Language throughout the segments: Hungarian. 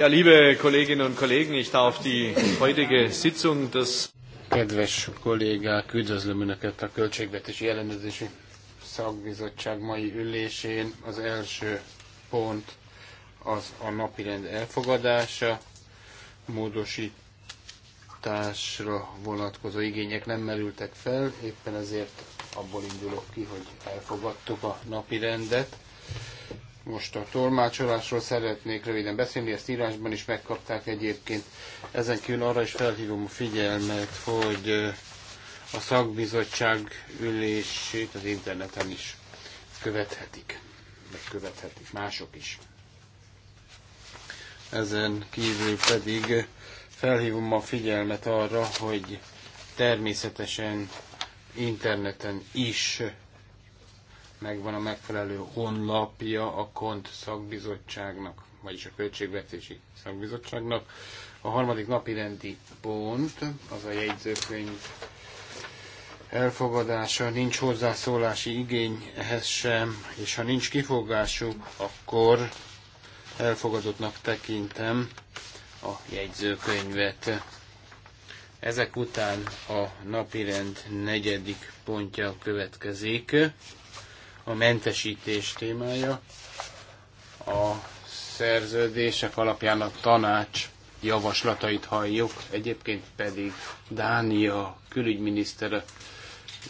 Ja, liebe Kolleginnen und Kollegen, ich darf die heutige Sitzung des Kedves kollégák, üdvözlöm Önöket a Költségvetési Ellenőrzési Szakbizottság mai ülésén. Az első pont az a napirend elfogadása, módosításra vonatkozó igények nem merültek fel, éppen ezért abból indulok ki, hogy elfogadtuk a napirendet. Most a tolmácsolásról szeretnék röviden beszélni, ezt írásban is megkapták egyébként. Ezen kívül arra is felhívom a figyelmet, hogy a szakbizottság ülését az interneten is követhetik, meg követhetik mások is. Ezen kívül pedig felhívom a figyelmet arra, hogy természetesen interneten is megvan a megfelelő honlapja a KONT szakbizottságnak, vagyis a Költségvetési Szakbizottságnak. A harmadik napi rendi pont az a jegyzőkönyv elfogadása, nincs hozzászólási igény ehhez sem, és ha nincs kifogásuk, akkor elfogadottnak tekintem a jegyzőkönyvet. Ezek után a napirend negyedik pontja következik a mentesítés témája. A szerződések alapján a tanács javaslatait halljuk, egyébként pedig Dánia külügyminisztere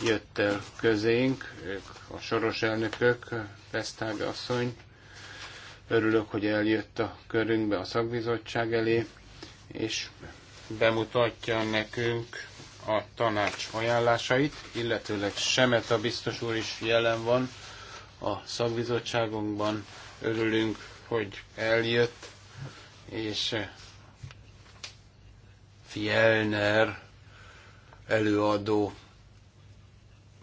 jött el közénk, ők a soros elnökök, Vesztág asszony. Örülök, hogy eljött a körünkbe a szakbizottság elé, és bemutatja nekünk a tanács ajánlásait, illetőleg Semet a biztos úr is jelen van, a szakbizottságunkban. Örülünk, hogy eljött, és Fielner előadó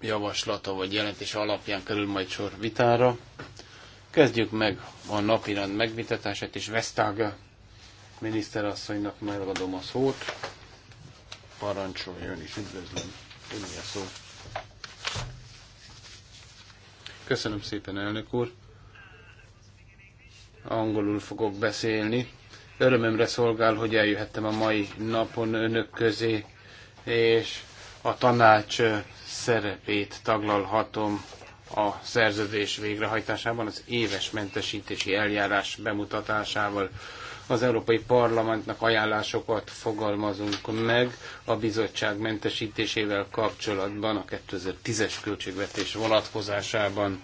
javaslata vagy jelentés alapján kerül majd sor vitára. Kezdjük meg a napirend megvitatását, és Vesztága miniszterasszonynak megadom a szót. Parancsoljon és üdvözlöm. a szót. Köszönöm szépen, elnök úr. Angolul fogok beszélni. Örömömre szolgál, hogy eljöhettem a mai napon önök közé, és a tanács szerepét taglalhatom a szerződés végrehajtásában, az éves mentesítési eljárás bemutatásával az Európai Parlamentnek ajánlásokat fogalmazunk meg a bizottság mentesítésével kapcsolatban a 2010-es költségvetés vonatkozásában.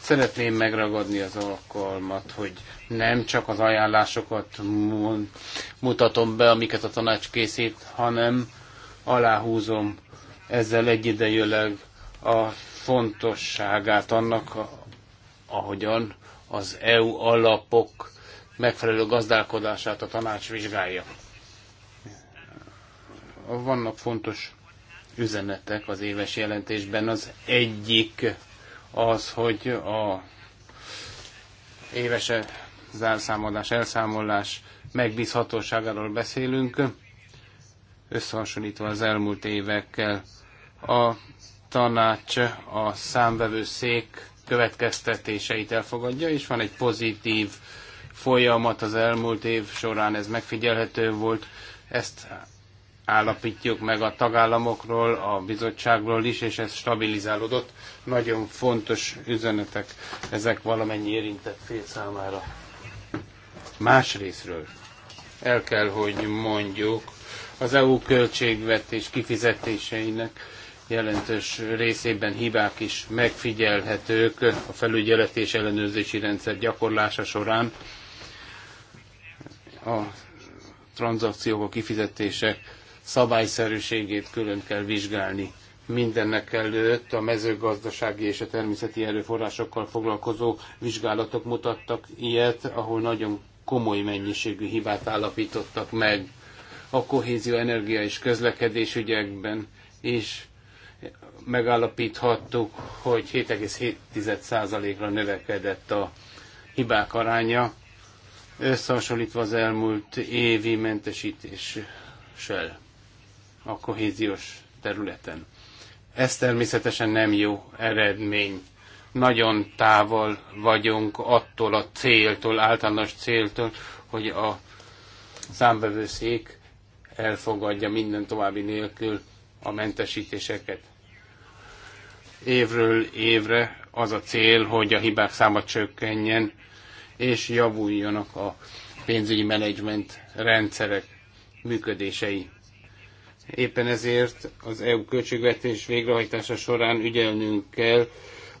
Szeretném megragadni az alkalmat, hogy nem csak az ajánlásokat mutatom be, amiket a tanács készít, hanem aláhúzom ezzel egyidejűleg a fontosságát annak, ahogyan az EU alapok megfelelő gazdálkodását a tanács vizsgálja. Vannak fontos üzenetek az éves jelentésben. Az egyik az, hogy a éves zárszámadás, elszámolás megbízhatóságáról beszélünk, összehasonlítva az elmúlt évekkel. A tanács a számvevőszék következtetéseit elfogadja, és van egy pozitív folyamat az elmúlt év során, ez megfigyelhető volt. Ezt állapítjuk meg a tagállamokról, a bizottságról is, és ez stabilizálódott. Nagyon fontos üzenetek ezek valamennyi érintett fél számára. Más részről el kell, hogy mondjuk, az EU költségvetés kifizetéseinek jelentős részében hibák is megfigyelhetők a felügyelet és ellenőrzési rendszer gyakorlása során a tranzakciók, a kifizetések szabályszerűségét külön kell vizsgálni. Mindennek előtt a mezőgazdasági és a természeti erőforrásokkal foglalkozó vizsgálatok mutattak ilyet, ahol nagyon komoly mennyiségű hibát állapítottak meg a kohézió energia és közlekedés ügyekben, és megállapíthattuk, hogy 7,7%-ra növekedett a hibák aránya, összehasonlítva az elmúlt évi mentesítéssel a kohéziós területen. Ez természetesen nem jó eredmény. Nagyon távol vagyunk attól a céltól, általános céltól, hogy a számbevőszék elfogadja minden további nélkül a mentesítéseket. Évről évre az a cél, hogy a hibák száma csökkenjen, és javuljanak a pénzügyi menedzsment rendszerek működései. Éppen ezért az EU költségvetés végrehajtása során ügyelnünk kell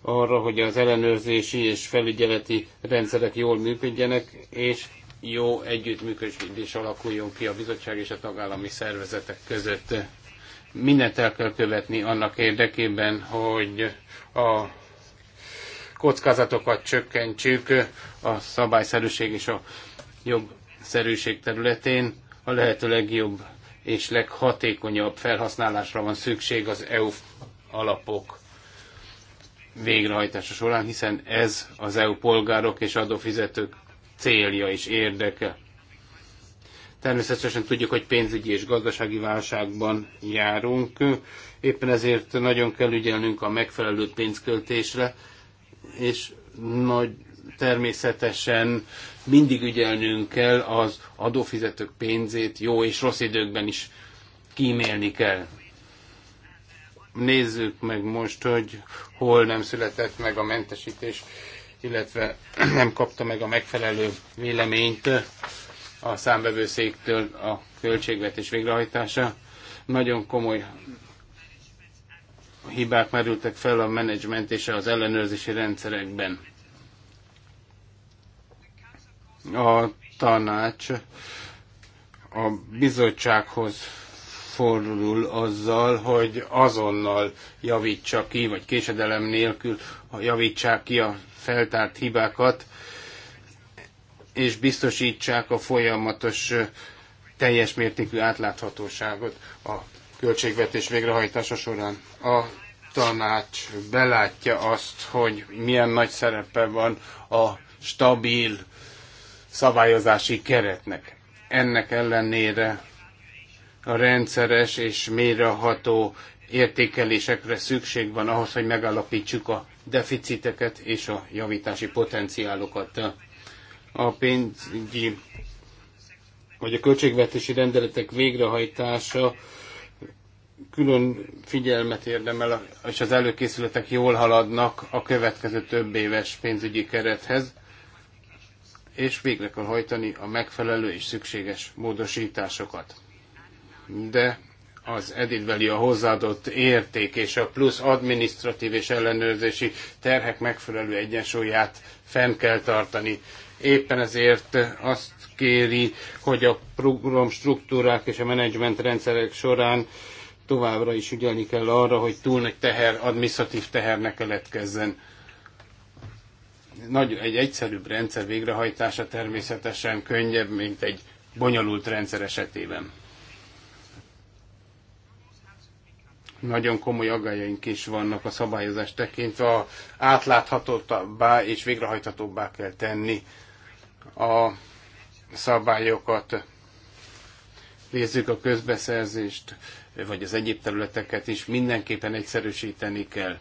arra, hogy az ellenőrzési és felügyeleti rendszerek jól működjenek, és jó együttműködés alakuljon ki a bizottság és a tagállami szervezetek között. Mindent el kell követni annak érdekében, hogy a kockázatokat csökkentsük, a szabályszerűség és a szerűség területén a lehető legjobb és leghatékonyabb felhasználásra van szükség az EU alapok végrehajtása során, hiszen ez az EU polgárok és adófizetők célja és érdeke. Természetesen tudjuk, hogy pénzügyi és gazdasági válságban járunk, éppen ezért nagyon kell ügyelnünk a megfelelő pénzköltésre, és nagy Természetesen mindig ügyelnünk kell az adófizetők pénzét, jó és rossz időkben is kímélni kell. Nézzük meg most, hogy hol nem született meg a mentesítés, illetve nem kapta meg a megfelelő véleményt a számbevőszéktől a költségvetés végrehajtása. Nagyon komoly hibák merültek fel a menedzsment és az ellenőrzési rendszerekben a tanács a bizottsághoz fordul azzal, hogy azonnal javítsa ki, vagy késedelem nélkül javítsák ki a feltárt hibákat, és biztosítsák a folyamatos teljes mértékű átláthatóságot a költségvetés végrehajtása során. A tanács belátja azt, hogy milyen nagy szerepe van a stabil szabályozási keretnek. Ennek ellenére a rendszeres és mélyreható értékelésekre szükség van ahhoz, hogy megállapítsuk a deficiteket és a javítási potenciálokat. A pénzügyi vagy a költségvetési rendeletek végrehajtása külön figyelmet érdemel, és az előkészületek jól haladnak a következő több éves pénzügyi kerethez és végre kell hajtani a megfelelő és szükséges módosításokat. De az editbeli a hozzáadott érték és a plusz administratív és ellenőrzési terhek megfelelő egyensúlyát fenn kell tartani. Éppen ezért azt kéri, hogy a program struktúrák és a menedzsment rendszerek során továbbra is ügyelni kell arra, hogy túl nagy teher, administratív teher ne keletkezzen nagy, egy egyszerűbb rendszer végrehajtása természetesen könnyebb, mint egy bonyolult rendszer esetében. Nagyon komoly aggájaink is vannak a szabályozást tekintve, a átláthatóbbá és végrehajthatóbbá kell tenni a szabályokat. Nézzük a közbeszerzést, vagy az egyéb területeket is, mindenképpen egyszerűsíteni kell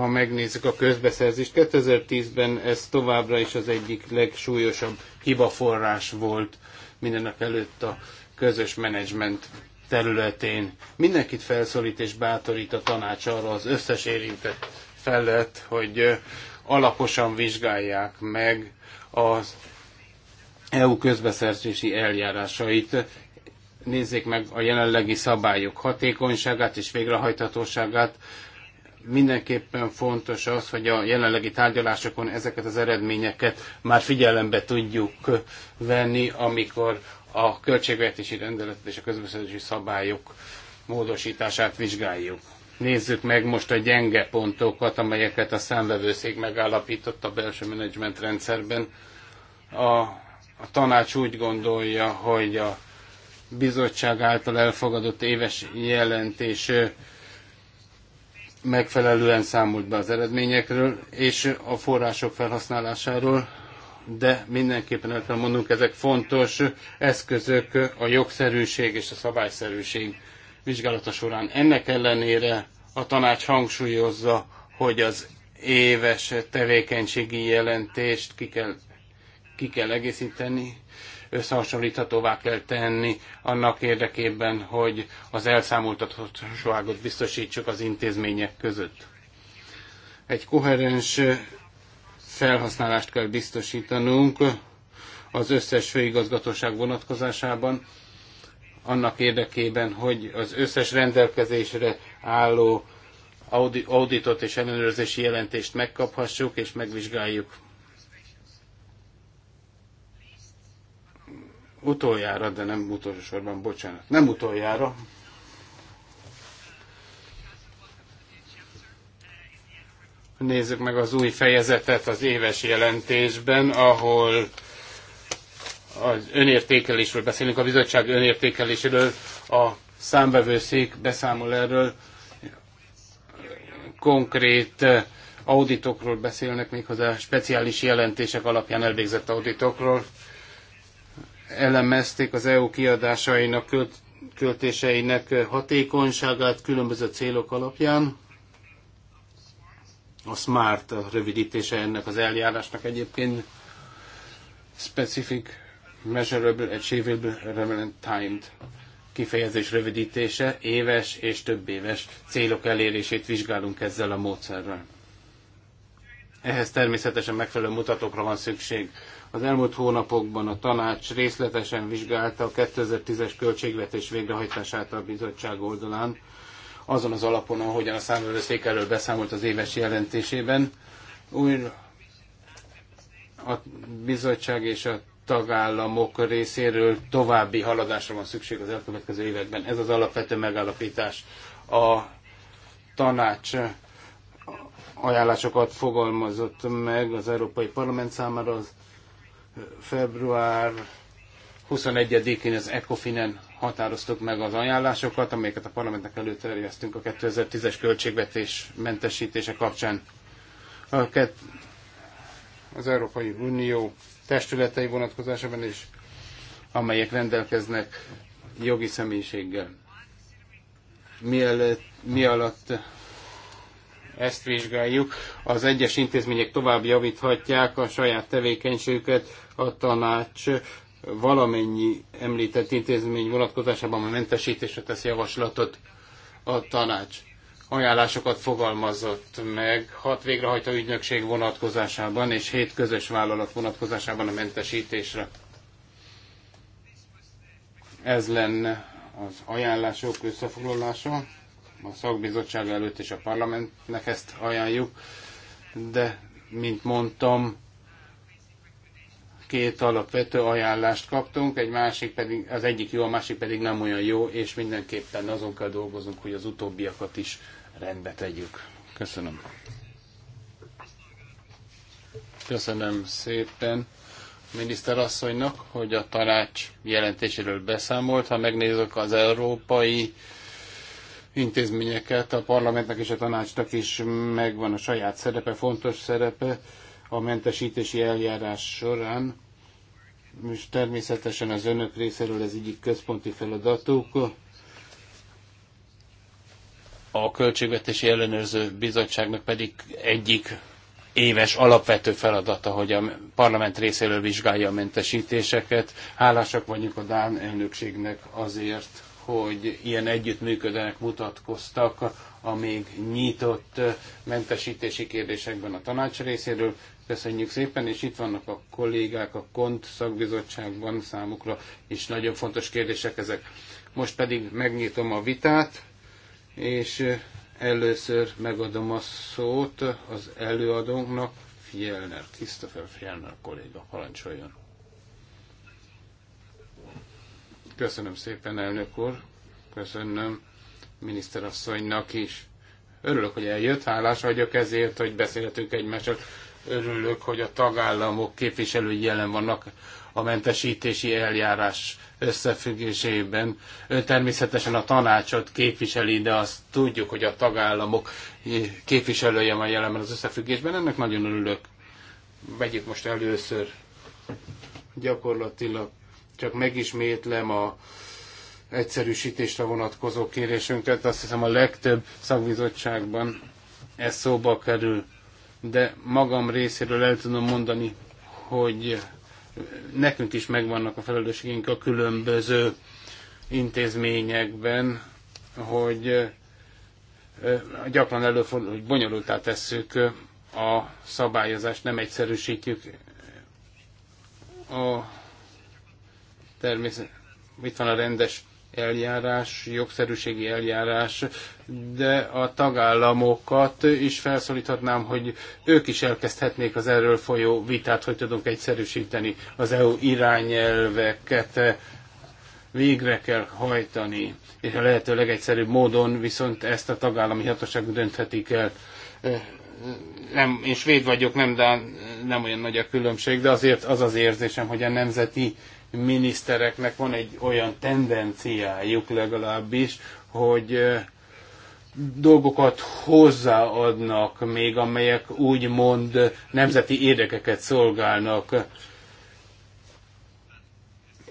ha megnézzük a közbeszerzést, 2010-ben ez továbbra is az egyik legsúlyosabb hibaforrás volt mindenek előtt a közös menedzsment területén. Mindenkit felszólít és bátorít a tanács arra az összes érintett felett, hogy alaposan vizsgálják meg az EU közbeszerzési eljárásait, nézzék meg a jelenlegi szabályok hatékonyságát és végrehajthatóságát, mindenképpen fontos az, hogy a jelenlegi tárgyalásokon ezeket az eredményeket már figyelembe tudjuk venni, amikor a költségvetési rendeletet és a közbeszerzési szabályok módosítását vizsgáljuk. Nézzük meg most a gyenge pontokat, amelyeket a számvevőszék megállapított a belső menedzsment rendszerben. A, a tanács úgy gondolja, hogy a bizottság által elfogadott éves jelentés megfelelően számolt be az eredményekről és a források felhasználásáról, de mindenképpen el kell mondanunk, ezek fontos eszközök a jogszerűség és a szabályszerűség vizsgálata során. Ennek ellenére a tanács hangsúlyozza, hogy az éves tevékenységi jelentést ki kell, ki kell egészíteni, összehasonlíthatóvá kell tenni annak érdekében, hogy az elszámoltathatóságot biztosítsuk az intézmények között. Egy koherens felhasználást kell biztosítanunk az összes főigazgatóság vonatkozásában, annak érdekében, hogy az összes rendelkezésre álló auditot és ellenőrzési jelentést megkaphassuk és megvizsgáljuk Utoljára, de nem utolsó sorban, bocsánat, nem utoljára. Nézzük meg az új fejezetet az éves jelentésben, ahol az önértékelésről beszélünk, a bizottság önértékeléséről, a számbevőszék beszámol erről, konkrét eh, auditokról beszélnek, méghozzá speciális jelentések alapján elvégzett auditokról elemezték az EU kiadásainak, költ, költéseinek hatékonyságát különböző célok alapján. A SMART a rövidítése ennek az eljárásnak egyébként Specific Measurable Achievable Relevant Timed kifejezés rövidítése, éves és több éves célok elérését vizsgálunk ezzel a módszerrel. Ehhez természetesen megfelelő mutatókra van szükség. Az elmúlt hónapokban a tanács részletesen vizsgálta a 2010-es költségvetés végrehajtását a bizottság oldalán, azon az alapon, ahogyan a számvevőszék erről beszámolt az éves jelentésében. új a bizottság és a tagállamok részéről további haladásra van szükség az elkövetkező években. Ez az alapvető megállapítás. A tanács ajánlásokat fogalmazott meg az Európai Parlament számára az február 21-én az ECOFIN-en határoztuk meg az ajánlásokat, amelyeket a parlamentnek előterjesztünk a 2010-es költségvetés mentesítése kapcsán. a Az Európai Unió testületei vonatkozásában is, amelyek rendelkeznek jogi személyiséggel. mi alatt ezt vizsgáljuk. Az egyes intézmények tovább javíthatják a saját tevékenységüket, a tanács valamennyi említett intézmény vonatkozásában a mentesítésre tesz javaslatot a tanács ajánlásokat fogalmazott meg, hat végrehajtó ügynökség vonatkozásában és hét közös vállalat vonatkozásában a mentesítésre. Ez lenne az ajánlások összefoglalása a szakbizottság előtt és a parlamentnek ezt ajánljuk, de mint mondtam, két alapvető ajánlást kaptunk, egy másik pedig, az egyik jó, a másik pedig nem olyan jó, és mindenképpen azon kell dolgozunk, hogy az utóbbiakat is rendbe tegyük. Köszönöm. Köszönöm szépen miniszterasszonynak, hogy a tanács jelentéséről beszámolt. Ha megnézzük az európai intézményeket, a parlamentnek és a tanácsnak is megvan a saját szerepe, fontos szerepe a mentesítési eljárás során. És természetesen az önök részéről ez egyik központi feladatuk. A Költségvetési Ellenőrző Bizottságnak pedig egyik éves alapvető feladata, hogy a parlament részéről vizsgálja a mentesítéseket. Hálásak vagyunk a Dán elnökségnek azért, hogy ilyen együttműködőnek mutatkoztak a még nyitott mentesítési kérdésekben a tanács részéről. Köszönjük szépen, és itt vannak a kollégák a KONT szakbizottságban számukra, és nagyon fontos kérdések ezek. Most pedig megnyitom a vitát, és először megadom a szót az előadónknak, Fjellner, Christopher Fjellner kolléga, parancsoljon. Köszönöm szépen, elnök úr. Köszönöm miniszterasszonynak is. Örülök, hogy eljött, hálás vagyok ezért, hogy beszélhetünk egymással. Örülök, hogy a tagállamok képviselői jelen vannak a mentesítési eljárás összefüggésében. Ön természetesen a tanácsot képviseli, de azt tudjuk, hogy a tagállamok képviselője van jelenben az összefüggésben. Ennek nagyon örülök. Vegyük most először gyakorlatilag csak megismétlem a egyszerűsítésre vonatkozó kérésünket. Azt hiszem a legtöbb szakbizottságban ez szóba kerül, de magam részéről el tudom mondani, hogy nekünk is megvannak a felelősségünk a különböző intézményekben, hogy gyakran előfordul, hogy bonyolultá tesszük a szabályozást, nem egyszerűsítjük. A természetesen itt van a rendes eljárás, jogszerűségi eljárás, de a tagállamokat is felszólíthatnám, hogy ők is elkezdhetnék az erről folyó vitát, hogy tudunk egyszerűsíteni az EU irányelveket végre kell hajtani, és a lehető legegyszerűbb módon viszont ezt a tagállami hatóság dönthetik el. Nem, én svéd vagyok, nem, de nem olyan nagy a különbség, de azért az az érzésem, hogy a nemzeti minisztereknek van egy olyan tendenciájuk legalábbis, hogy dolgokat hozzáadnak még, amelyek úgymond nemzeti érdekeket szolgálnak.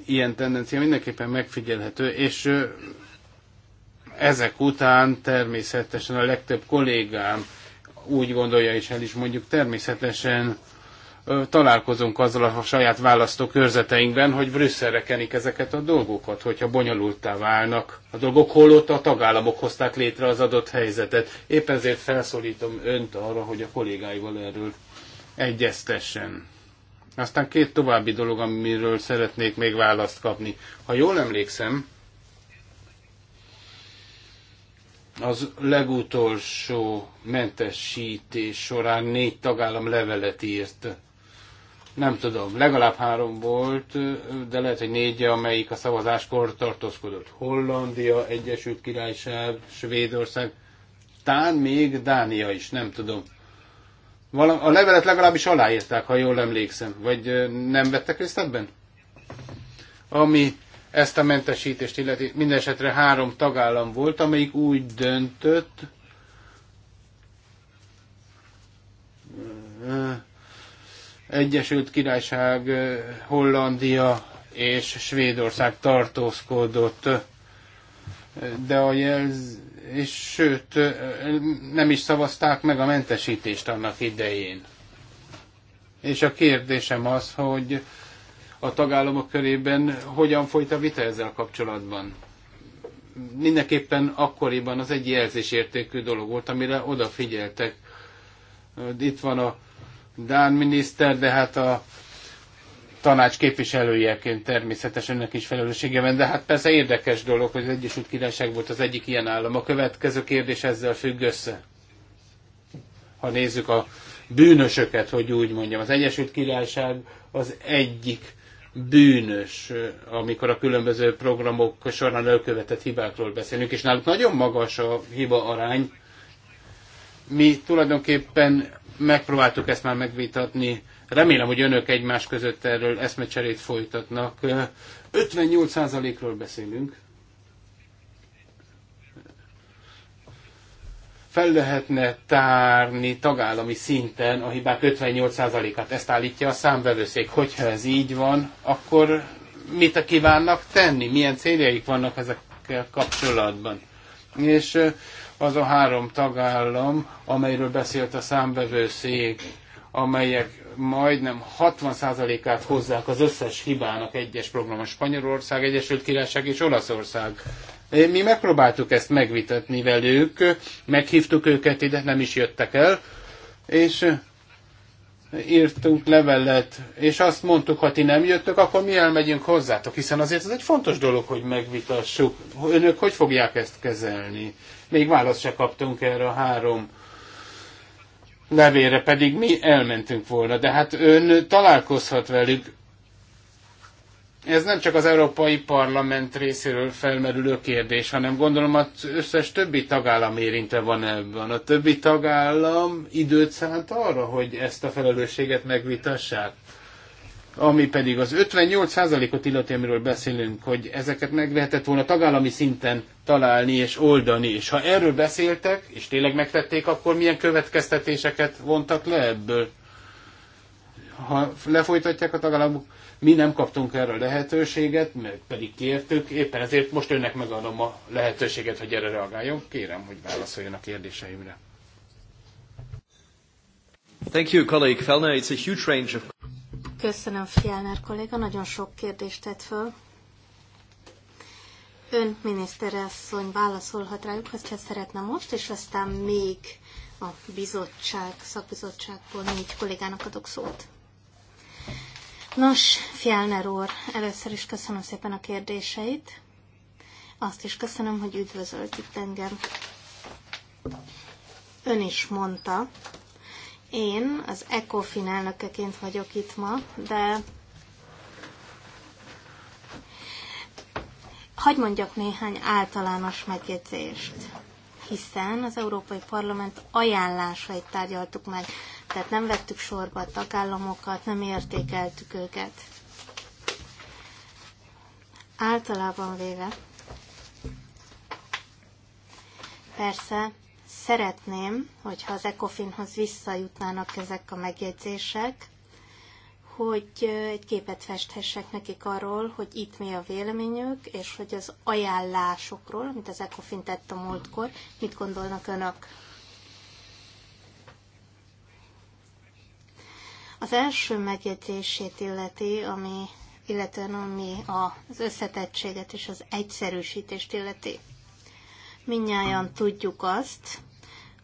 Ilyen tendencia mindenképpen megfigyelhető, és ezek után természetesen a legtöbb kollégám úgy gondolja, és el is mondjuk természetesen találkozunk azzal a saját választókörzeteinkben, hogy Brüsszelre kenik ezeket a dolgokat, hogyha bonyolultá válnak a dolgok, holott a tagállamok hozták létre az adott helyzetet. Épp ezért felszólítom önt arra, hogy a kollégáival erről egyeztessen. Aztán két további dolog, amiről szeretnék még választ kapni. Ha jól emlékszem, az legutolsó mentesítés során négy tagállam levelet írt nem tudom, legalább három volt, de lehet, hogy négy, amelyik a szavazáskor tartózkodott. Hollandia, Egyesült Királyság, Svédország, tán még Dánia is, nem tudom. Valam, a levelet legalábbis aláírták, ha jól emlékszem, vagy nem vettek részt ebben? Ami ezt a mentesítést illeti, minden esetre három tagállam volt, amelyik úgy döntött, Egyesült Királyság, Hollandia és Svédország tartózkodott, de a jelz... és sőt, nem is szavazták meg a mentesítést annak idején. És a kérdésem az, hogy a tagállamok körében hogyan folyt a vita ezzel kapcsolatban? Mindenképpen akkoriban az egy jelzésértékű dolog volt, amire odafigyeltek. Itt van a Dán miniszter, de hát a tanács képviselőjeként természetesen ennek is felelőssége van, de hát persze érdekes dolog, hogy az Egyesült Királyság volt az egyik ilyen állam. A következő kérdés ezzel függ össze. Ha nézzük a bűnösöket, hogy úgy mondjam, az Egyesült Királyság az egyik bűnös, amikor a különböző programok során elkövetett hibákról beszélünk, és náluk nagyon magas a hiba arány. Mi tulajdonképpen megpróbáltuk ezt már megvitatni. Remélem, hogy önök egymás között erről eszmecserét folytatnak. 58%-ról beszélünk. Fel lehetne tárni tagállami szinten a hibák 58%-át. Ezt állítja a számvevőszék. Hogyha ez így van, akkor mit kívánnak tenni? Milyen céljaik vannak ezekkel kapcsolatban? És az a három tagállam, amelyről beszélt a számbevőszék, amelyek majdnem 60%-át hozzák az összes hibának egyes program, a Spanyolország, Egyesült Királyság és Olaszország. Mi megpróbáltuk ezt megvitatni velük, meghívtuk őket ide, nem is jöttek el, és írtunk levelet, és azt mondtuk, ha ti nem jöttök, akkor mi elmegyünk hozzátok, hiszen azért ez egy fontos dolog, hogy megvitassuk. Önök hogy fogják ezt kezelni? Még választ se kaptunk erre a három levére, pedig mi elmentünk volna. De hát ön találkozhat velük, ez nem csak az Európai Parlament részéről felmerülő kérdés, hanem gondolom az összes többi tagállam érintve van ebben. A többi tagállam időt szánt arra, hogy ezt a felelősséget megvitassák. Ami pedig az 58%-ot illeti, amiről beszélünk, hogy ezeket meg lehetett volna tagállami szinten találni és oldani. És ha erről beszéltek, és tényleg megtették, akkor milyen következtetéseket vontak le ebből? Ha lefolytatják a tagállamok mi nem kaptunk erre lehetőséget, mert pedig kértük, éppen ezért most önnek megadom a lehetőséget, hogy erre reagáljon. Kérem, hogy válaszoljon a kérdéseimre. Thank you, colleague Felner. It's a huge range of... Köszönöm, Fjellner kolléga, nagyon sok kérdést tett föl. Ön miniszterasszony válaszolhat rájuk, ha szeretne most, és aztán még a bizottság, szakbizottságból négy kollégának adok szót. Nos, Fjellner úr, először is köszönöm szépen a kérdéseit. Azt is köszönöm, hogy üdvözölt itt engem. Ön is mondta, én az ECOFIN elnökeként vagyok itt ma, de hagy mondjak néhány általános megjegyzést, hiszen az Európai Parlament ajánlásait tárgyaltuk meg tehát nem vettük sorba a tagállamokat, nem értékeltük őket. Általában véve, persze szeretném, hogyha az ECOFIN-hoz visszajutnának ezek a megjegyzések, hogy egy képet festhessek nekik arról, hogy itt mi a véleményük, és hogy az ajánlásokról, amit az ECOFIN tett a múltkor, mit gondolnak önök. Az első megjegyzését illeti, ami, illetően ami az összetettséget és az egyszerűsítést illeti. Minnyáján tudjuk azt,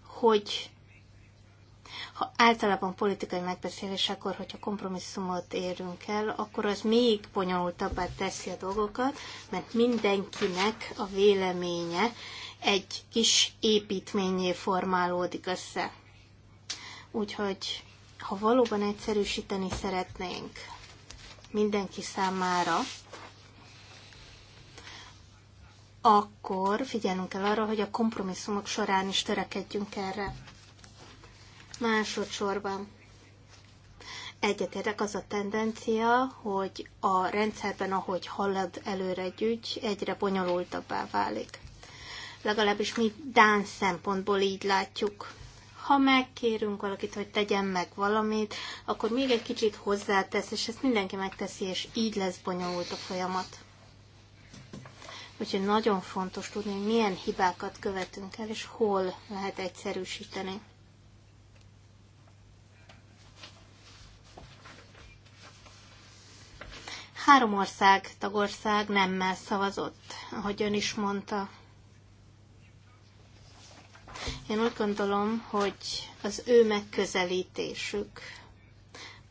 hogy ha általában politikai akkor, hogyha kompromisszumot érünk el, akkor az még bonyolultabbá teszi a dolgokat, mert mindenkinek a véleménye egy kis építményé formálódik össze. Úgyhogy ha valóban egyszerűsíteni szeretnénk mindenki számára, akkor figyelnünk kell arra, hogy a kompromisszumok során is törekedjünk erre. Másodszorban egyetértek az a tendencia, hogy a rendszerben, ahogy halad előre egy ügy, egyre bonyolultabbá válik. Legalábbis mi Dán szempontból így látjuk ha megkérünk valakit, hogy tegyen meg valamit, akkor még egy kicsit hozzátesz, és ezt mindenki megteszi, és így lesz bonyolult a folyamat. Úgyhogy nagyon fontos tudni, hogy milyen hibákat követünk el, és hol lehet egyszerűsíteni. Három ország, tagország nemmel szavazott, ahogy ön is mondta. Én úgy gondolom, hogy az ő megközelítésük,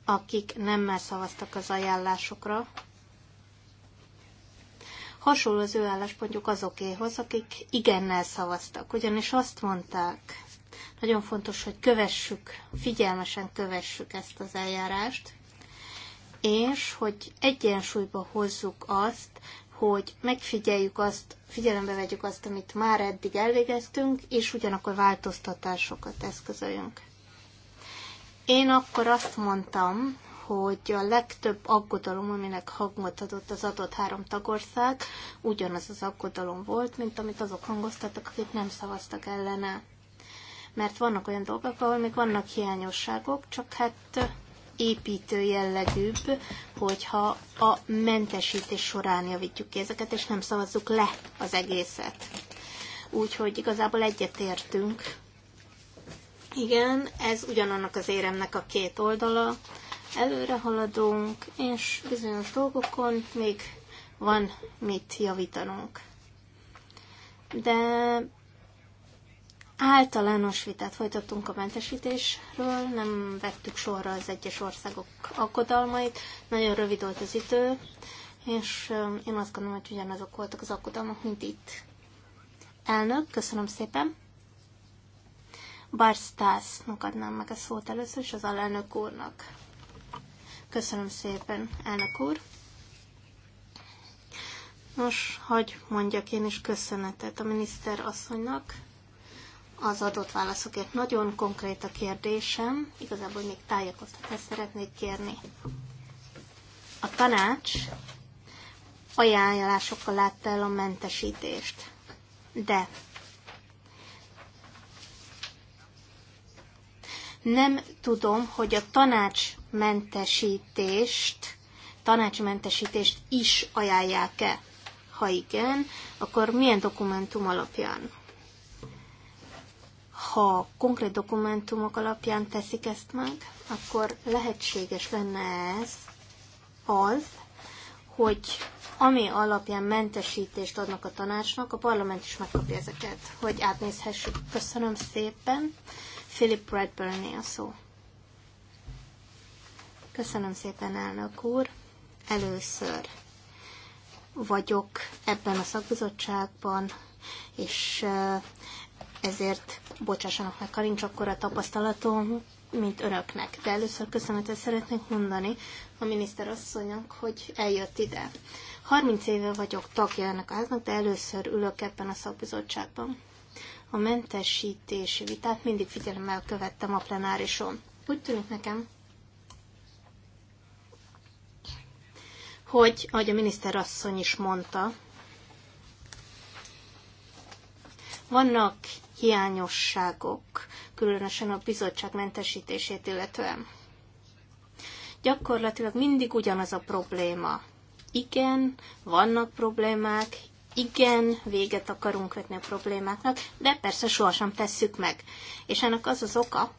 akik már szavaztak az ajánlásokra, hasonló az ő álláspontjuk azokéhoz, akik igennel szavaztak. Ugyanis azt mondták, nagyon fontos, hogy kövessük, figyelmesen kövessük ezt az eljárást, és hogy egyensúlyba hozzuk azt, hogy megfigyeljük azt, figyelembe vegyük azt, amit már eddig elvégeztünk, és ugyanakkor változtatásokat eszközöljünk. Én akkor azt mondtam, hogy a legtöbb aggodalom, aminek hangot adott az adott három tagország, ugyanaz az aggodalom volt, mint amit azok hangoztattak, akik nem szavaztak ellene. Mert vannak olyan dolgok, ahol még vannak hiányosságok, csak hát építő jellegűbb, hogyha a mentesítés során javítjuk ki ezeket, és nem szavazzuk le az egészet. Úgyhogy igazából egyetértünk. Igen, ez ugyanannak az éremnek a két oldala. Előre haladunk, és bizonyos dolgokon még van mit javítanunk. De általános vitát folytattunk a mentesítésről, nem vettük sorra az egyes országok aggodalmait, nagyon rövid volt az idő, és én azt gondolom, hogy ugyanazok voltak az aggodalmak, mint itt. Elnök, köszönöm szépen. Stásznak adnám meg a szót először, és az alelnök úrnak. Köszönöm szépen, elnök úr. Nos, hagy mondjak én is köszönetet a miniszter asszonynak, az adott válaszokért. Nagyon konkrét a kérdésem, igazából még tájékoztatást szeretnék kérni. A tanács ajánlásokkal látta el a mentesítést, de nem tudom, hogy a tanács mentesítést, tanácsmentesítést is ajánlják-e. Ha igen, akkor milyen dokumentum alapján? ha konkrét dokumentumok alapján teszik ezt meg, akkor lehetséges lenne ez az, hogy ami alapján mentesítést adnak a tanácsnak, a parlament is megkapja ezeket, hogy átnézhessük. Köszönöm szépen. Philip redburn a szó. Köszönöm szépen, elnök úr. Először vagyok ebben a szakbizottságban, és ezért bocsássanak meg, ha nincs a tapasztalatom, mint önöknek. De először köszönetet szeretnék mondani a miniszter asszonynak, hogy eljött ide. 30 éve vagyok tagja ennek a háznak, de először ülök ebben a szakbizottságban. A mentesítési vitát mindig figyelemmel követtem a plenárison. Úgy tűnik nekem, hogy, ahogy a miniszter asszony is mondta, vannak hiányosságok, különösen a bizottság mentesítését illetően. Gyakorlatilag mindig ugyanaz a probléma. Igen, vannak problémák, igen, véget akarunk vetni a problémáknak, de persze sohasem tesszük meg. És ennek az az oka,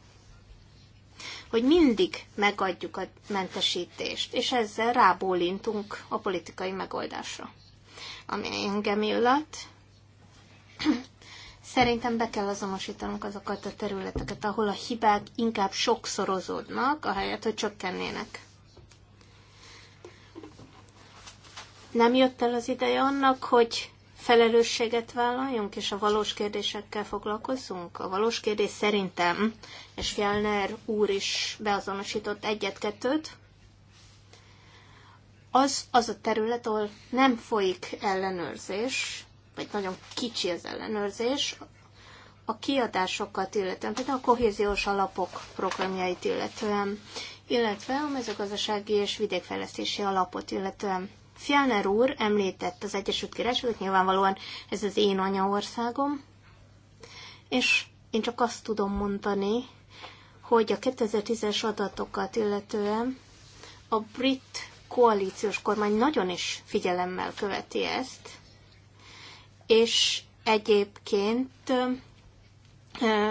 hogy mindig megadjuk a mentesítést, és ezzel rábólintunk a politikai megoldásra. Ami engem illat, Szerintem be kell azonosítanunk azokat a területeket, ahol a hibák inkább sokszorozódnak, ahelyett, hogy csökkennének. Nem jött el az ideje annak, hogy felelősséget vállaljunk, és a valós kérdésekkel foglalkozzunk? A valós kérdés szerintem, és Fjellner úr is beazonosított egyet-kettőt, az, az a terület, ahol nem folyik ellenőrzés, vagy nagyon kicsi az ellenőrzés a kiadásokat illetően, például a kohéziós alapok programjait illetően, illetve a mezőgazdasági és vidékfejlesztési alapot illetően. Fjellner úr említett az Egyesült Királyságot, nyilvánvalóan ez az én anyaországom, és én csak azt tudom mondani, hogy a 2010-es adatokat illetően a brit koalíciós kormány nagyon is figyelemmel követi ezt, és egyébként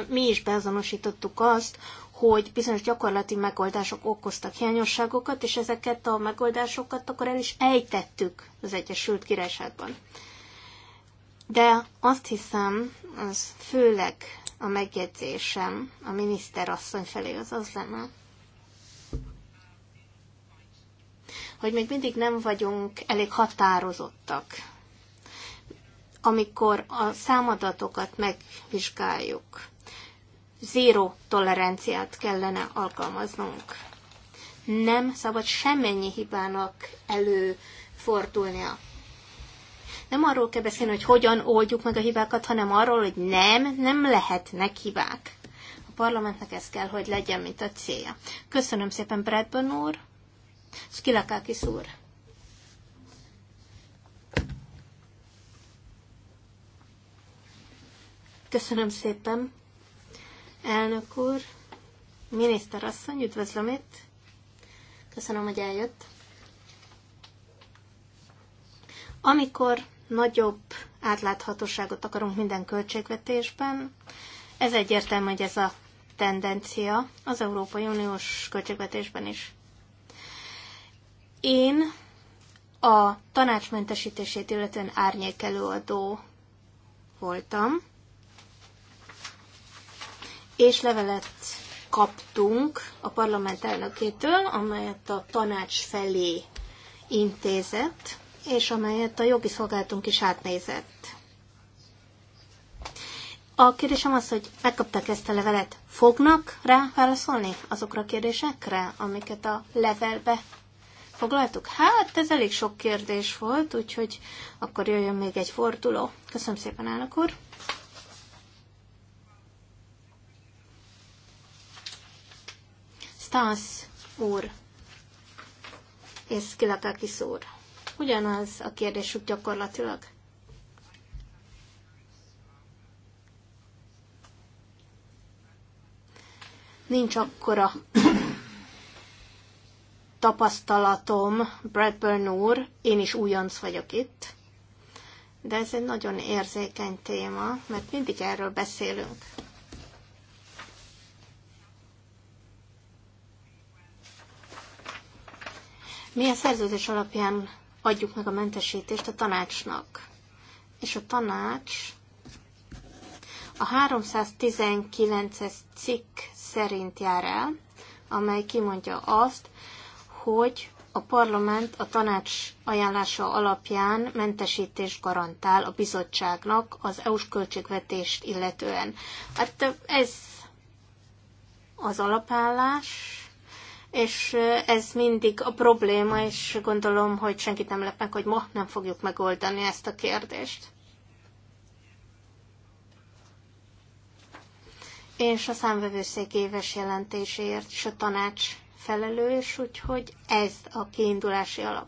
mi is beazonosítottuk azt, hogy bizonyos gyakorlati megoldások okoztak hiányosságokat, és ezeket a megoldásokat akkor el is ejtettük az Egyesült Királyságban. De azt hiszem, az főleg a megjegyzésem a asszony felé az az lenne, hogy még mindig nem vagyunk elég határozottak amikor a számadatokat megvizsgáljuk, zéró toleranciát kellene alkalmaznunk. Nem szabad semmennyi hibának előfordulnia. Nem arról kell beszélni, hogy hogyan oldjuk meg a hibákat, hanem arról, hogy nem, nem lehetnek hibák. A parlamentnek ez kell, hogy legyen, mint a célja. Köszönöm szépen, Bradburn úr, Skilakakis úr. Köszönöm szépen. Elnök úr, miniszter asszony, üdvözlöm itt. Köszönöm, hogy eljött. Amikor nagyobb átláthatóságot akarunk minden költségvetésben, ez egyértelmű, hogy ez a tendencia az Európai Uniós költségvetésben is. Én a tanácsmentesítését illetően árnyékelőadó voltam, és levelet kaptunk a parlament elnökétől, amelyet a tanács felé intézett, és amelyet a jogi szolgálatunk is átnézett. A kérdésem az, hogy megkapták ezt a levelet, fognak rá válaszolni azokra a kérdésekre, amiket a levelbe foglaltuk? Hát, ez elég sok kérdés volt, úgyhogy akkor jöjjön még egy forduló. Köszönöm szépen, elnök úr! Stász úr és Skilatakis úr. Ugyanaz a kérdésük gyakorlatilag. Nincs akkora tapasztalatom, Bradburn úr, én is újonc vagyok itt, de ez egy nagyon érzékeny téma, mert mindig erről beszélünk. Mi a szerződés alapján adjuk meg a mentesítést a tanácsnak. És a tanács a 319-es cikk szerint jár el, amely kimondja azt, hogy a parlament a tanács ajánlása alapján mentesítést garantál a bizottságnak az EU-s költségvetést illetően. Hát ez az alapállás, és ez mindig a probléma, és gondolom, hogy senkit nem lep meg, hogy ma nem fogjuk megoldani ezt a kérdést. És a számvevőszék éves jelentéséért is a tanács felelős, úgyhogy ez a kiindulási alap.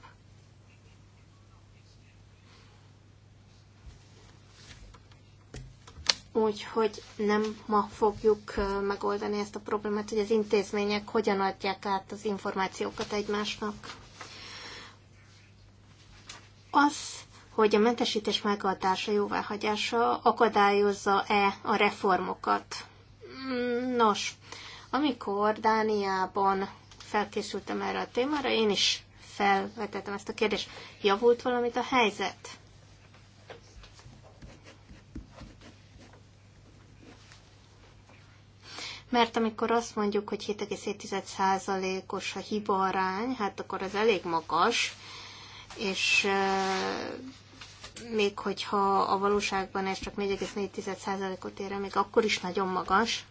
úgyhogy nem ma fogjuk megoldani ezt a problémát, hogy az intézmények hogyan adják át az információkat egymásnak. Az, hogy a mentesítés megadása, jóváhagyása akadályozza-e a reformokat. Nos, amikor Dániában felkészültem erre a témára, én is felvetettem ezt a kérdést. Javult valamit a helyzet? Mert amikor azt mondjuk, hogy 7,7%-os a hiba arány, hát akkor ez elég magas, és még hogyha a valóságban ez csak 4,4%-ot ér még akkor is nagyon magas.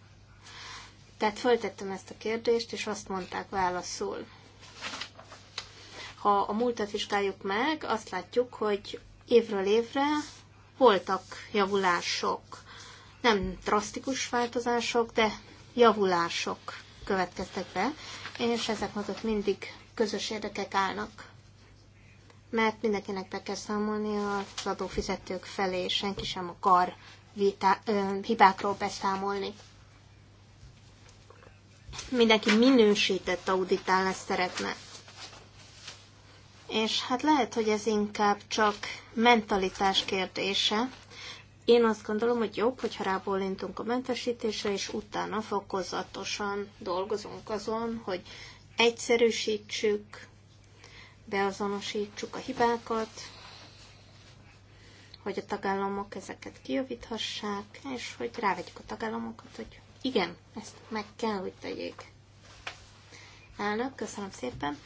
Tehát föltettem ezt a kérdést, és azt mondták válaszul. Ha a múltat vizsgáljuk meg, azt látjuk, hogy évről évre voltak javulások. Nem drasztikus változások, de javulások következtek be, és ezek mögött mindig közös érdekek állnak. Mert mindenkinek be kell számolni az adófizetők felé, és senki sem akar vita, ö, hibákról beszámolni. Mindenki minősített auditálást szeretne. És hát lehet, hogy ez inkább csak mentalitás kérdése, én azt gondolom, hogy jobb, hogyha rábólintunk a mentesítésre, és utána fokozatosan dolgozunk azon, hogy egyszerűsítsük, beazonosítsuk a hibákat, hogy a tagállamok ezeket kijavíthassák, és hogy rávegyük a tagállamokat, hogy igen, ezt meg kell, hogy tegyék. Elnök, köszönöm szépen.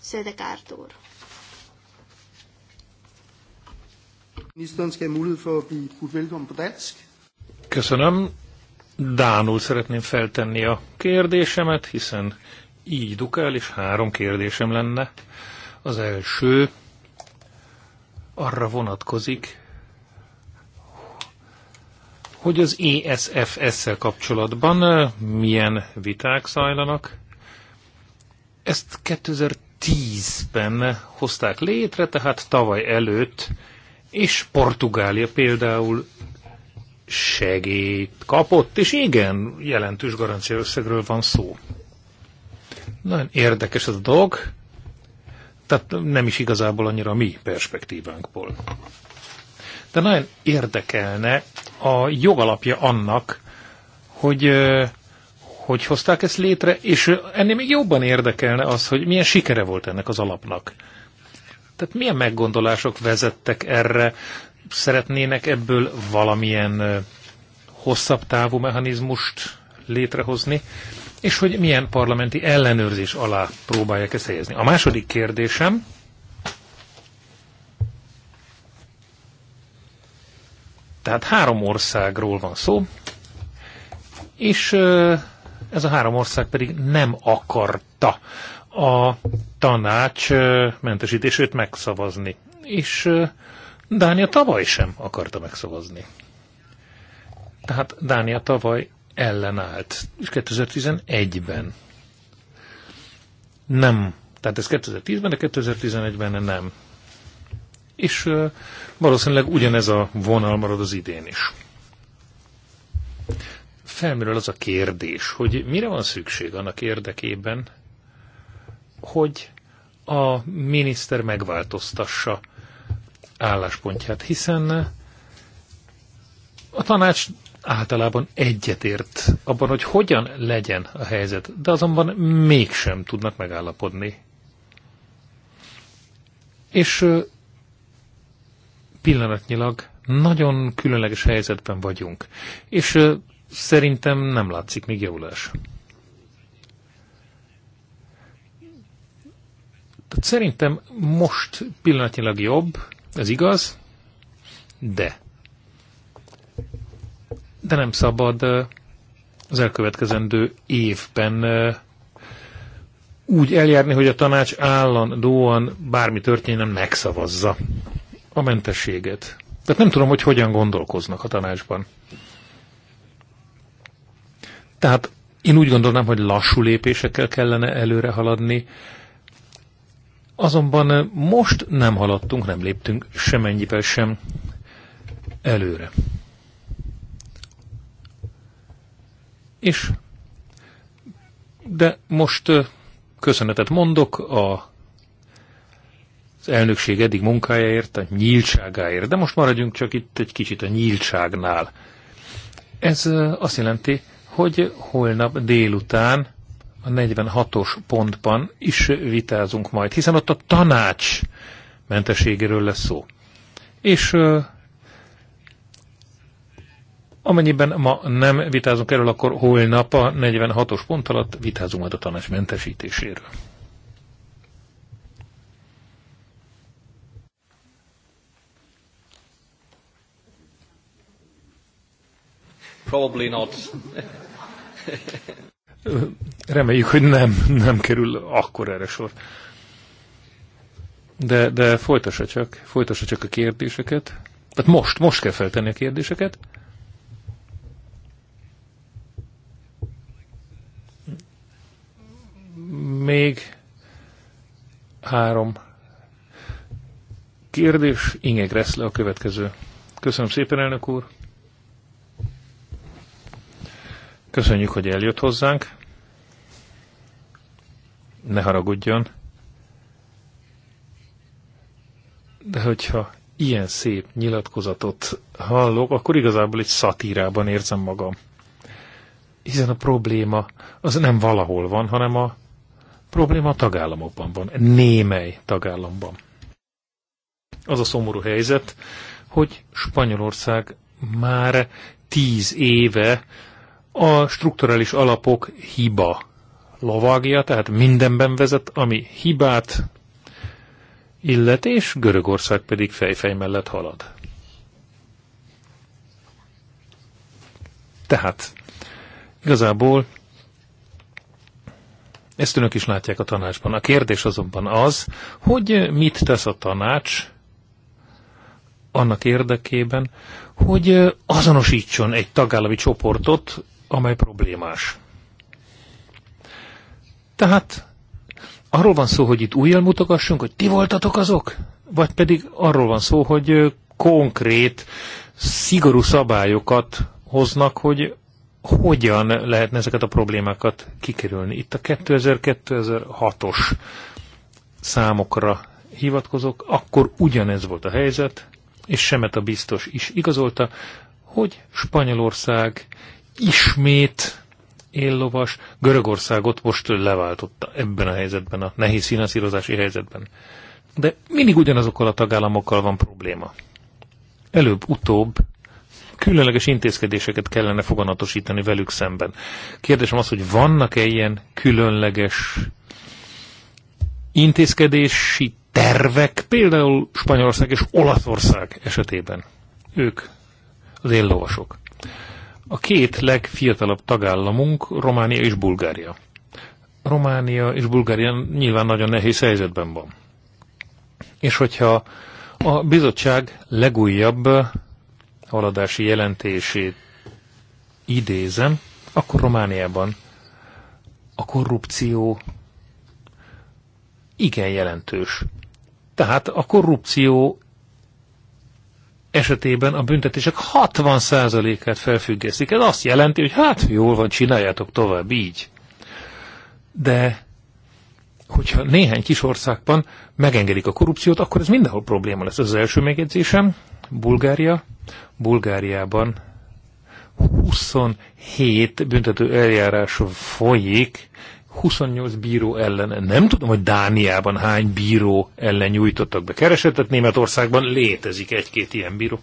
Szöldek Ártúr. Ministeren skal have mulighed for at blive budt velkommen på dansk. Köszönöm. Dánul szeretném feltenni a kérdésemet, hiszen így dukál, és három kérdésem lenne. Az első arra vonatkozik, hogy az ESFS-szel kapcsolatban milyen viták zajlanak. Ezt 2010-ben hozták létre, tehát tavaly előtt és Portugália például segít kapott, és igen, jelentős garancia összegről van szó. Nagyon érdekes ez a dolog, tehát nem is igazából annyira a mi perspektívánkból. De nagyon érdekelne a jogalapja annak, hogy hogy hozták ezt létre, és ennél még jobban érdekelne az, hogy milyen sikere volt ennek az alapnak. Tehát milyen meggondolások vezettek erre? Szeretnének ebből valamilyen hosszabb távú mechanizmust létrehozni, és hogy milyen parlamenti ellenőrzés alá próbálják ezt helyezni. A második kérdésem, tehát három országról van szó, és ez a három ország pedig nem akarta a tanács mentesítését megszavazni. És Dánia tavaly sem akarta megszavazni. Tehát Dánia tavaly ellenállt, és 2011-ben. Nem. Tehát ez 2010-ben, de 2011-ben nem. És valószínűleg ugyanez a vonal marad az idén is. Felmerül az a kérdés, hogy mire van szükség annak érdekében, hogy a miniszter megváltoztassa álláspontját, hiszen a tanács általában egyetért abban, hogy hogyan legyen a helyzet, de azonban mégsem tudnak megállapodni. És pillanatnyilag nagyon különleges helyzetben vagyunk, és szerintem nem látszik még javulás. Tehát szerintem most pillanatnyilag jobb, ez igaz, de de nem szabad az elkövetkezendő évben úgy eljárni, hogy a tanács állandóan bármi történjen, megszavazza a mentességet. Tehát nem tudom, hogy hogyan gondolkoznak a tanácsban. Tehát én úgy gondolnám, hogy lassú lépésekkel kellene előre haladni, Azonban eh, most nem haladtunk, nem léptünk semennyivel sem előre. És de most eh, köszönetet mondok a az elnökség eddig munkájáért, a nyíltságáért, de most maradjunk csak itt egy kicsit a nyíltságnál. Ez eh, azt jelenti, hogy holnap délután a 46-os pontban is vitázunk majd, hiszen ott a tanács menteségéről lesz szó. És amennyiben ma nem vitázunk erről, akkor holnap a 46-os pont alatt vitázunk majd a tanács mentesítéséről. Probably not. Reméljük, hogy nem, nem kerül akkor erre sor. De, de folytassa csak, folytassa csak a kérdéseket. Tehát most, most kell feltenni a kérdéseket. Még három kérdés. Inge Gressle a következő. Köszönöm szépen, elnök úr. Köszönjük, hogy eljött hozzánk. Ne haragudjon. De hogyha ilyen szép nyilatkozatot hallok, akkor igazából egy szatírában érzem magam. Hiszen a probléma az nem valahol van, hanem a probléma a tagállamokban van, némely tagállamban. Az a szomorú helyzet, hogy Spanyolország már tíz éve a strukturális alapok hiba lovagja, tehát mindenben vezet, ami hibát illet, és Görögország pedig fejfej mellett halad. Tehát igazából ezt önök is látják a tanácsban. A kérdés azonban az, hogy mit tesz a tanács annak érdekében, hogy azonosítson egy tagállami csoportot, amely problémás. Tehát arról van szó, hogy itt újjal mutogassunk, hogy ti voltatok azok? Vagy pedig arról van szó, hogy konkrét, szigorú szabályokat hoznak, hogy hogyan lehetne ezeket a problémákat kikerülni. Itt a 2000-2006-os számokra hivatkozok, akkor ugyanez volt a helyzet, és Semet a biztos is igazolta, hogy Spanyolország ismét éllovas Görögországot most leváltotta ebben a helyzetben, a nehéz finanszírozási helyzetben. De mindig ugyanazokkal a tagállamokkal van probléma. Előbb-utóbb különleges intézkedéseket kellene foganatosítani velük szemben. Kérdésem az, hogy vannak-e ilyen különleges intézkedési tervek, például Spanyolország és Olaszország esetében. Ők az éllovasok. A két legfiatalabb tagállamunk Románia és Bulgária. Románia és Bulgária nyilván nagyon nehéz helyzetben van. És hogyha a bizottság legújabb haladási jelentését idézem, akkor Romániában a korrupció igen jelentős. Tehát a korrupció esetében a büntetések 60%-át felfüggesztik. Ez azt jelenti, hogy hát jól van, csináljátok tovább így. De hogyha néhány kis országban megengedik a korrupciót, akkor ez mindenhol probléma lesz. Ez az első megjegyzésem. Bulgária. Bulgáriában 27 büntető eljárás folyik 28 bíró ellen, nem tudom, hogy Dániában hány bíró ellen nyújtottak be keresetet, Németországban létezik egy-két ilyen bíró.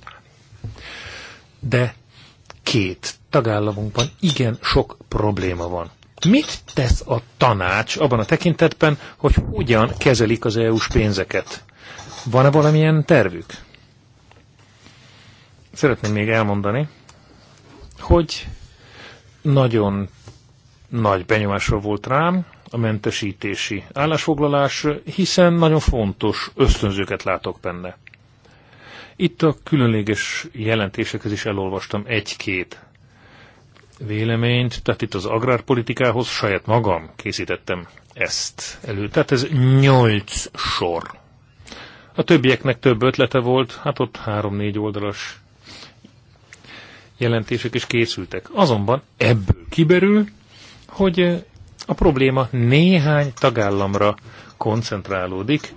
De két tagállamunkban igen sok probléma van. Mit tesz a tanács abban a tekintetben, hogy hogyan kezelik az EU-s pénzeket? Van-e valamilyen tervük? Szeretném még elmondani, hogy nagyon nagy benyomásra volt rám a mentesítési állásfoglalás, hiszen nagyon fontos ösztönzőket látok benne. Itt a különleges jelentésekhez is elolvastam egy-két véleményt, tehát itt az agrárpolitikához saját magam készítettem ezt elő. Tehát ez nyolc sor. A többieknek több ötlete volt, hát ott három-négy oldalas jelentések is készültek. Azonban ebből kiberül, hogy a probléma néhány tagállamra koncentrálódik,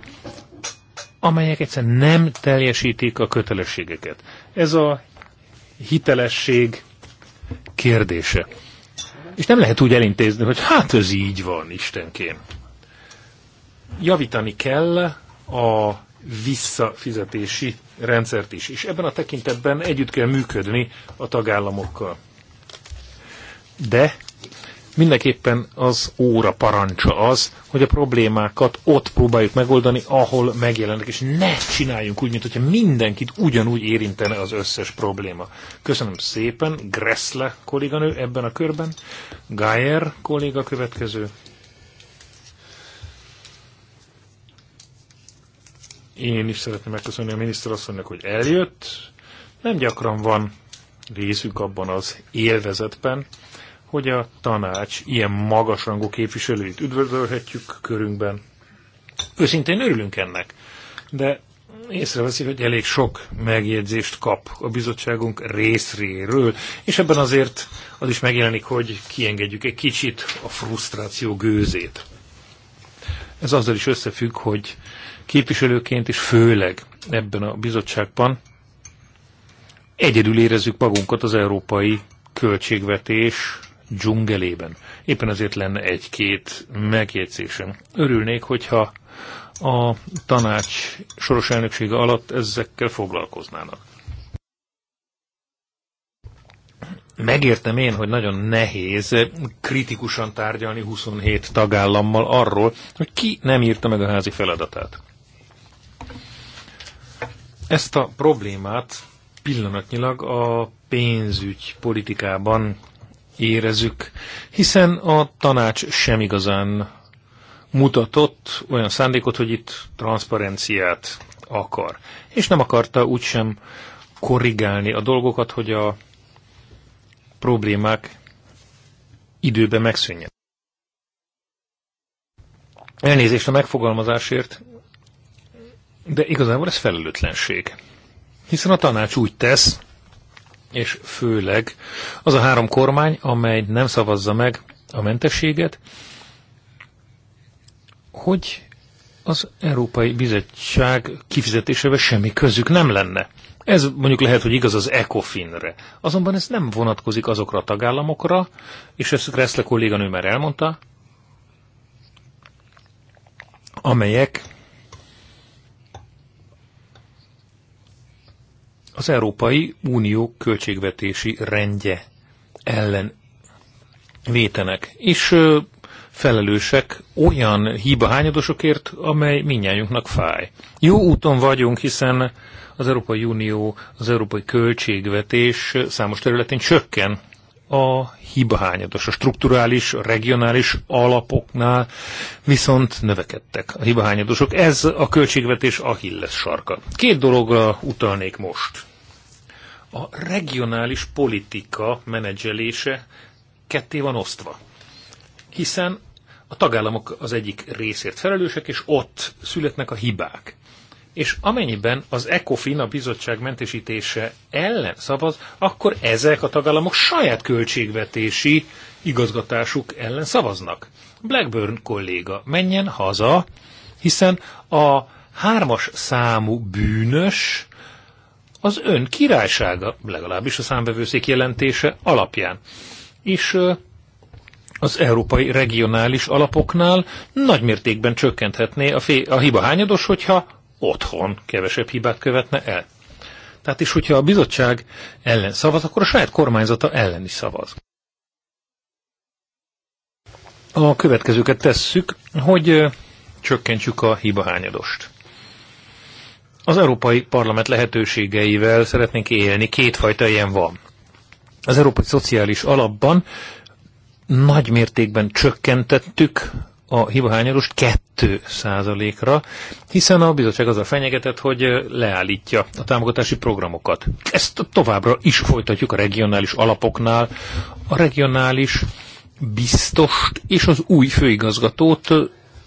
amelyek egyszerűen nem teljesítik a kötelességeket. Ez a hitelesség kérdése. És nem lehet úgy elintézni, hogy hát ez így van, Istenkém. Javítani kell a visszafizetési rendszert is, és ebben a tekintetben együtt kell működni a tagállamokkal. De mindenképpen az óra parancsa az, hogy a problémákat ott próbáljuk megoldani, ahol megjelennek, és ne csináljunk úgy, mintha mindenkit ugyanúgy érintene az összes probléma. Köszönöm szépen, Gressle kolléganő ebben a körben, Geyer kolléga következő. Én is szeretném megköszönni a miniszterasszonynak, hogy eljött. Nem gyakran van részük abban az élvezetben, hogy a tanács ilyen magasrangú képviselőit üdvözölhetjük körünkben. Őszintén örülünk ennek, de észreveszi, hogy elég sok megjegyzést kap a bizottságunk részréről, és ebben azért az is megjelenik, hogy kiengedjük egy kicsit a frusztráció gőzét. Ez azzal is összefügg, hogy képviselőként és főleg ebben a bizottságban egyedül érezzük magunkat az európai költségvetés dzsungelében. Éppen azért lenne egy-két megjegyzésem. Örülnék, hogyha a tanács soros elnöksége alatt ezekkel foglalkoznának. Megértem én, hogy nagyon nehéz kritikusan tárgyalni 27 tagállammal arról, hogy ki nem írta meg a házi feladatát. Ezt a problémát pillanatnyilag a pénzügy politikában érezzük, hiszen a tanács sem igazán mutatott olyan szándékot, hogy itt transzparenciát akar. És nem akarta úgysem korrigálni a dolgokat, hogy a problémák időben megszűnjenek. Elnézést a megfogalmazásért, de igazából ez felelőtlenség. Hiszen a tanács úgy tesz, és főleg az a három kormány, amely nem szavazza meg a mentességet, hogy az Európai Bizottság kifizetésével semmi közük nem lenne. Ez mondjuk lehet, hogy igaz az ECOFIN-re. Azonban ez nem vonatkozik azokra a tagállamokra, és ezt Kressle kolléganő már elmondta, amelyek az Európai Unió költségvetési rendje ellen vétenek, és felelősek olyan hibahányadosokért, amely minnyájunknak fáj. Jó úton vagyunk, hiszen az Európai Unió, az európai költségvetés számos területén csökken a hibahányados A strukturális, a regionális alapoknál viszont növekedtek a hibahányadosok. Ez a költségvetés hilles sarka. Két dologra utalnék most. A regionális politika menedzselése ketté van osztva. Hiszen a tagállamok az egyik részért felelősek, és ott születnek a hibák és amennyiben az ECOFIN a bizottság mentesítése ellen szavaz, akkor ezek a tagállamok saját költségvetési igazgatásuk ellen szavaznak. Blackburn kolléga, menjen haza, hiszen a hármas számú bűnös az ön királysága, legalábbis a számbevőszék jelentése alapján. És az európai regionális alapoknál nagymértékben csökkenthetné a, fé- a hiba hányados, hogyha otthon kevesebb hibát követne el. Tehát is, hogyha a bizottság ellen szavaz, akkor a saját kormányzata ellen is szavaz. A következőket tesszük, hogy csökkentsük a hibahányadost. Az Európai Parlament lehetőségeivel szeretnénk élni, kétfajta ilyen van. Az Európai Szociális Alapban nagy mértékben csökkentettük a hibahányarost 2 százalékra, hiszen a bizottság az a fenyegetett, hogy leállítja a támogatási programokat. Ezt továbbra is folytatjuk a regionális alapoknál. A regionális biztost és az új főigazgatót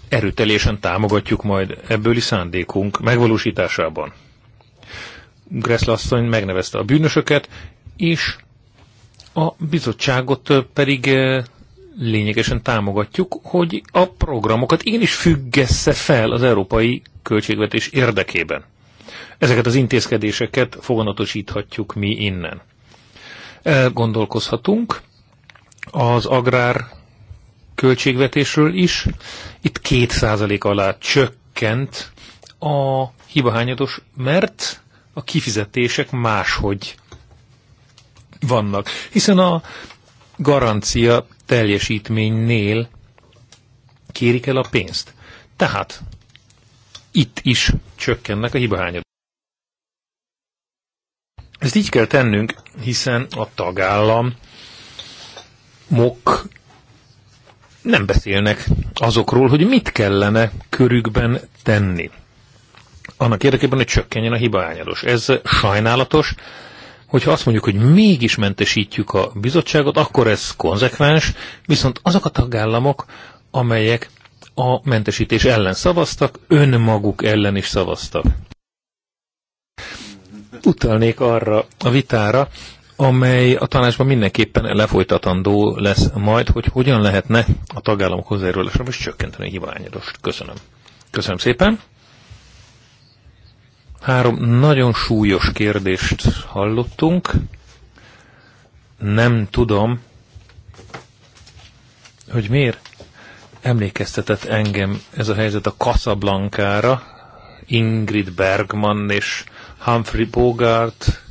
erőtelésen támogatjuk majd ebbőli szándékunk megvalósításában. Gressle asszony megnevezte a bűnösöket, és a bizottságot pedig lényegesen támogatjuk, hogy a programokat igenis függesse fel az európai költségvetés érdekében. Ezeket az intézkedéseket foganatosíthatjuk mi innen. Elgondolkozhatunk az agrár költségvetésről is. Itt 2% alá csökkent a hibahányados, mert a kifizetések máshogy vannak. Hiszen a garancia teljesítménynél kérik el a pénzt. Tehát itt is csökkennek a hibahányadok. Ezt így kell tennünk, hiszen a tagállam mok nem beszélnek azokról, hogy mit kellene körükben tenni. Annak érdekében, hogy csökkenjen a hibaányados. Ez sajnálatos, hogyha azt mondjuk, hogy mégis mentesítjük a bizottságot, akkor ez konzekvens, viszont azok a tagállamok, amelyek a mentesítés ellen szavaztak, önmaguk ellen is szavaztak. Utalnék arra a vitára, amely a tanácsban mindenképpen lefolytatandó lesz majd, hogy hogyan lehetne a tagállamok hozzájárulásra most csökkenteni a hibaányadost. Köszönöm. Köszönöm szépen. Három nagyon súlyos kérdést hallottunk. Nem tudom, hogy miért emlékeztetett engem ez a helyzet a Casablanca-ra, Ingrid Bergman és Humphrey Bogart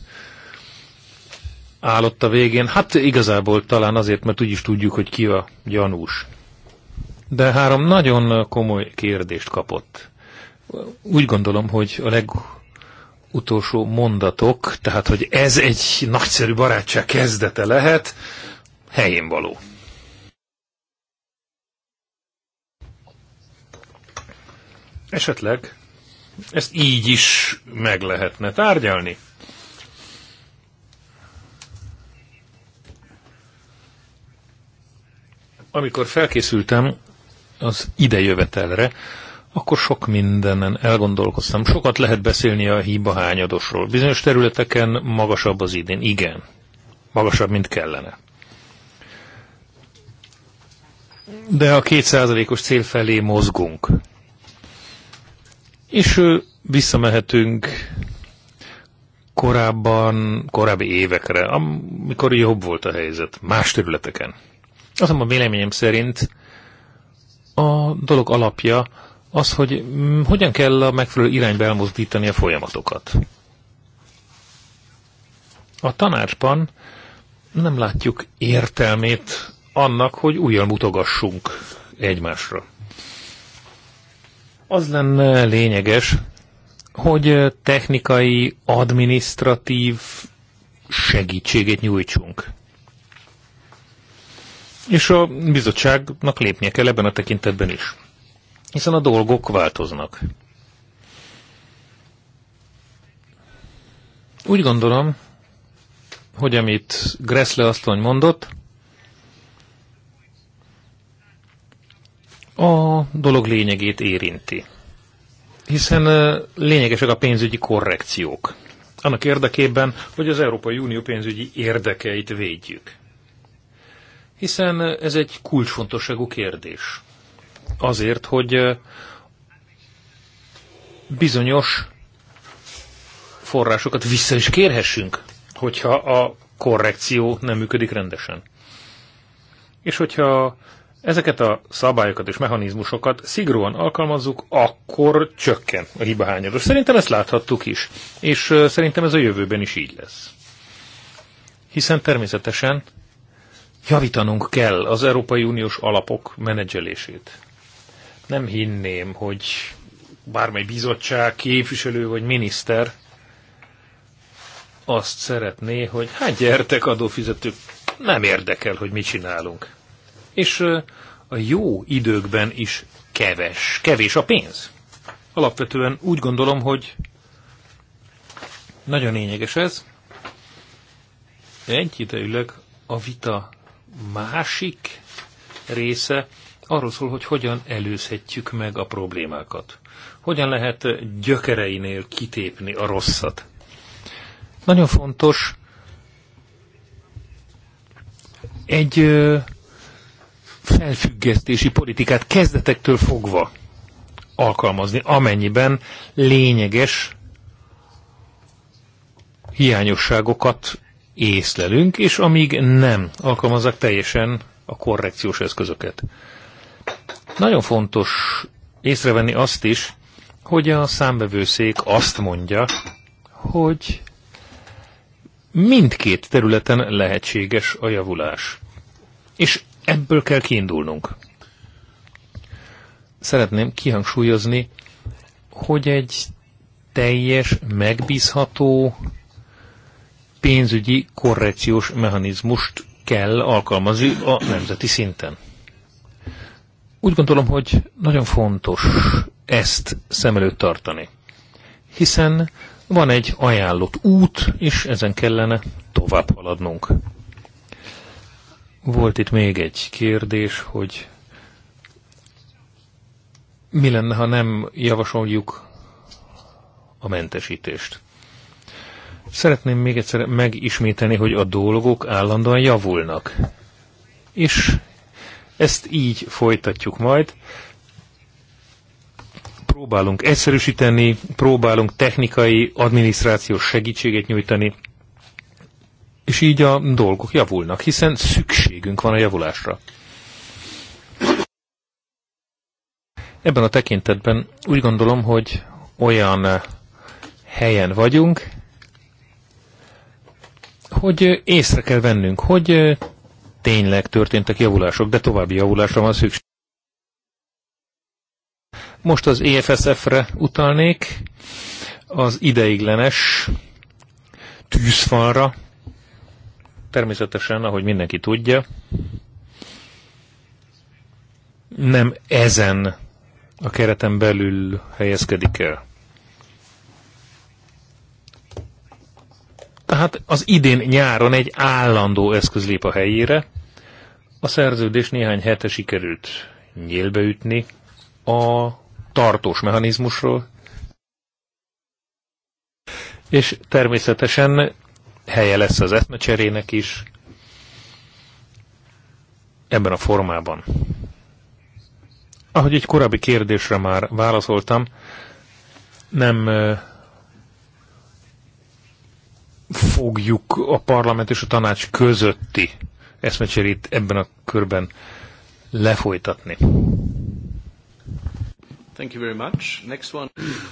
állott a végén. Hát igazából talán azért, mert úgyis tudjuk, hogy ki a gyanús. De három nagyon komoly kérdést kapott. Úgy gondolom, hogy a leg utolsó mondatok, tehát hogy ez egy nagyszerű barátság kezdete lehet, helyén való. Esetleg ezt így is meg lehetne tárgyalni. Amikor felkészültem az idejövetelre, akkor sok mindenen elgondolkoztam. Sokat lehet beszélni a hiba hányadosról. Bizonyos területeken magasabb az idén. Igen. Magasabb, mint kellene. De a kétszázalékos cél felé mozgunk. És visszamehetünk korábban, korábbi évekre, amikor jobb volt a helyzet, más területeken. a véleményem szerint a dolog alapja az, hogy mm, hogyan kell a megfelelő irányba elmozdítani a folyamatokat. A tanácsban nem látjuk értelmét annak, hogy újra mutogassunk egymásra. Az lenne lényeges, hogy technikai, administratív segítségét nyújtsunk. És a bizottságnak lépnie kell ebben a tekintetben is hiszen a dolgok változnak. Úgy gondolom, hogy amit Gressle asszony mondott, a dolog lényegét érinti. Hiszen lényegesek a pénzügyi korrekciók. Annak érdekében, hogy az Európai Unió pénzügyi érdekeit védjük. Hiszen ez egy kulcsfontosságú kérdés azért, hogy bizonyos forrásokat vissza is kérhessünk, hogyha a korrekció nem működik rendesen. És hogyha ezeket a szabályokat és mechanizmusokat szigorúan alkalmazzuk, akkor csökken a hibahányadó. Szerintem ezt láthattuk is, és szerintem ez a jövőben is így lesz. Hiszen természetesen javítanunk kell az Európai Uniós alapok menedzselését nem hinném, hogy bármely bizottság, képviselő vagy miniszter azt szeretné, hogy hát gyertek adófizetők, nem érdekel, hogy mit csinálunk. És a jó időkben is keves, kevés a pénz. Alapvetően úgy gondolom, hogy nagyon lényeges ez. Egyidejűleg a vita másik része arról szól, hogy hogyan előzhetjük meg a problémákat. Hogyan lehet gyökereinél kitépni a rosszat. Nagyon fontos egy felfüggesztési politikát kezdetektől fogva alkalmazni, amennyiben lényeges hiányosságokat észlelünk, és amíg nem alkalmazzák teljesen a korrekciós eszközöket. Nagyon fontos észrevenni azt is, hogy a számbevőszék azt mondja, hogy mindkét területen lehetséges a javulás. És ebből kell kiindulnunk. Szeretném kihangsúlyozni, hogy egy teljes, megbízható pénzügyi korrekciós mechanizmust kell alkalmazni a nemzeti szinten. Úgy gondolom, hogy nagyon fontos ezt szem előtt tartani, hiszen van egy ajánlott út, és ezen kellene tovább haladnunk. Volt itt még egy kérdés, hogy mi lenne, ha nem javasoljuk a mentesítést. Szeretném még egyszer megismételni, hogy a dolgok állandóan javulnak. És ezt így folytatjuk majd. Próbálunk egyszerűsíteni, próbálunk technikai, adminisztrációs segítséget nyújtani, és így a dolgok javulnak, hiszen szükségünk van a javulásra. Ebben a tekintetben úgy gondolom, hogy olyan helyen vagyunk, hogy észre kell vennünk, hogy tényleg történtek javulások, de további javulásra van szükség. Most az EFSF-re utalnék, az ideiglenes tűzfalra. Természetesen, ahogy mindenki tudja, nem ezen a kereten belül helyezkedik el. Tehát az idén nyáron egy állandó eszköz lép a helyére. A szerződés néhány hete sikerült nyélbeütni a tartós mechanizmusról, és természetesen helye lesz az eszmecserének is ebben a formában. Ahogy egy korábbi kérdésre már válaszoltam, nem fogjuk a parlament és a tanács közötti eszmecserét ebben a körben lefolytatni. Thank you very much. Next one.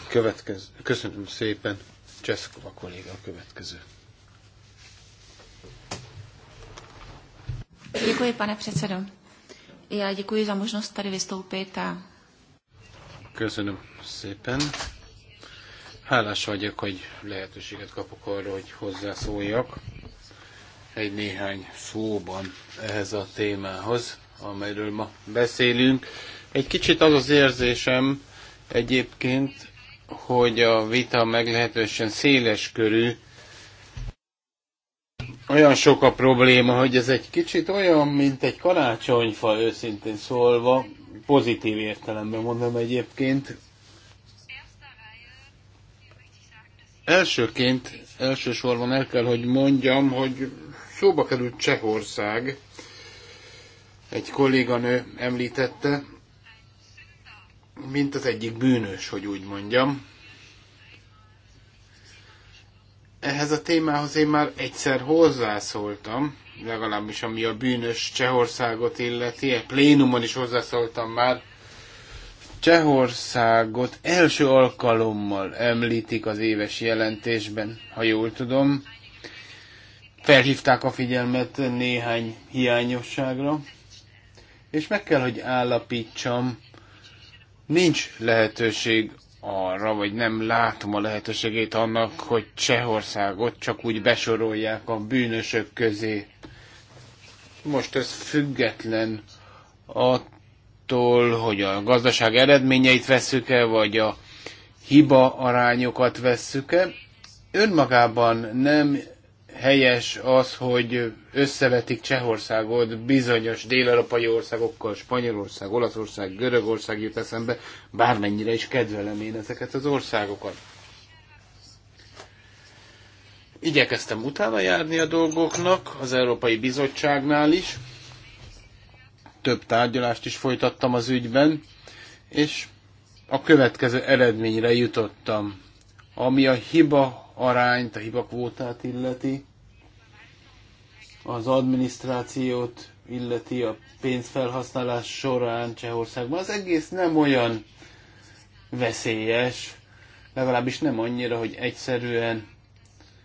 Következő. Köszönöm szépen. Cseszkova kolléga a következő. Děkuji, pane předsedo. Já děkuji za možnost tady vystoupit a... Köszönöm szépen. Hálás vagyok, hogy lehetőséget kapok arra, hogy hozzászóljak egy néhány szóban ehhez a témához, amelyről ma beszélünk. Egy kicsit az az érzésem egyébként, hogy a vita meglehetősen széles körű, olyan sok a probléma, hogy ez egy kicsit olyan, mint egy karácsonyfa, őszintén szólva, pozitív értelemben mondom egyébként. Elsőként, elsősorban el kell, hogy mondjam, hogy szóba került Csehország, egy kolléganő említette, mint az egyik bűnös, hogy úgy mondjam. Ehhez a témához én már egyszer hozzászóltam, legalábbis ami a bűnös Csehországot illeti, egy plénumon is hozzászóltam már, Csehországot első alkalommal említik az éves jelentésben, ha jól tudom. Felhívták a figyelmet néhány hiányosságra, és meg kell, hogy állapítsam, nincs lehetőség arra, vagy nem látom a lehetőségét annak, hogy Csehországot csak úgy besorolják a bűnösök közé. Most ez független a attól, hogy a gazdaság eredményeit vesszük el, vagy a hiba arányokat vesszük el. Önmagában nem helyes az, hogy összevetik Csehországot bizonyos dél-európai országokkal, Spanyolország, Olaszország, Görögország jut eszembe, bármennyire is kedvelem én ezeket az országokat. Igyekeztem utána járni a dolgoknak, az Európai Bizottságnál is, több tárgyalást is folytattam az ügyben, és a következő eredményre jutottam, ami a hiba arányt, a hiba kvótát illeti, az adminisztrációt illeti a pénzfelhasználás során Csehországban. Az egész nem olyan veszélyes, legalábbis nem annyira, hogy egyszerűen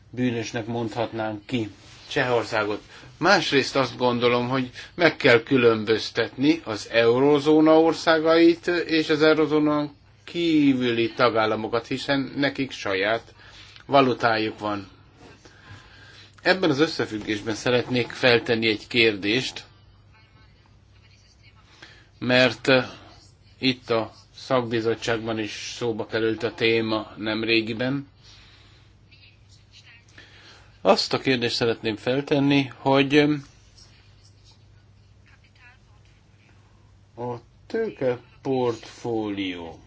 bűnösnek mondhatnánk ki Csehországot. Másrészt azt gondolom, hogy meg kell különböztetni az eurozóna országait és az eurozóna kívüli tagállamokat, hiszen nekik saját valutájuk van. Ebben az összefüggésben szeretnék feltenni egy kérdést, mert eh, itt a szakbizottságban is szóba került a téma nem régiben. Azt a kérdést szeretném feltenni, hogy a tőke portfólió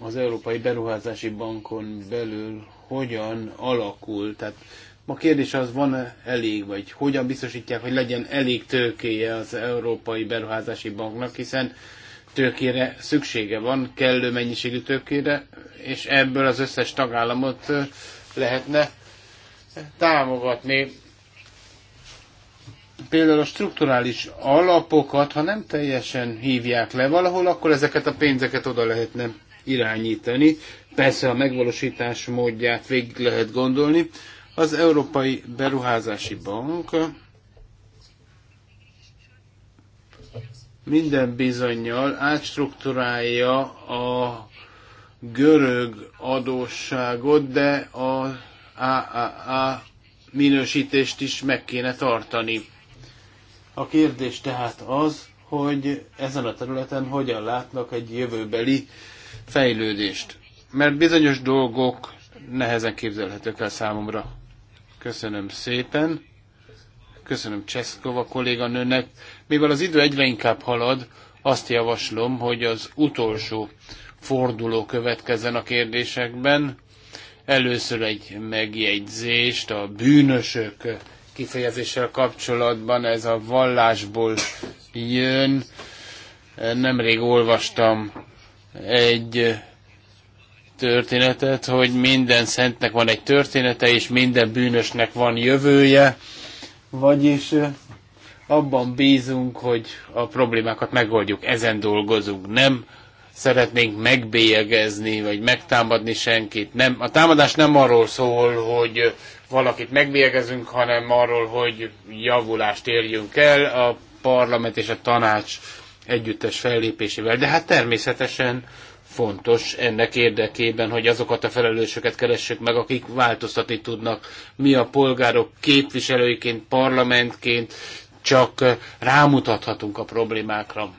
az Európai Beruházási Bankon belül hogyan alakul? Tehát a kérdés az, van-e elég, vagy hogyan biztosítják, hogy legyen elég tőkéje az Európai Beruházási Banknak, hiszen tőkére szüksége van, kellő mennyiségű tőkére, és ebből az összes tagállamot lehetne támogatni. Például a strukturális alapokat, ha nem teljesen hívják le valahol, akkor ezeket a pénzeket oda lehetne irányítani. Persze a megvalósítás módját végig lehet gondolni. Az Európai Beruházási Bank minden bizonyal átstruktúrálja a görög adósságot, de a AAA minősítést is meg kéne tartani. A kérdés tehát az, hogy ezen a területen hogyan látnak egy jövőbeli fejlődést. Mert bizonyos dolgok nehezen képzelhetők el számomra. Köszönöm szépen. Köszönöm Cseszkova kolléganőnek. Mivel az idő egyre inkább halad, azt javaslom, hogy az utolsó forduló következzen a kérdésekben. Először egy megjegyzést a bűnösök kifejezéssel kapcsolatban, ez a vallásból jön. Nemrég olvastam egy történetet, hogy minden szentnek van egy története, és minden bűnösnek van jövője, vagyis abban bízunk, hogy a problémákat megoldjuk, ezen dolgozunk, nem szeretnénk megbélyegezni, vagy megtámadni senkit. Nem, a támadás nem arról szól, hogy valakit megbélyegezünk, hanem arról, hogy javulást érjünk el a parlament és a tanács együttes fellépésével. De hát természetesen fontos ennek érdekében, hogy azokat a felelősöket keressük meg, akik változtatni tudnak. Mi a polgárok képviselőiként, parlamentként csak rámutathatunk a problémákra.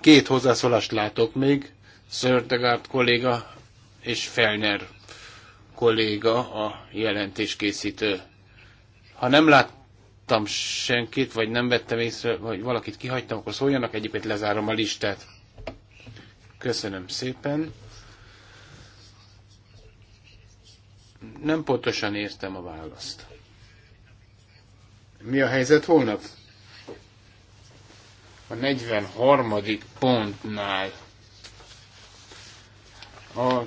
Két hozzászólást látok még, Szördegárd kolléga és Felner kolléga a jelentéskészítő. Ha nem láttam senkit, vagy nem vettem észre, vagy valakit kihagytam, akkor szóljanak, egyébként lezárom a listát. Köszönöm szépen. Nem pontosan értem a választ. Mi a helyzet holnap? a 43. pontnál a,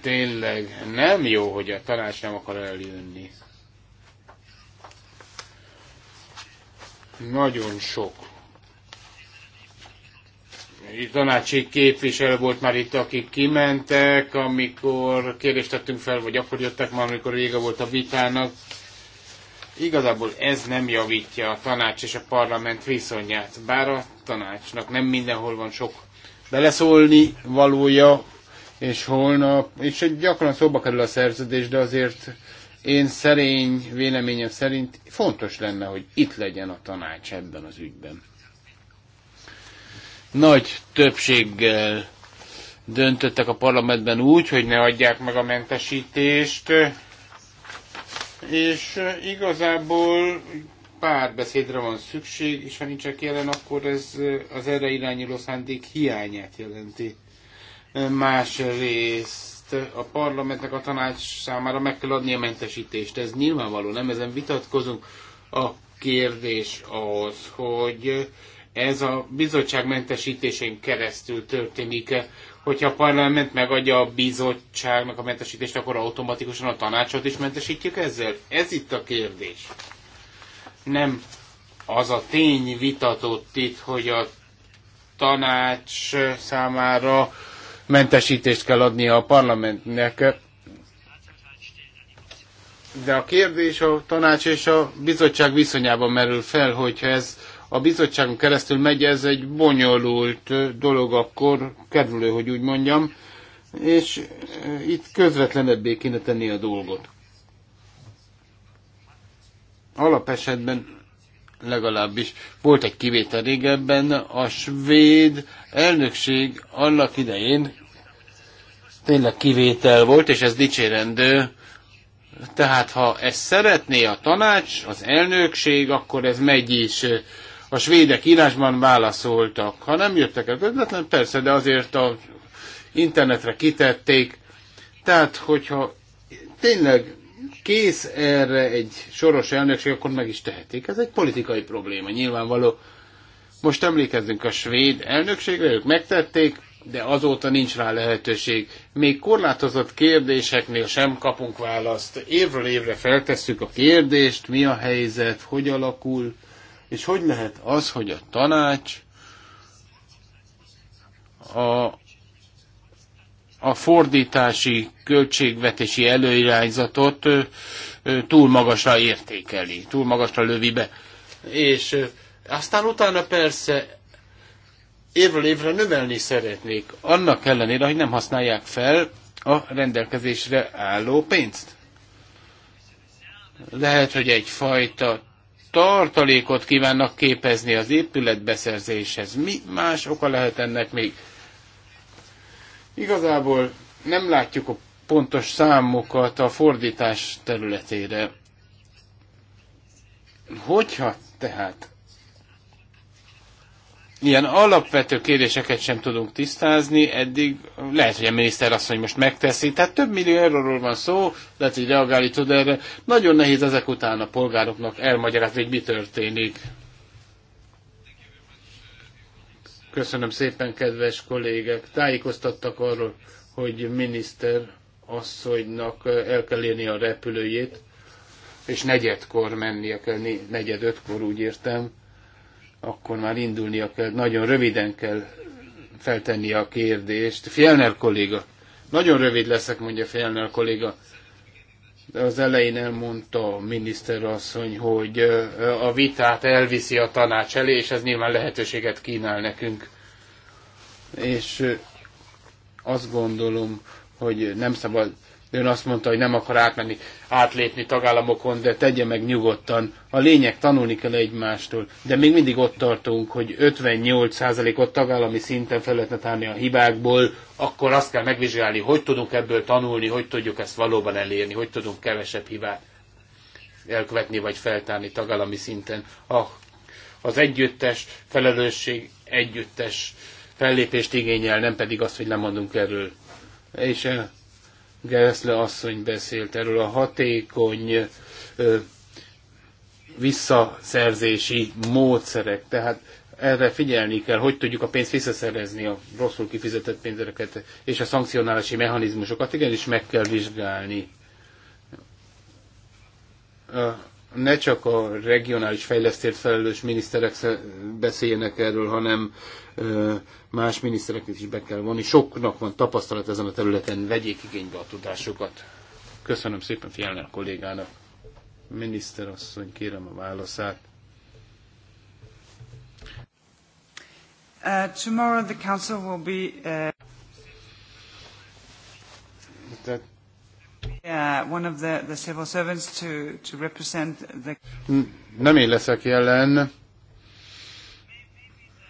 tényleg nem jó, hogy a tanács nem akar eljönni. Nagyon sok tanácsi képviselő volt már itt, akik kimentek, amikor kérdést tettünk fel, vagy akkor jöttek már, amikor vége volt a vitának. Igazából ez nem javítja a tanács és a parlament viszonyát, bár a tanácsnak nem mindenhol van sok beleszólni valója, és holnap, és gyakran szóba kerül a szerződés, de azért én szerény véleményem szerint fontos lenne, hogy itt legyen a tanács ebben az ügyben. Nagy többséggel döntöttek a parlamentben úgy, hogy ne adják meg a mentesítést, és igazából párbeszédre van szükség, és ha nincsenek jelen, akkor ez az erre irányuló szándék hiányát jelenti. Másrészt a parlamentnek a tanács számára meg kell adni a mentesítést. Ez nyilvánvaló, nem ezen vitatkozunk. A kérdés az, hogy ez a bizottság mentesítésén keresztül történik-e hogyha a parlament megadja a bizottságnak a mentesítést, akkor automatikusan a tanácsot is mentesítjük ezzel? Ez itt a kérdés. Nem az a tény vitatott itt, hogy a tanács számára mentesítést kell adni a parlamentnek. De a kérdés a tanács és a bizottság viszonyában merül fel, hogyha ez a bizottságon keresztül megy, ez egy bonyolult dolog, akkor kerülő, hogy úgy mondjam, és eh, itt közvetlenebbé kéne tenni a dolgot. Alapesetben legalábbis volt egy kivétel régebben, a svéd elnökség annak idején tényleg kivétel volt, és ez dicsérendő, tehát ha ezt szeretné a tanács, az elnökség, akkor ez megy is a svédek írásban válaszoltak. Ha nem jöttek el közvetlen, persze, de azért a internetre kitették. Tehát, hogyha tényleg kész erre egy soros elnökség, akkor meg is tehetik. Ez egy politikai probléma, nyilvánvaló. Most emlékezzünk a svéd elnökségre, ők megtették, de azóta nincs rá lehetőség. Még korlátozott kérdéseknél sem kapunk választ. Évről évre feltesszük a kérdést, mi a helyzet, hogy alakul, és hogy lehet az, hogy a tanács a, a fordítási költségvetési előirányzatot ö, ö, túl magasra értékeli, túl magasra lövi be. És ö, aztán utána persze évről évre növelni szeretnék, annak ellenére, hogy nem használják fel a rendelkezésre álló pénzt. Lehet, hogy egyfajta tartalékot kívánnak képezni az épületbeszerzéshez. Mi más oka lehet ennek még? Igazából nem látjuk a pontos számokat a fordítás területére. Hogyha tehát ilyen alapvető kérdéseket sem tudunk tisztázni, eddig lehet, hogy a miniszter azt mondja, most megteszi, tehát több millió euróról van szó, lehet, hogy reagálni tud erre. Nagyon nehéz ezek után a polgároknak elmagyarázni, hogy mi történik. Köszönöm szépen, kedves kollégek. Tájékoztattak arról, hogy miniszter asszonynak el kell érni a repülőjét, és negyedkor mennie kell, negyed ötkor úgy értem akkor már indulnia kell, nagyon röviden kell feltenni a kérdést. Fjellner kolléga, nagyon rövid leszek, mondja Fjellner kolléga. De az elején elmondta a asszony, hogy a vitát elviszi a tanács elé, és ez nyilván lehetőséget kínál nekünk. És azt gondolom, hogy nem szabad Ön azt mondta, hogy nem akar átmenni, átlépni tagállamokon, de tegye meg nyugodtan. A lényeg tanulni kell egymástól. De még mindig ott tartunk, hogy 58%-ot tagállami szinten fel lehetne tárni a hibákból, akkor azt kell megvizsgálni, hogy tudunk ebből tanulni, hogy tudjuk ezt valóban elérni, hogy tudunk kevesebb hibát elkövetni vagy feltárni tagállami szinten. A, az együttes felelősség együttes fellépést igényel, nem pedig azt, hogy lemondunk erről. És eh, Gerszle asszony beszélt erről a hatékony ö, visszaszerzési módszerek. Tehát erre figyelni kell, hogy tudjuk a pénzt visszaszerezni, a rosszul kifizetett pénzeket, és a szankcionálási mechanizmusokat igenis meg kell vizsgálni. Ne csak a regionális fejlesztért felelős miniszterek beszéljenek erről, hanem más minisztereknek is be kell vonni. Soknak van tapasztalat ezen a területen, vegyék igénybe a tudásokat. Köszönöm szépen Fjellner kollégának. Miniszter asszony, kérem a válaszát. Uh, tomorrow the council will be uh, uh, one of the, the civil servants to, to represent the... Nem én leszek jelen,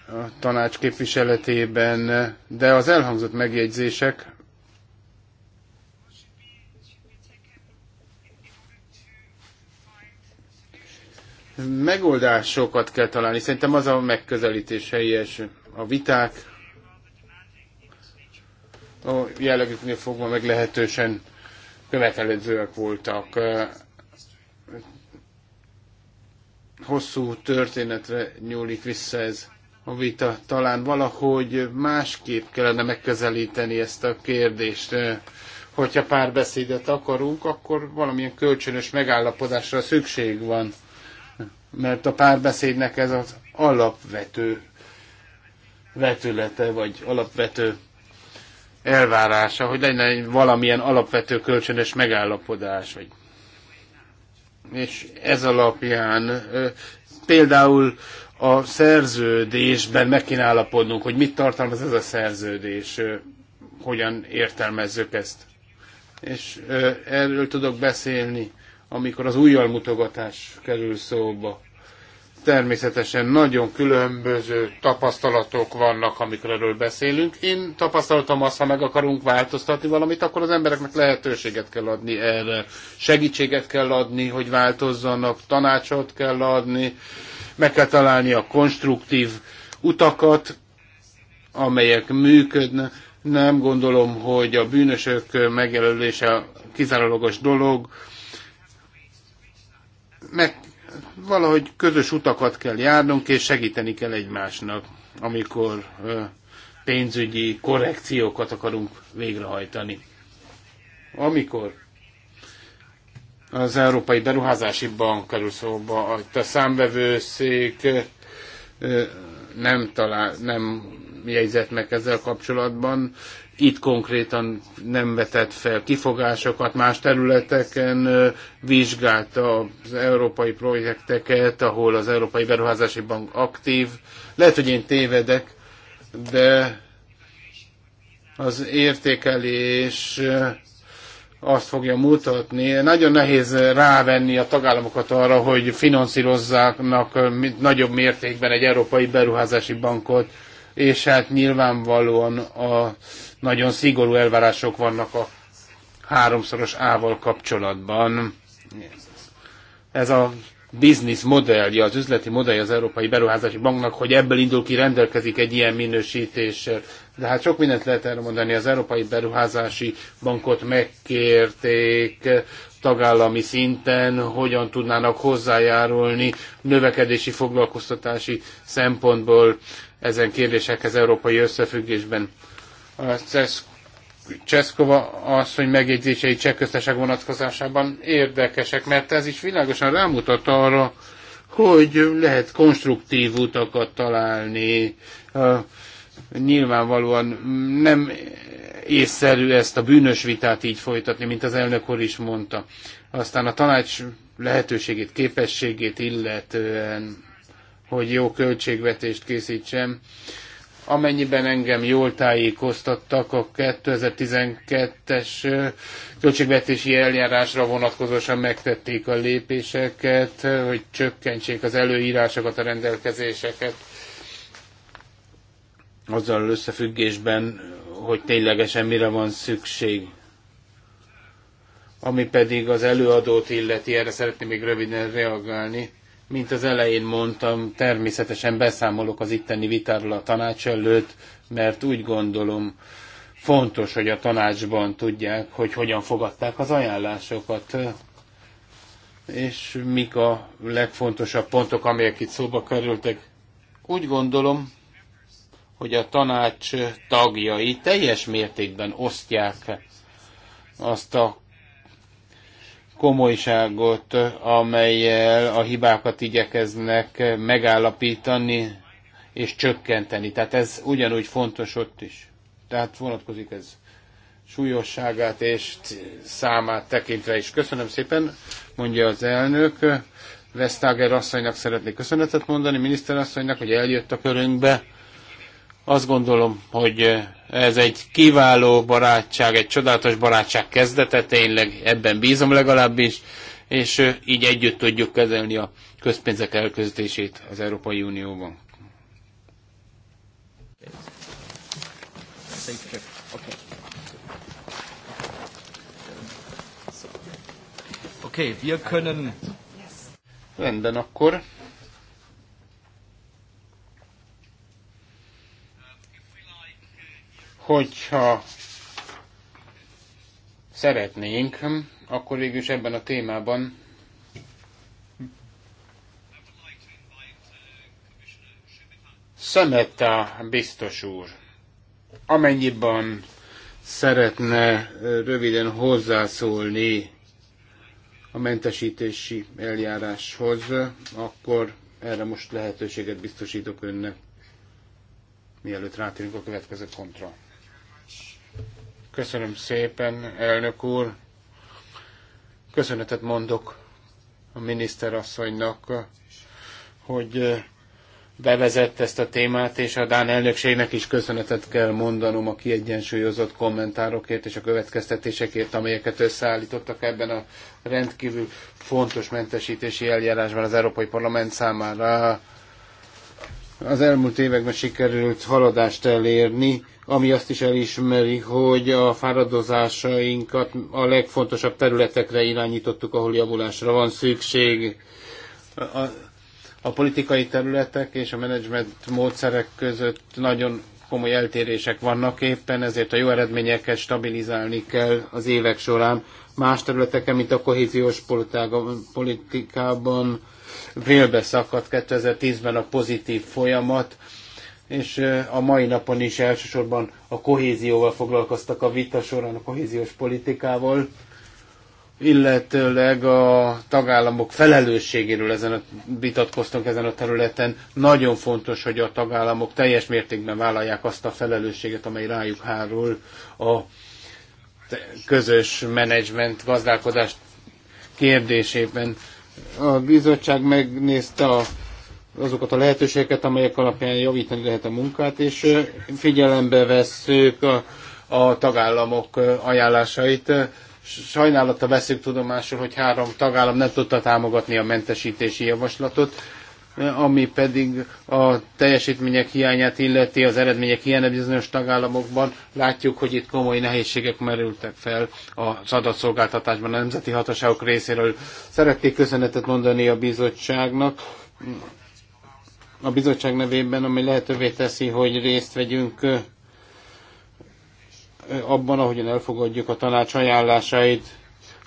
a tanács képviseletében, de az elhangzott megjegyzések megoldásokat kell találni. Szerintem az a megközelítés helyes. A viták a jellegüknél fogva meglehetősen követelezőek voltak. Hosszú történetre nyúlik vissza ez a vita. Talán valahogy másképp kellene megközelíteni ezt a kérdést. Hogyha párbeszédet akarunk, akkor valamilyen kölcsönös megállapodásra szükség van. Mert a párbeszédnek ez az alapvető vetülete, vagy alapvető elvárása, hogy egy valamilyen alapvető kölcsönös megállapodás, vagy és ez alapján például a szerződésben meg kéne állapodnunk, hogy mit tartalmaz ez a szerződés, hogyan értelmezzük ezt. És erről tudok beszélni, amikor az újjalmutogatás kerül szóba. Természetesen nagyon különböző tapasztalatok vannak, amikor erről beszélünk. Én tapasztaltam azt, ha meg akarunk változtatni valamit, akkor az embereknek lehetőséget kell adni erre, segítséget kell adni, hogy változzanak, tanácsot kell adni, meg kell találni a konstruktív utakat, amelyek működnek. Nem gondolom, hogy a bűnösök megjelölése kizárólagos dolog. Meg valahogy közös utakat kell járnunk, és segíteni kell egymásnak, amikor pénzügyi korrekciókat akarunk végrehajtani. Amikor az Európai Beruházási Bank kerül szóba, a számvevőszék nem, talál, nem jegyzett meg ezzel kapcsolatban. Itt konkrétan nem vetett fel kifogásokat, más területeken vizsgálta az európai projekteket, ahol az Európai Beruházási Bank aktív. Lehet, hogy én tévedek, de az értékelés azt fogja mutatni. Nagyon nehéz rávenni a tagállamokat arra, hogy finanszírozzáknak nagyobb mértékben egy európai beruházási bankot, és hát nyilvánvalóan a nagyon szigorú elvárások vannak a háromszoros ával kapcsolatban. Ez a business modellje, az üzleti modellje az Európai Beruházási Banknak, hogy ebből indul ki, rendelkezik egy ilyen minősítéssel. De hát sok mindent lehet erre mondani. Az Európai Beruházási Bankot megkérték tagállami szinten, hogyan tudnának hozzájárulni növekedési foglalkoztatási szempontból ezen kérdésekhez európai összefüggésben. A CESZ Cseszkova hogy megjegyzései cseh vonatkozásában érdekesek, mert ez is világosan rámutat arra, hogy lehet konstruktív utakat találni. Nyilvánvalóan nem észszerű ezt a bűnös vitát így folytatni, mint az elnök úr is mondta. Aztán a tanács lehetőségét, képességét illetően, hogy jó költségvetést készítsen Amennyiben engem jól tájékoztattak a 2012-es költségvetési eljárásra vonatkozóan megtették a lépéseket, hogy csökkentsék az előírásokat, a rendelkezéseket. Azzal összefüggésben, hogy ténylegesen mire van szükség ami pedig az előadót illeti, erre szeretném még röviden reagálni. Mint az elején mondtam, természetesen beszámolok az itteni vitáról a tanács előtt, mert úgy gondolom, fontos, hogy a tanácsban tudják, hogy hogyan fogadták az ajánlásokat, és mik a legfontosabb pontok, amelyek itt szóba kerültek. Úgy gondolom, hogy a tanács tagjai teljes mértékben osztják azt a komolyságot, amelyel a hibákat igyekeznek megállapítani és csökkenteni. Tehát ez ugyanúgy fontos ott is. Tehát vonatkozik ez súlyosságát és számát tekintve is. Köszönöm szépen, mondja az elnök. Vesztager asszonynak szeretnék köszönetet mondani, miniszterasszonynak, hogy eljött a körünkbe azt gondolom, hogy eh, ez egy kiváló barátság, egy csodálatos barátság kezdete, tényleg ebben bízom legalábbis, és eh, így együtt tudjuk kezelni a közpénzek elközítését az Európai Unióban. Okay, wir können... Rendben, akkor hogyha szeretnénk, akkor végül is ebben a témában Szemetta biztos úr, amennyiben szeretne röviden hozzászólni a mentesítési eljáráshoz, akkor erre most lehetőséget biztosítok önnek, mielőtt rátérünk a következő pontra. Köszönöm szépen, elnök úr. Köszönetet mondok a miniszterasszonynak, hogy bevezett ezt a témát, és a Dán elnökségnek is köszönetet kell mondanom a kiegyensúlyozott kommentárokért és a következtetésekért, amelyeket összeállítottak ebben a rendkívül fontos mentesítési eljárásban az Európai Parlament számára. Az elmúlt években sikerült haladást elérni, ami azt is elismeri, hogy a fáradozásainkat a legfontosabb területekre irányítottuk, ahol javulásra van szükség. A, a politikai területek és a menedzsment módszerek között nagyon komoly eltérések vannak éppen, ezért a jó eredményeket stabilizálni kell az évek során. Más területeken, mint a kohéziós politikában, vélbe szakadt 2010-ben a pozitív folyamat, és a mai napon is elsősorban a kohézióval foglalkoztak a vita során, a kohéziós politikával, illetőleg a tagállamok felelősségéről ezen a, vitatkoztunk ezen a területen. Nagyon fontos, hogy a tagállamok teljes mértékben vállalják azt a felelősséget, amely rájuk hárul a közös menedzsment, gazdálkodás kérdésében. A bizottság megnézte a azokat a lehetőségeket, amelyek alapján javítani lehet a munkát, és figyelembe vesszük a, a tagállamok ajánlásait. Sajnálata veszük tudomásul, hogy három tagállam nem tudta támogatni a mentesítési javaslatot, ami pedig a teljesítmények hiányát illeti, az eredmények hiánya bizonyos tagállamokban. Látjuk, hogy itt komoly nehézségek merültek fel az adatszolgáltatásban a nemzeti hatóságok részéről. Szeretnék köszönetet mondani a bizottságnak, a bizottság nevében, ami lehetővé teszi, hogy részt vegyünk abban, ahogyan elfogadjuk a tanács ajánlásait.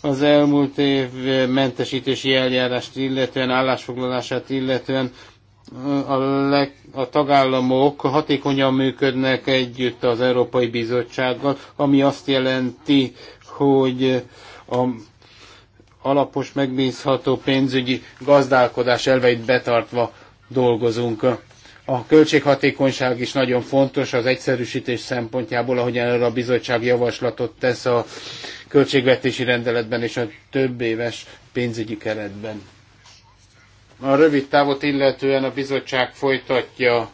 Az elmúlt év mentesítési eljárást illetően, állásfoglalását illetően a, leg, a tagállamok hatékonyan működnek együtt az Európai Bizottsággal, ami azt jelenti, hogy a alapos, megbízható pénzügyi gazdálkodás elveit betartva dolgozunk. A költséghatékonyság is nagyon fontos az egyszerűsítés szempontjából, ahogyan erre a bizottság javaslatot tesz a költségvetési rendeletben és a több éves pénzügyi keretben. A rövid távot illetően a bizottság folytatja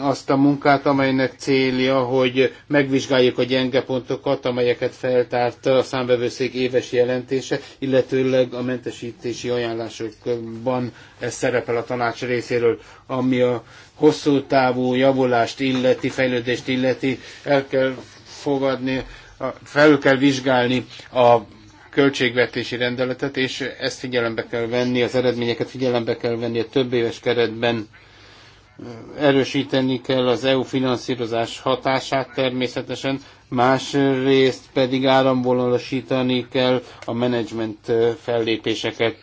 azt a munkát, amelynek célja, hogy megvizsgáljuk a gyenge pontokat, amelyeket feltárt a számbevőszék éves jelentése, illetőleg a mentesítési ajánlásokban ez szerepel a tanács részéről, ami a hosszú távú javulást illeti, fejlődést illeti, el kell fogadni, felül kell vizsgálni a költségvetési rendeletet, és ezt figyelembe kell venni, az eredményeket figyelembe kell venni a több éves keretben erősíteni kell az EU finanszírozás hatását természetesen, másrészt pedig áramvonalasítani kell a menedzsment fellépéseket.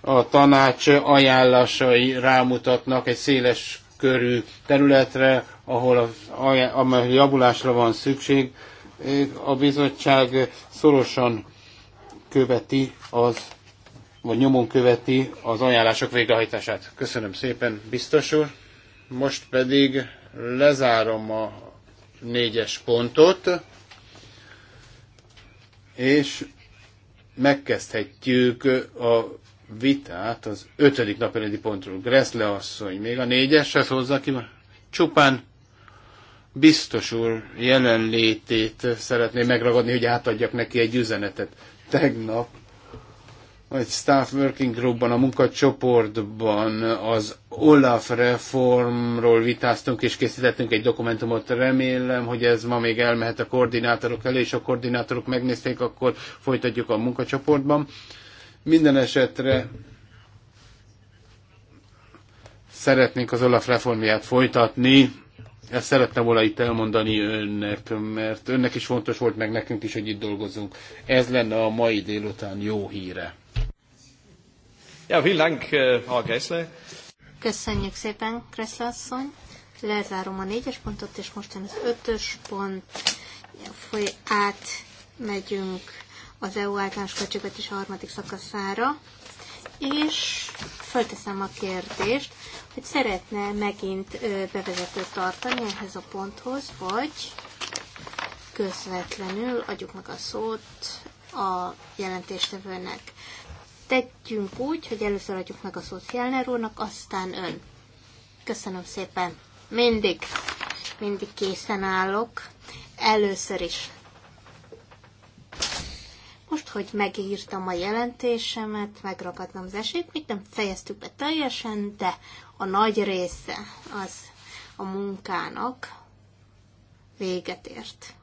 A tanács ajánlásai rámutatnak egy széles körű területre, ahol a, a javulásra van szükség. A bizottság szorosan követi az vagy nyomon követi az ajánlások végrehajtását. Köszönöm szépen, biztos úr! Most pedig lezárom a négyes pontot, és megkezdhetjük a vitát az ötödik napirendi pontról. Greszle asszony, még a négyeshez hozza ki, csupán biztos úr jelenlétét szeretném megragadni, hogy átadjak neki egy üzenetet. Tegnap egy staff working groupban, a munkacsoportban az Olaf reformról vitáztunk és készítettünk egy dokumentumot. Remélem, hogy ez ma még elmehet a koordinátorok elé, és a koordinátorok megnézték, akkor folytatjuk a munkacsoportban. Minden esetre szeretnénk az Olaf reformját folytatni. Ezt szerettem volna itt elmondani önnek, mert önnek is fontos volt, meg nekünk is, hogy itt dolgozunk. Ez lenne a mai délután jó híre. Ja, vielen Dank, äh, Frau Köszönjük szépen, Kressle asszony. Lezárom a négyes pontot, és most az ötös pont. Foly át megyünk az EU általános költségvetés harmadik szakaszára, és fölteszem a kérdést, hogy szeretne megint bevezetőt tartani ehhez a ponthoz, vagy közvetlenül adjuk meg a szót a jelentéstevőnek. Tettünk úgy, hogy először adjuk meg a szót úrnak, aztán ön. Köszönöm szépen. Mindig, mindig készen állok. Először is. Most, hogy megírtam a jelentésemet, megragadtam az esélyt, még nem fejeztük be teljesen, de a nagy része az a munkának véget ért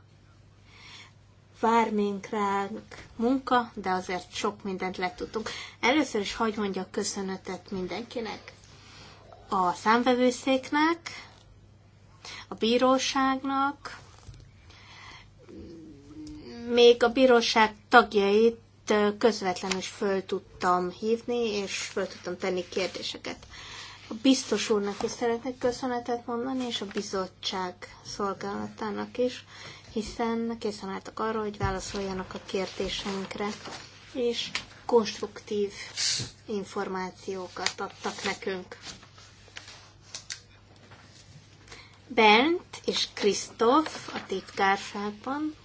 vár mink ránk munka, de azért sok mindent letudtunk. Először is hagyd mondjak köszönetet mindenkinek. A számvevőszéknek, a bíróságnak, még a bíróság tagjait közvetlenül is föl tudtam hívni, és föl tudtam tenni kérdéseket. A biztos úrnak is szeretnék köszönetet mondani, és a bizottság szolgálatának is, hiszen készen álltak arra, hogy válaszoljanak a kérdéseinkre, és konstruktív információkat adtak nekünk. Bent és Kristóf a titkárságban,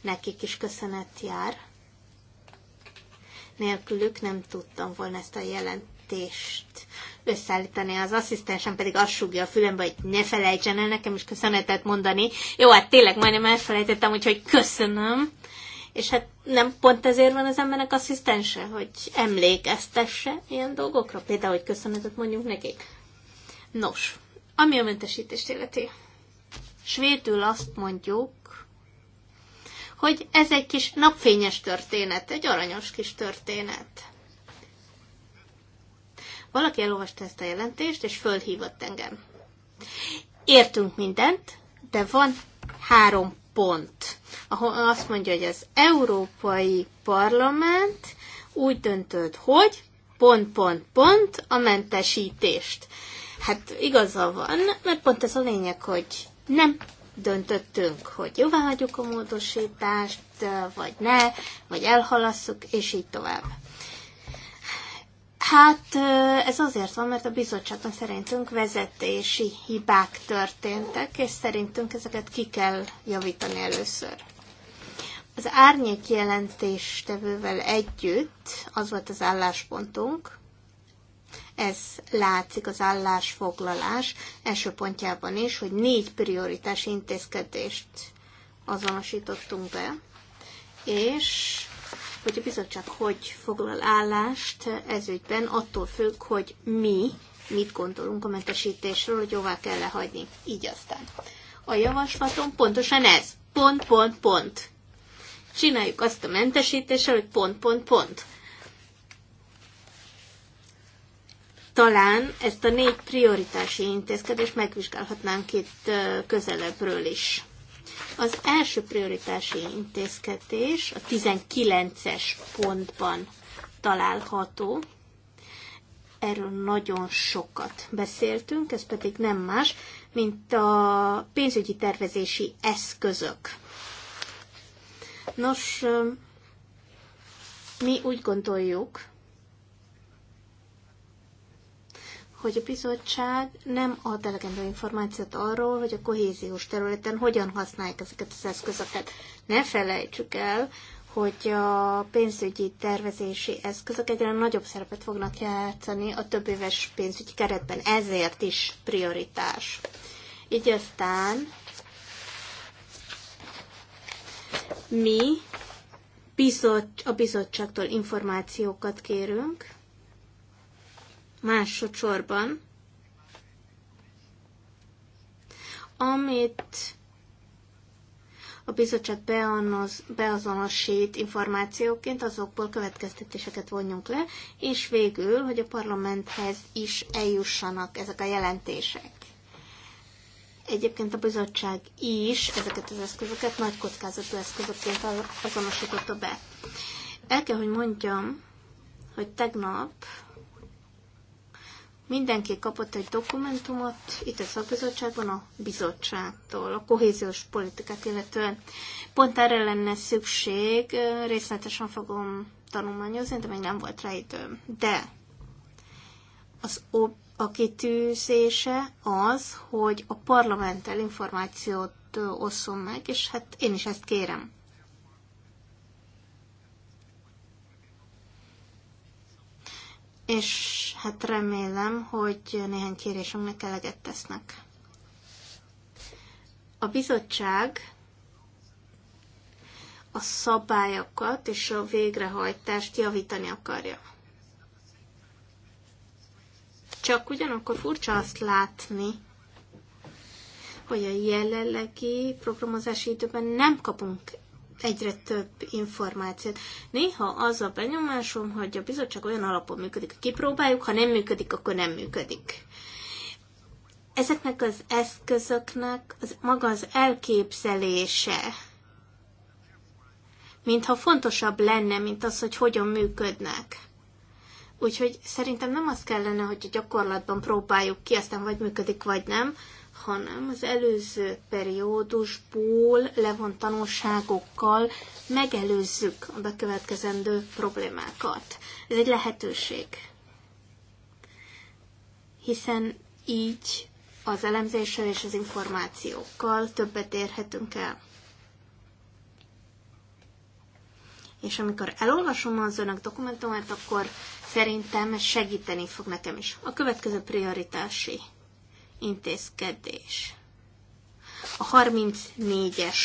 nekik is köszönet jár. Nélkülük nem tudtam volna ezt a jelentést összeállítani. Az asszisztensem pedig azt súgja a fülembe, hogy ne felejtsen el nekem is köszönetet mondani. Jó, hát tényleg majdnem elfelejtettem, úgyhogy köszönöm. És hát nem pont ezért van az embernek asszisztense, hogy emlékeztesse ilyen dolgokra, például, hogy köszönetet mondjuk nekik. Nos, ami a mentesítést illeti. Svédül azt mondjuk, hogy ez egy kis napfényes történet, egy aranyos kis történet. Valaki elolvasta ezt a jelentést, és fölhívott engem. Értünk mindent, de van három pont, ahol azt mondja, hogy az Európai Parlament úgy döntött, hogy pont, pont, pont a mentesítést. Hát igaza van, mert pont ez a lényeg, hogy nem döntöttünk, hogy jóvá hagyjuk a módosítást, vagy ne, vagy elhalasszuk, és így tovább. Hát ez azért van, mert a bizottságban szerintünk vezetési hibák történtek, és szerintünk ezeket ki kell javítani először. Az árnyék jelentéstevővel együtt az volt az álláspontunk, ez látszik az állásfoglalás első pontjában is, hogy négy prioritás intézkedést azonosítottunk be, és hogy a bizottság hogy foglal állást ez ügyben, attól függ, hogy mi mit gondolunk a mentesítésről, hogy jóvá kell hagyni. Így aztán. A javaslatom pontosan ez. Pont, pont, pont. Csináljuk azt a mentesítéssel, hogy pont, pont, pont. Talán ezt a négy prioritási intézkedést megvizsgálhatnánk itt közelebbről is. Az első prioritási intézkedés a 19-es pontban található. Erről nagyon sokat beszéltünk, ez pedig nem más, mint a pénzügyi tervezési eszközök. Nos, mi úgy gondoljuk, hogy a bizottság nem ad elegendő információt arról, hogy a kohéziós területen hogyan használják ezeket az eszközöket. Ne felejtsük el, hogy a pénzügyi tervezési eszközök egyre nagyobb szerepet fognak játszani a több éves pénzügyi keretben. Ezért is prioritás. Így aztán mi bizot, a bizottságtól információkat kérünk, másodszorban, amit a bizottság beazonosít információként, azokból következtetéseket vonjunk le, és végül, hogy a parlamenthez is eljussanak ezek a jelentések. Egyébként a bizottság is ezeket az eszközöket nagy kockázatú eszközöként azonosította be. El kell, hogy mondjam, hogy tegnap Mindenki kapott egy dokumentumot itt a szakbizottságban a bizottságtól, a kohéziós politikát illetően. Pont erre lenne szükség, részletesen fogom tanulmányozni, de még nem volt rá időm. De az ob- a kitűzése az, hogy a parlamenttel információt osszon meg, és hát én is ezt kérem. és hát remélem, hogy néhány kérésünknek eleget tesznek. A bizottság a szabályokat és a végrehajtást javítani akarja. Csak ugyanakkor furcsa azt látni, hogy a jelenlegi programozási időben nem kapunk egyre több információt. Néha az a benyomásom, hogy a bizottság olyan alapon működik, hogy kipróbáljuk, ha nem működik, akkor nem működik. Ezeknek az eszközöknek az, maga az elképzelése, mintha fontosabb lenne, mint az, hogy hogyan működnek. Úgyhogy szerintem nem az kellene, hogy a gyakorlatban próbáljuk ki, aztán vagy működik, vagy nem, hanem az előző periódusból levont tanulságokkal megelőzzük a bekövetkezendő problémákat. Ez egy lehetőség. Hiszen így az elemzéssel és az információkkal többet érhetünk el. És amikor elolvasom az önök dokumentumát, akkor szerintem ez segíteni fog nekem is. A következő prioritási intézkedés. A 34-es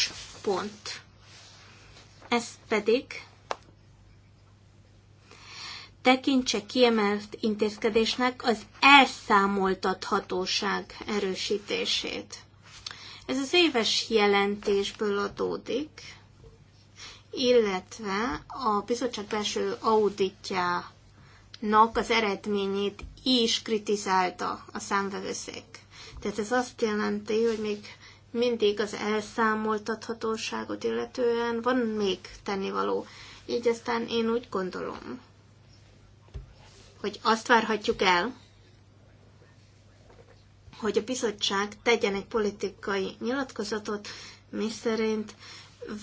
pont. Ez pedig tekintse kiemelt intézkedésnek az elszámoltathatóság erősítését. Ez az éves jelentésből adódik, illetve a bizottság belső auditjának az eredményét is kritizálta a számvevőszék. Tehát ez azt jelenti, hogy még mindig az elszámoltathatóságot illetően van még tennivaló. Így aztán én úgy gondolom, hogy azt várhatjuk el, hogy a bizottság tegyen egy politikai nyilatkozatot, mi szerint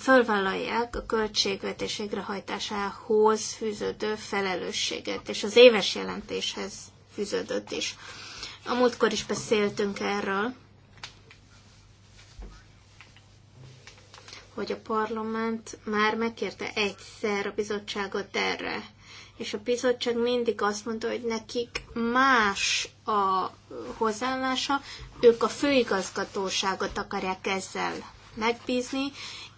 fölvállalják a költségvetés végrehajtásához fűződő felelősséget, és az éves jelentéshez fűződött is. A múltkor is beszéltünk erről, hogy a parlament már megkérte egyszer a bizottságot erre, és a bizottság mindig azt mondta, hogy nekik más a hozzáállása, ők a főigazgatóságot akarják ezzel megbízni,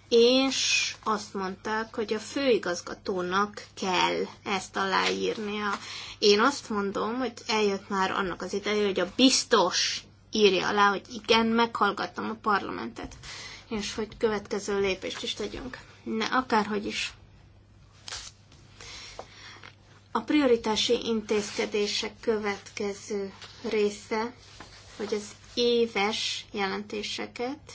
és azt mondták, hogy a főigazgatónak kell ezt aláírnia. Én azt mondom, hogy eljött már annak az ideje, hogy a biztos írja alá, hogy igen, meghallgattam a parlamentet, és hogy következő lépést is tegyünk. Ne, akárhogy is. A prioritási intézkedések következő része, hogy az éves jelentéseket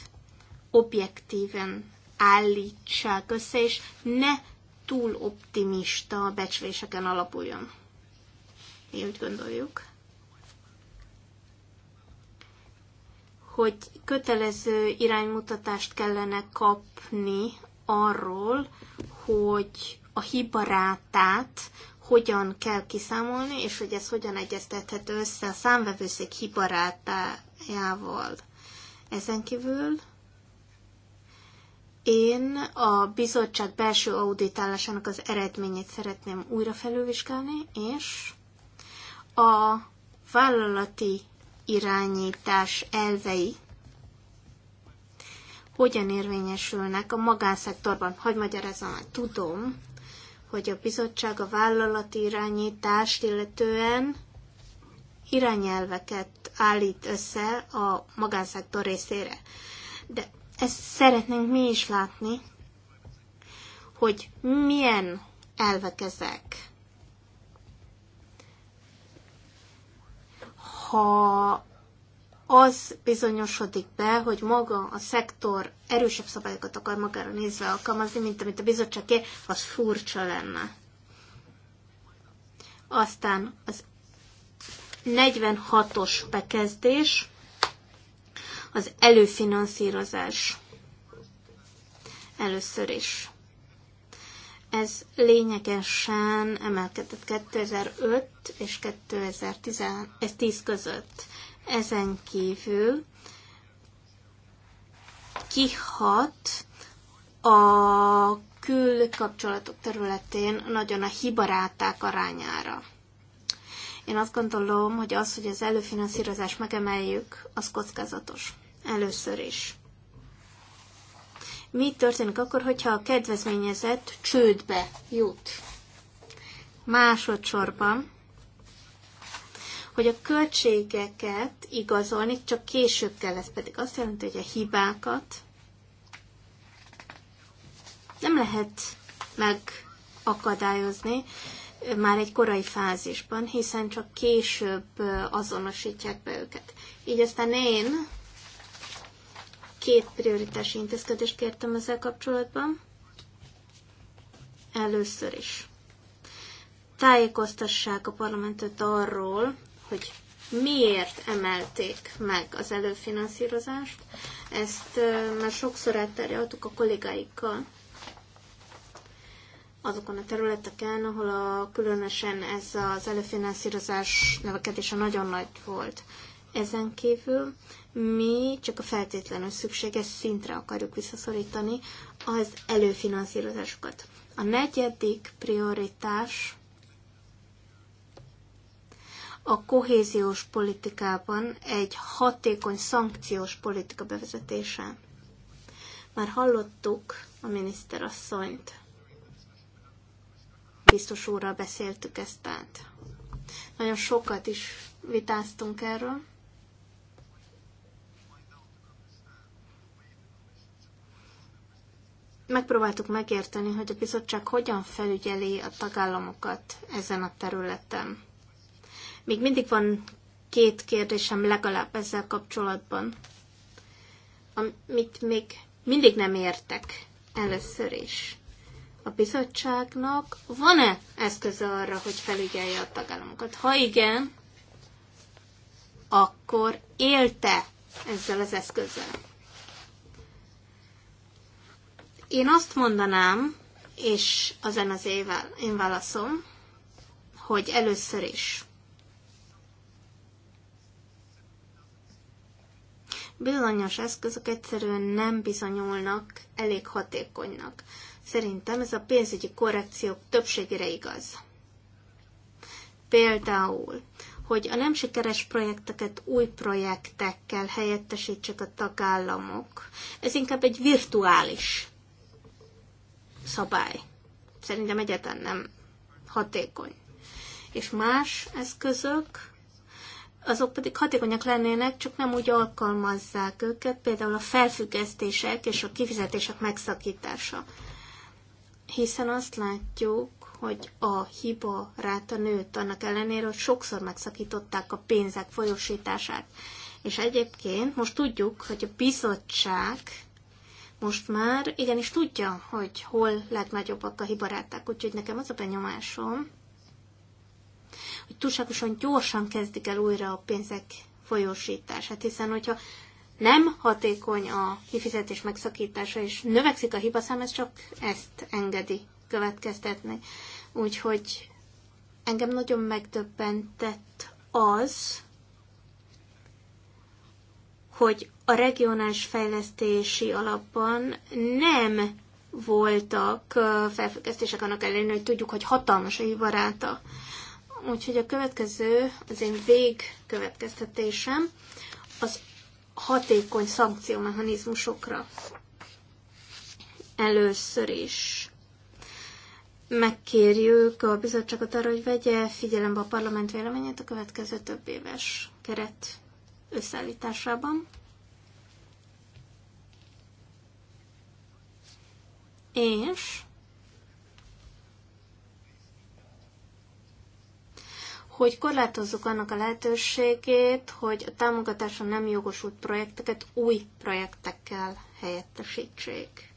objektíven állítsák össze, és ne túl optimista becsléseken alapuljon. Mi úgy gondoljuk, hogy kötelező iránymutatást kellene kapni arról, hogy a hibarátát hogyan kell kiszámolni, és hogy ez hogyan egyeztethető össze a számvevőszék hibarátájával. Ezen kívül én a bizottság belső auditálásának az eredményét szeretném újra felülvizsgálni, és a vállalati irányítás elvei hogyan érvényesülnek a magánszektorban. Hogy magyarázom, hát tudom, hogy a bizottság a vállalati irányítást illetően irányelveket állít össze a magánszektor részére. De ezt szeretnénk mi is látni, hogy milyen elvek ezek. Ha az bizonyosodik be, hogy maga a szektor erősebb szabályokat akar magára nézve alkalmazni, mint amit a bizottságé, az furcsa lenne. Aztán az 46-os bekezdés, az előfinanszírozás először is. Ez lényegesen emelkedett 2005 és 2010 között. Ezen kívül kihat a külkapcsolatok területén nagyon a hibaráták arányára. Én azt gondolom, hogy az, hogy az előfinanszírozást megemeljük, az kockázatos. Először is. Mi történik akkor, hogyha a kedvezményezett csődbe jut? Másodszorban, hogy a költségeket igazolni csak később kell, ez pedig azt jelenti, hogy a hibákat nem lehet megakadályozni, már egy korai fázisban, hiszen csak később azonosítják be őket. Így aztán én két prioritási intézkedést kértem ezzel kapcsolatban. Először is tájékoztassák a parlamentet arról, hogy miért emelték meg az előfinanszírozást. Ezt már sokszor elterjeltük a kollégáikkal azokon a területeken, ahol a, különösen ez az előfinanszírozás növekedése nagyon nagy volt. Ezen kívül mi csak a feltétlenül szükséges szintre akarjuk visszaszorítani az előfinanszírozásokat. A negyedik prioritás a kohéziós politikában egy hatékony szankciós politika bevezetése. Már hallottuk a miniszterasszonyt biztos úrral beszéltük ezt át. Nagyon sokat is vitáztunk erről. Megpróbáltuk megérteni, hogy a bizottság hogyan felügyeli a tagállamokat ezen a területen. Még mindig van két kérdésem legalább ezzel kapcsolatban, amit még mindig nem értek először is a bizottságnak van-e eszköze arra, hogy felügyelje a tagállamokat? Ha igen, akkor élte ezzel az eszközzel. Én azt mondanám, és ezen az évvel én válaszom, hogy először is bizonyos eszközök egyszerűen nem bizonyulnak elég hatékonynak. Szerintem ez a pénzügyi korrekciók többségére igaz. Például, hogy a nem sikeres projekteket új projektekkel helyettesítsek a tagállamok, ez inkább egy virtuális szabály. Szerintem egyetlen nem hatékony. És más eszközök, azok pedig hatékonyak lennének, csak nem úgy alkalmazzák őket, például a felfüggesztések és a kifizetések megszakítása hiszen azt látjuk, hogy a hiba ráta nőtt, annak ellenére, hogy sokszor megszakították a pénzek folyosítását. És egyébként most tudjuk, hogy a bizottság most már igenis tudja, hogy hol legnagyobbak a hibaráták, úgyhogy nekem az a benyomásom, hogy túlságosan gyorsan kezdik el újra a pénzek folyósítását, hiszen hogyha nem hatékony a kifizetés megszakítása, és növekszik a hibaszám, ez csak ezt engedi következtetni. Úgyhogy engem nagyon megdöbbentett az, hogy a regionális fejlesztési alapban nem voltak felfüggesztések annak ellenére, hogy tudjuk, hogy hatalmas a hibaráta. Úgyhogy a következő, az én végkövetkeztetésem, az hatékony szankciómechanizmusokra. Először is megkérjük a bizottságot arra, hogy vegye figyelembe a parlament véleményét a következő több éves keret összeállításában. És hogy korlátozzuk annak a lehetőségét, hogy a támogatásra nem jogosult projekteket új projektekkel helyettesítsék.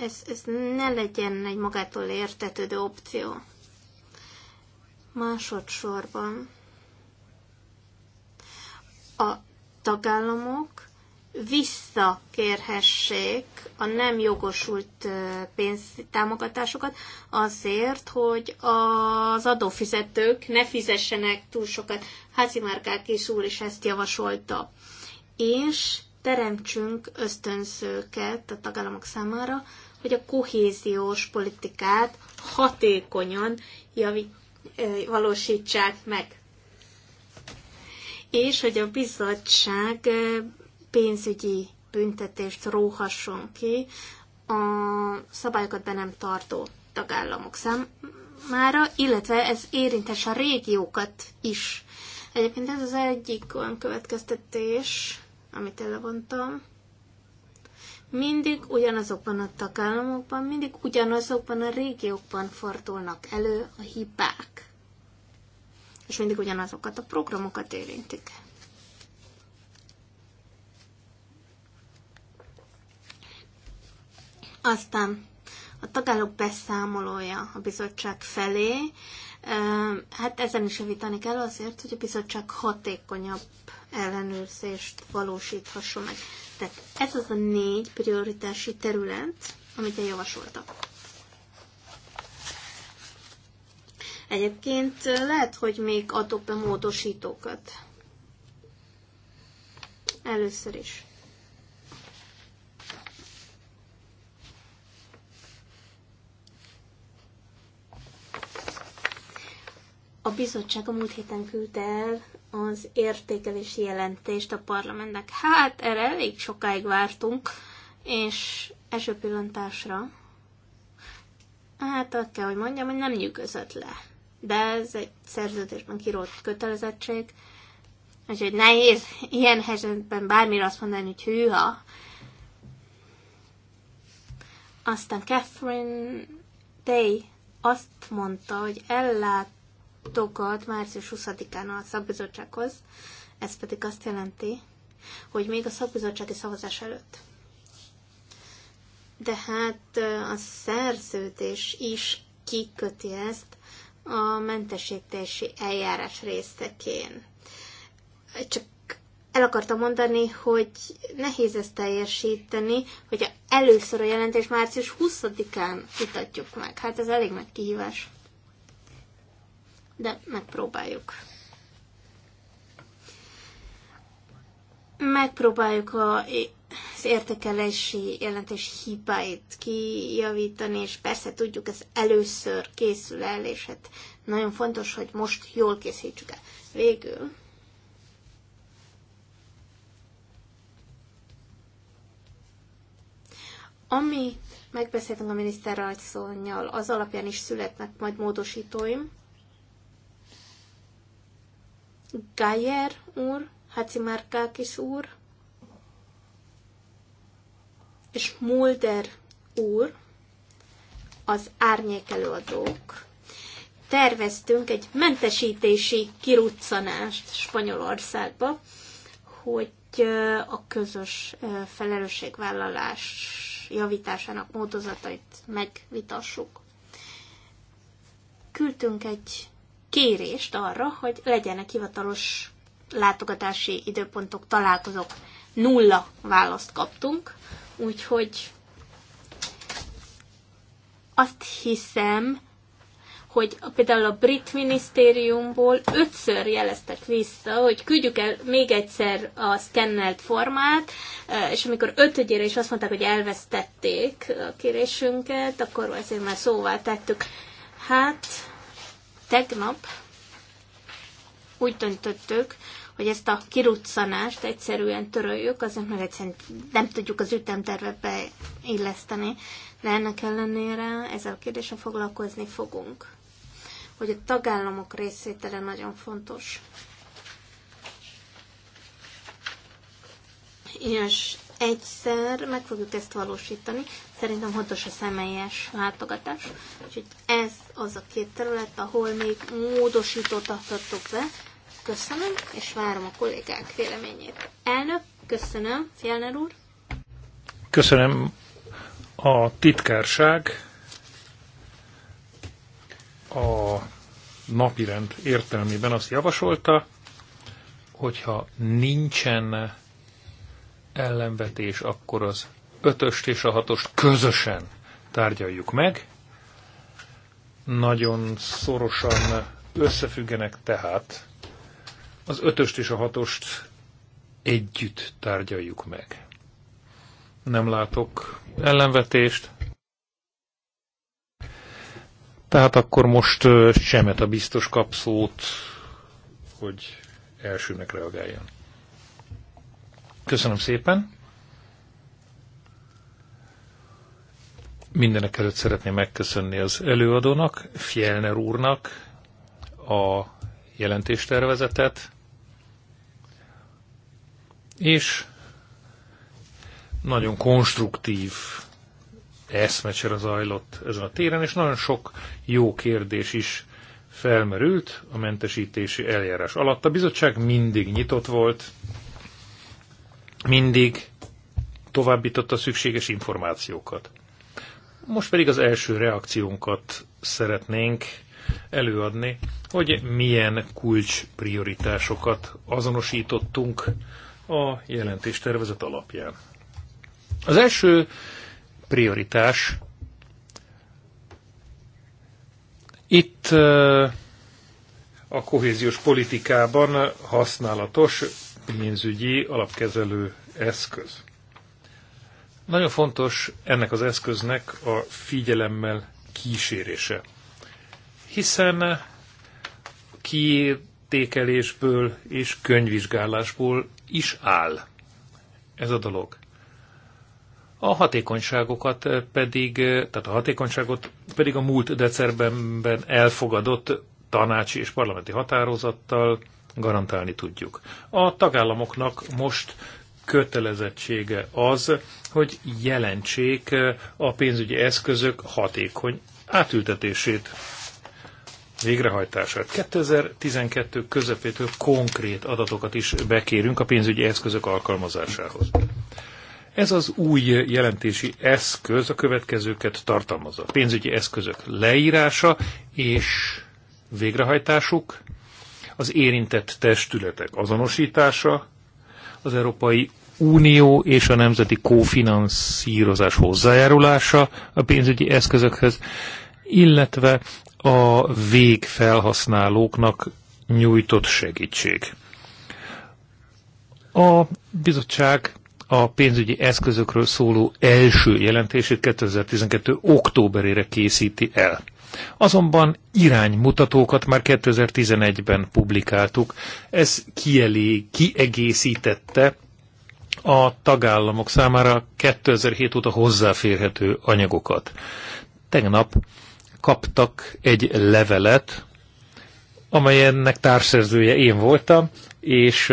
Ez, ez ne legyen egy magától értetődő opció. Másodszorban a tagállamok visszakérhessék a nem jogosult pénztámogatásokat azért, hogy az adófizetők ne fizessenek túl sokat. Márkák is úr is ezt javasolta. És teremtsünk ösztönzőket a tagállamok számára, hogy a kohéziós politikát hatékonyan javít, valósítsák meg és hogy a bizottság pénzügyi büntetést róhasson ki a szabályokat be nem tartó tagállamok számára, illetve ez érintes a régiókat is. Egyébként ez az egyik olyan következtetés, amit elvontam. Mindig ugyanazokban a tagállamokban, mindig ugyanazokban a régiókban fordulnak elő a hibák. És mindig ugyanazokat a programokat érintik. Aztán a tagállók beszámolója a bizottság felé, hát ezen is javítani kell azért, hogy a bizottság hatékonyabb ellenőrzést valósíthasson meg. Tehát ez az a négy prioritási terület, amit én javasoltam. Egyébként lehet, hogy még adok be módosítókat. Először is. A bizottság a múlt héten küldte el az értékelési jelentést a parlamentnek. Hát erre elég sokáig vártunk, és első pillantásra, hát azt kell, hogy mondjam, hogy nem nyűgözött le. De ez egy szerződésben kirott kötelezettség, úgyhogy nehéz ilyen helyzetben bármire azt mondani, hogy hűha. Aztán Catherine Day azt mondta, hogy ellát tokat március 20-án a szakbizottsághoz, ez pedig azt jelenti, hogy még a szakbizottsági szavazás előtt. De hát a szerződés is kiköti ezt a mentesítési eljárás részekén. Csak el akartam mondani, hogy nehéz ezt teljesíteni, hogy először a jelentés március 20-án mutatjuk meg. Hát ez elég nagy kihívás de megpróbáljuk. Megpróbáljuk a, az értékelési jelentés hibáit kijavítani, és persze tudjuk, ez először készül el, és hát nagyon fontos, hogy most jól készítsük el. Végül ami megbeszéltünk a miniszterasszonynal, az alapján is születnek majd módosítóim. Gayer úr, Hacimarkakis úr, és Mulder úr, az árnyékelőadók, terveztünk egy mentesítési kiruccanást Spanyolországba, hogy a közös felelősségvállalás javításának módozatait megvitassuk. Küldtünk egy kérést arra, hogy legyenek hivatalos látogatási időpontok, találkozók. Nulla választ kaptunk, úgyhogy azt hiszem, hogy például a brit minisztériumból ötször jeleztek vissza, hogy küldjük el még egyszer a szkennelt formát, e, és amikor ötödjére is azt mondták, hogy elvesztették a kérésünket, akkor azért már szóvá tettük. Hát, Tegnap úgy döntöttük, hogy ezt a kiruccanást egyszerűen töröljük, azért mert egyszerűen nem tudjuk az ütemtervet beilleszteni, de ennek ellenére ezzel a kérdéssel foglalkozni fogunk. Hogy a tagállamok részvétele nagyon fontos. És egyszer meg fogjuk ezt valósítani. Szerintem fontos a személyes látogatás. Úgyhogy ez az a két terület, ahol még módosítót adhatok be. Köszönöm, és várom a kollégák véleményét. Elnök, köszönöm, Fjellner úr. Köszönöm a titkárság a napirend értelmében azt javasolta, hogyha nincsen ellenvetés, akkor az ötöst és a hatost közösen tárgyaljuk meg. Nagyon szorosan összefüggenek tehát. Az ötöst és a hatost együtt tárgyaljuk meg. Nem látok ellenvetést. Tehát akkor most Semet a biztos kapszót, hogy elsőnek reagáljon. Köszönöm szépen. Mindenek előtt szeretném megköszönni az előadónak, Fjellner úrnak a jelentéstervezetet, és nagyon konstruktív eszmecsere zajlott ezen a téren, és nagyon sok jó kérdés is felmerült a mentesítési eljárás alatt. A bizottság mindig nyitott volt mindig továbbította szükséges információkat. Most pedig az első reakciónkat szeretnénk előadni, hogy milyen kulcs prioritásokat azonosítottunk a jelentéstervezet alapján. Az első prioritás itt a kohéziós politikában használatos pénzügyi alapkezelő eszköz. Nagyon fontos ennek az eszköznek a figyelemmel kísérése, hiszen kiértékelésből és könyvvizsgálásból is áll ez a dolog. A hatékonyságokat pedig, tehát a hatékonyságot pedig a múlt decemberben elfogadott tanácsi és parlamenti határozattal garantálni tudjuk. A tagállamoknak most kötelezettsége az, hogy jelentsék a pénzügyi eszközök hatékony átültetését, végrehajtását. 2012 közepétől konkrét adatokat is bekérünk a pénzügyi eszközök alkalmazásához. Ez az új jelentési eszköz a következőket tartalmazza. Pénzügyi eszközök leírása és végrehajtásuk, az érintett testületek azonosítása, az Európai Unió és a nemzeti kófinanszírozás hozzájárulása a pénzügyi eszközökhez, illetve a végfelhasználóknak nyújtott segítség. A bizottság a pénzügyi eszközökről szóló első jelentését 2012. októberére készíti el. Azonban iránymutatókat már 2011-ben publikáltuk. Ez kielé, kiegészítette a tagállamok számára 2007 óta hozzáférhető anyagokat. Tegnap kaptak egy levelet, amelyennek társszerzője én voltam, és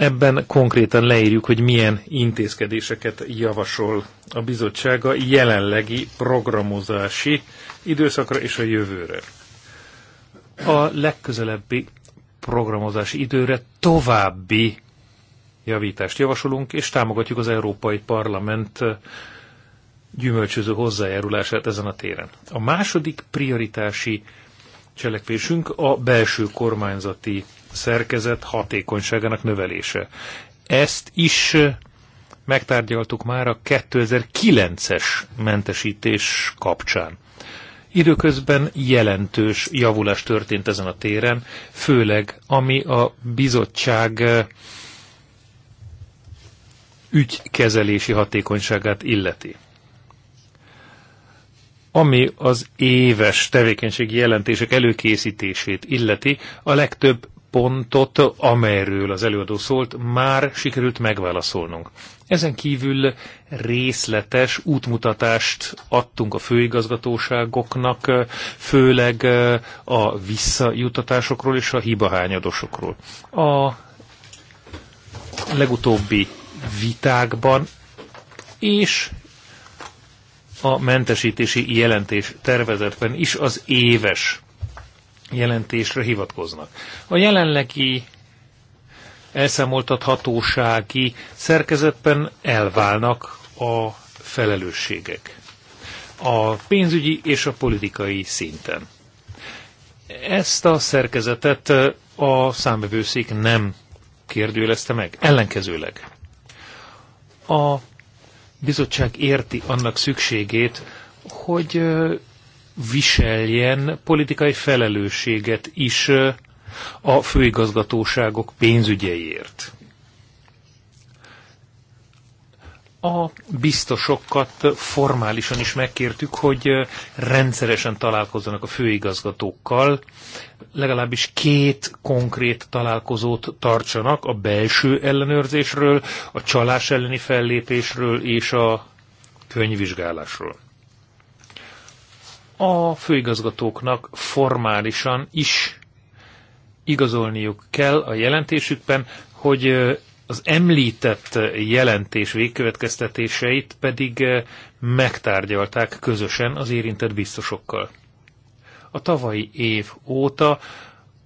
Ebben konkrétan leírjuk, hogy milyen intézkedéseket javasol a bizottság a jelenlegi programozási időszakra és a jövőre. A legközelebbi programozási időre további javítást javasolunk, és támogatjuk az Európai Parlament gyümölcsöző hozzájárulását ezen a téren. A második prioritási cselekvésünk a belső kormányzati szerkezet hatékonyságának növelése. Ezt is megtárgyaltuk már a 2009-es mentesítés kapcsán. Időközben jelentős javulás történt ezen a téren, főleg ami a bizottság ügykezelési hatékonyságát illeti. Ami az éves tevékenységi jelentések előkészítését illeti, a legtöbb pontot, amelyről az előadó szólt, már sikerült megválaszolnunk. Ezen kívül részletes útmutatást adtunk a főigazgatóságoknak, főleg eh, a visszajutatásokról és a hibahányadosokról. A legutóbbi vitákban és a mentesítési jelentés tervezetben is az éves jelentésre hivatkoznak. A jelenlegi elszámoltathatósági szerkezetben elválnak a felelősségek a pénzügyi és a politikai szinten. Ezt a szerkezetet a számbevőszék nem kérdőjelezte meg, ellenkezőleg. A bizottság érti annak szükségét, hogy viseljen politikai felelősséget is a főigazgatóságok pénzügyeiért. A biztosokat formálisan is megkértük, hogy rendszeresen találkozzanak a főigazgatókkal, legalábbis két konkrét találkozót tartsanak a belső ellenőrzésről, a csalás elleni fellépésről és a könyvvizsgálásról a főigazgatóknak formálisan is igazolniuk kell a jelentésükben, hogy az említett jelentés végkövetkeztetéseit pedig megtárgyalták közösen az érintett biztosokkal. A tavalyi év óta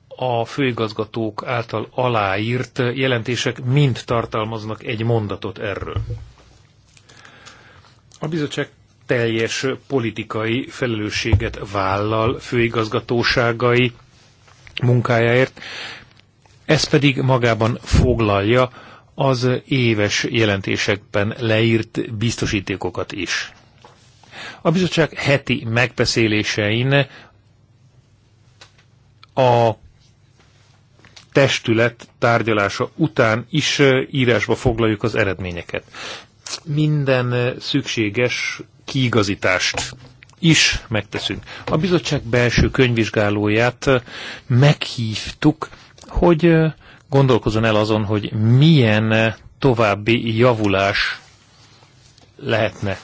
a főigazgatók által aláírt jelentések mind tartalmaznak egy mondatot erről. A bizottság teljes politikai felelősséget vállal főigazgatóságai munkájáért. Ez pedig magában foglalja az éves jelentésekben leírt biztosítékokat is. A bizottság heti megbeszélésein a testület tárgyalása után is írásba foglaljuk az eredményeket. Minden szükséges kiigazítást is megteszünk. A bizottság belső könyvvizsgálóját eh, meghívtuk, hogy eh, gondolkozon el azon, hogy milyen eh, további javulás lehetne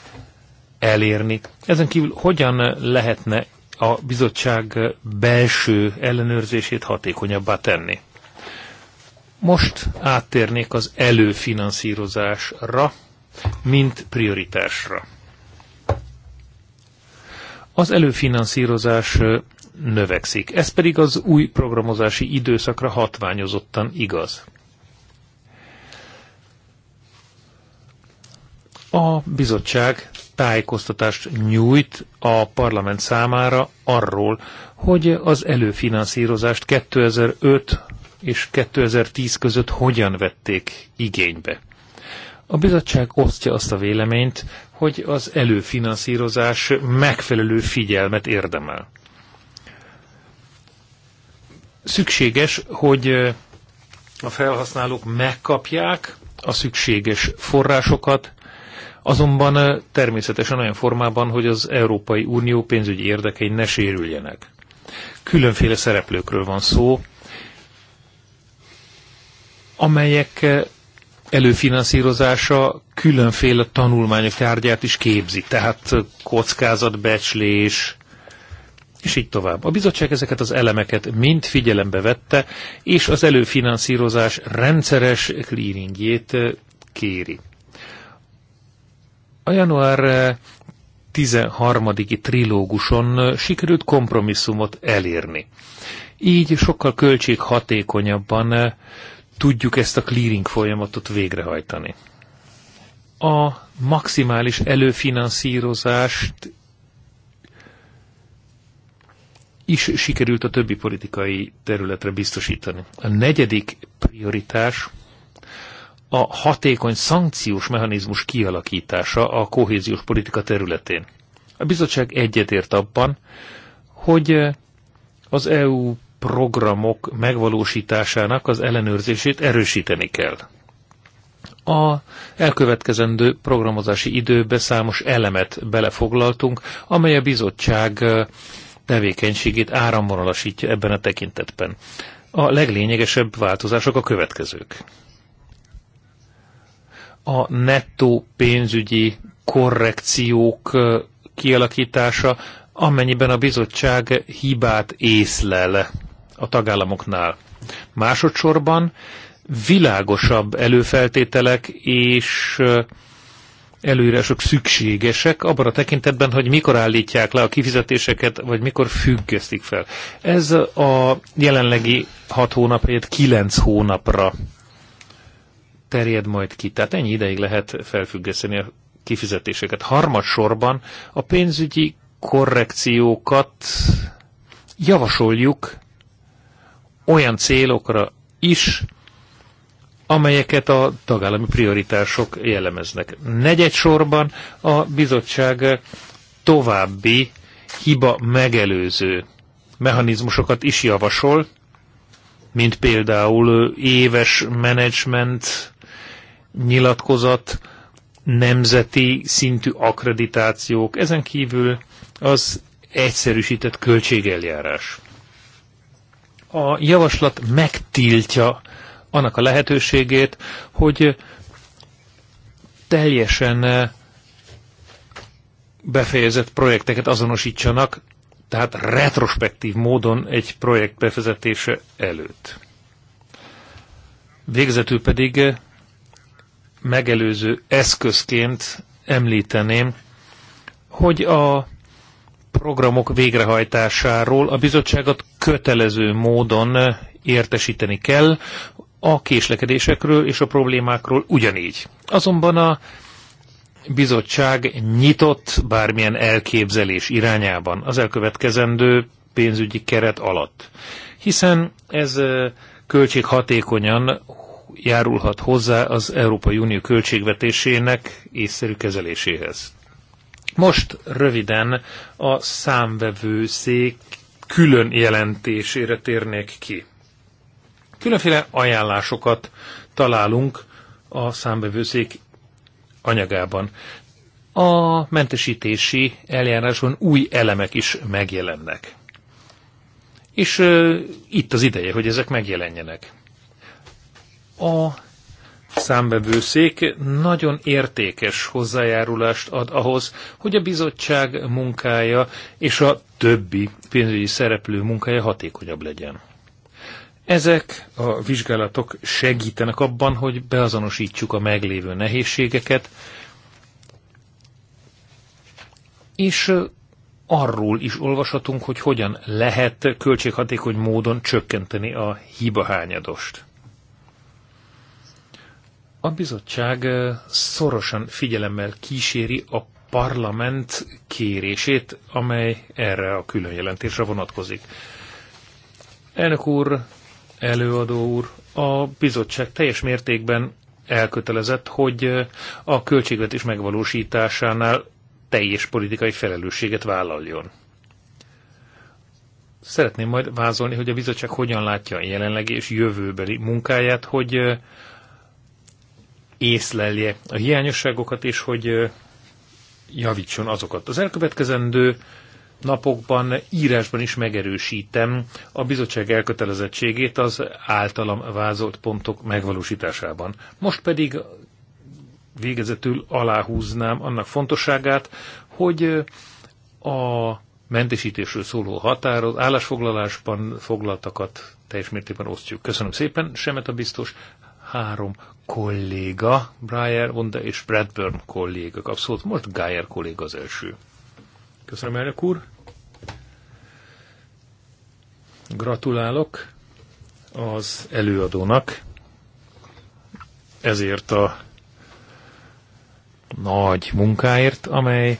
elérni. Ezen kívül hogyan lehetne a bizottság belső ellenőrzését hatékonyabbá tenni? Most áttérnék az előfinanszírozásra, mint prioritásra az előfinanszírozás növekszik. Ez pedig az új programozási időszakra hatványozottan igaz. A bizottság tájékoztatást nyújt a parlament számára arról, hogy az előfinanszírozást 2005 és 2010 között hogyan vették igénybe. A bizottság osztja azt a véleményt, hogy az előfinanszírozás megfelelő figyelmet érdemel. Szükséges, hogy a felhasználók megkapják a szükséges forrásokat, azonban természetesen olyan formában, hogy az Európai Unió pénzügyi érdekei ne sérüljenek. Különféle szereplőkről van szó, amelyek előfinanszírozása különféle tanulmányok tárgyát is képzi, tehát kockázatbecslés, és így tovább. A bizottság ezeket az elemeket mind figyelembe vette, és az előfinanszírozás rendszeres clearingjét eh, kéri. A január 13. Eh, trilóguson eh, sikerült kompromisszumot elérni. Így sokkal költséghatékonyabban tudjuk ezt a clearing folyamatot végrehajtani. A maximális előfinanszírozást is sikerült a többi politikai területre biztosítani. A negyedik prioritás a hatékony szankciós mechanizmus kialakítása a kohéziós politika területén. A bizottság egyetért abban, hogy az EU programok megvalósításának az ellenőrzését erősíteni kell. A elkövetkezendő programozási időbe számos elemet belefoglaltunk, amely a bizottság tevékenységét áramvonalasítja ebben a tekintetben. A leglényegesebb változások a következők. A nettó pénzügyi korrekciók kialakítása, amennyiben a bizottság hibát észlel a tagállamoknál. Másodszorban világosabb előfeltételek és előírások szükségesek abban a tekintetben, hogy mikor állítják le a kifizetéseket, vagy mikor függesztik fel. Ez a jelenlegi hat hónap helyett kilenc hónapra terjed majd ki. Tehát ennyi ideig lehet felfüggeszteni a kifizetéseket. Harmadsorban a pénzügyi korrekciókat javasoljuk olyan célokra is, amelyeket a tagállami prioritások jellemeznek. Negyed sorban a bizottság további hiba megelőző mechanizmusokat is javasol, mint például éves menedzsment, nyilatkozat, nemzeti szintű akkreditációk, ezen kívül az egyszerűsített költségeljárás a javaslat megtiltja annak a lehetőségét, hogy teljesen eh, befejezett projekteket azonosítsanak, tehát retrospektív módon egy projekt befezetése előtt. Végzetül pedig eh, megelőző eszközként említeném, hogy a programok végrehajtásáról a bizottságot kötelező módon eh, értesíteni kell a késlekedésekről és a problémákról ugyanígy. Azonban a bizottság nyitott bármilyen elképzelés irányában az elkövetkezendő pénzügyi keret alatt, hiszen ez eh, költséghatékonyan járulhat hozzá az Európai Unió költségvetésének észszerű kezeléséhez. Most röviden a számvevőszék külön jelentésére térnék ki. Különféle ajánlásokat találunk a számbevőszék anyagában. A mentesítési eljárásban új elemek is megjelennek. És uh, itt az ideje, hogy ezek megjelenjenek. A számbevőszék nagyon értékes hozzájárulást ad ahhoz, hogy a bizottság munkája és a többi pénzügyi szereplő munkája hatékonyabb legyen. Ezek a vizsgálatok segítenek abban, hogy beazonosítsuk a meglévő nehézségeket, és arról is olvashatunk, hogy hogyan lehet költséghatékony módon csökkenteni a hibahányadost. A bizottság szorosan figyelemmel kíséri a parlament kérését, amely erre a külön jelentésre vonatkozik. Elnök úr, előadó úr, a bizottság teljes mértékben elkötelezett, hogy a költségvetés megvalósításánál teljes politikai felelősséget vállaljon. Szeretném majd vázolni, hogy a bizottság hogyan látja a jelenlegi és jövőbeli munkáját, hogy észlelje a hiányosságokat, és hogy javítson azokat. Az elkövetkezendő napokban írásban is megerősítem a bizottság elkötelezettségét az általam vázolt pontok megvalósításában. Most pedig végezetül aláhúznám annak fontosságát, hogy a mentesítésről szóló határoz, állásfoglalásban foglaltakat teljes mértékben osztjuk. Köszönöm szépen, Semet a biztos, három kolléga, Breyer, Onda és Bradburn kolléga Abszolút, Most Geyer kolléga az első. Köszönöm, elnök úr. Gratulálok az előadónak ezért a nagy munkáért, amely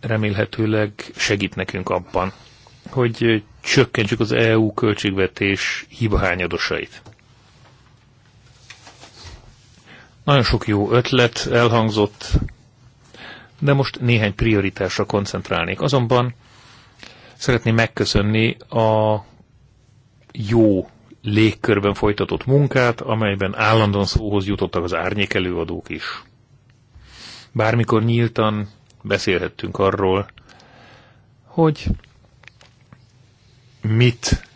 remélhetőleg segít nekünk abban, hogy csökkentsük az EU költségvetés hibahányadosait. Nagyon sok jó ötlet elhangzott, de most néhány prioritásra koncentrálnék. Azonban szeretném megköszönni a jó légkörben folytatott munkát, amelyben állandóan szóhoz jutottak az árnyék előadók is. Bármikor nyíltan beszélhettünk arról, hogy mit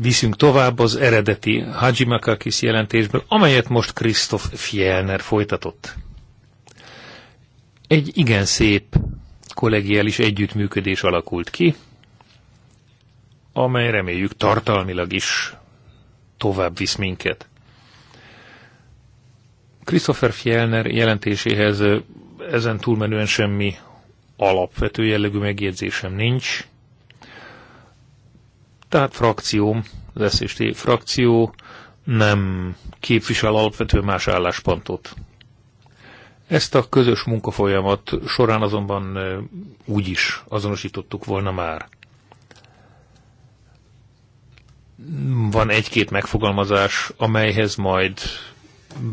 viszünk tovább az eredeti Hajimakakis jelentésből, amelyet most Krisztof Fjellner folytatott. Egy igen szép kollegiális együttműködés alakult ki, amely reméljük tartalmilag is tovább visz minket. Christopher Fjellner jelentéséhez ezen túlmenően semmi alapvető jellegű megjegyzésem nincs. Tehát frakció, az SZST frakció nem képvisel alapvető más álláspontot. Ezt a közös munkafolyamat során azonban úgy is azonosítottuk volna már. Van egy-két megfogalmazás, amelyhez majd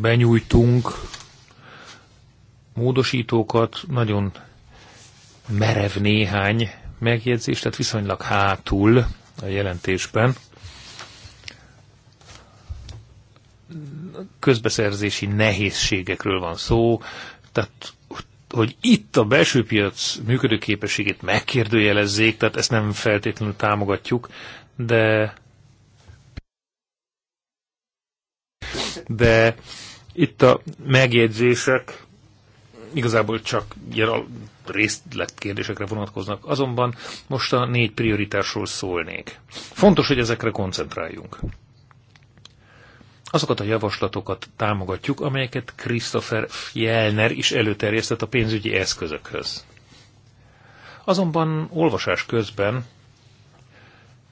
benyújtunk módosítókat, nagyon merev néhány megjegyzést, tehát viszonylag hátul a jelentésben közbeszerzési nehézségekről van szó, tehát hogy itt a belső piac működőképességét megkérdőjelezzék, tehát ezt nem feltétlenül támogatjuk, de de itt a megjegyzések igazából csak részletkérdésekre vonatkoznak, azonban most a négy prioritásról szólnék. Fontos, hogy ezekre koncentráljunk. Azokat a javaslatokat támogatjuk, amelyeket Christopher Fjellner is előterjesztett a pénzügyi eszközökhöz. Azonban olvasás közben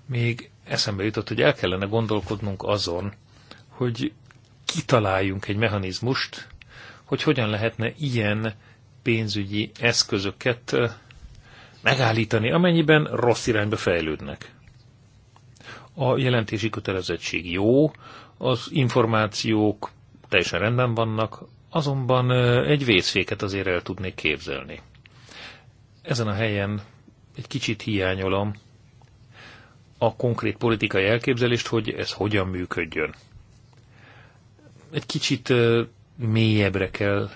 még eszembe jutott, hogy el kellene gondolkodnunk azon, hogy kitaláljunk egy mechanizmust, hogy hogyan lehetne ilyen pénzügyi eszközöket megállítani, amennyiben rossz irányba fejlődnek. A jelentési kötelezettség jó, az információk teljesen rendben vannak, azonban egy vészféket azért el tudnék képzelni. Ezen a helyen egy kicsit hiányolom a konkrét politikai elképzelést, hogy ez hogyan működjön. Egy kicsit mélyebbre kell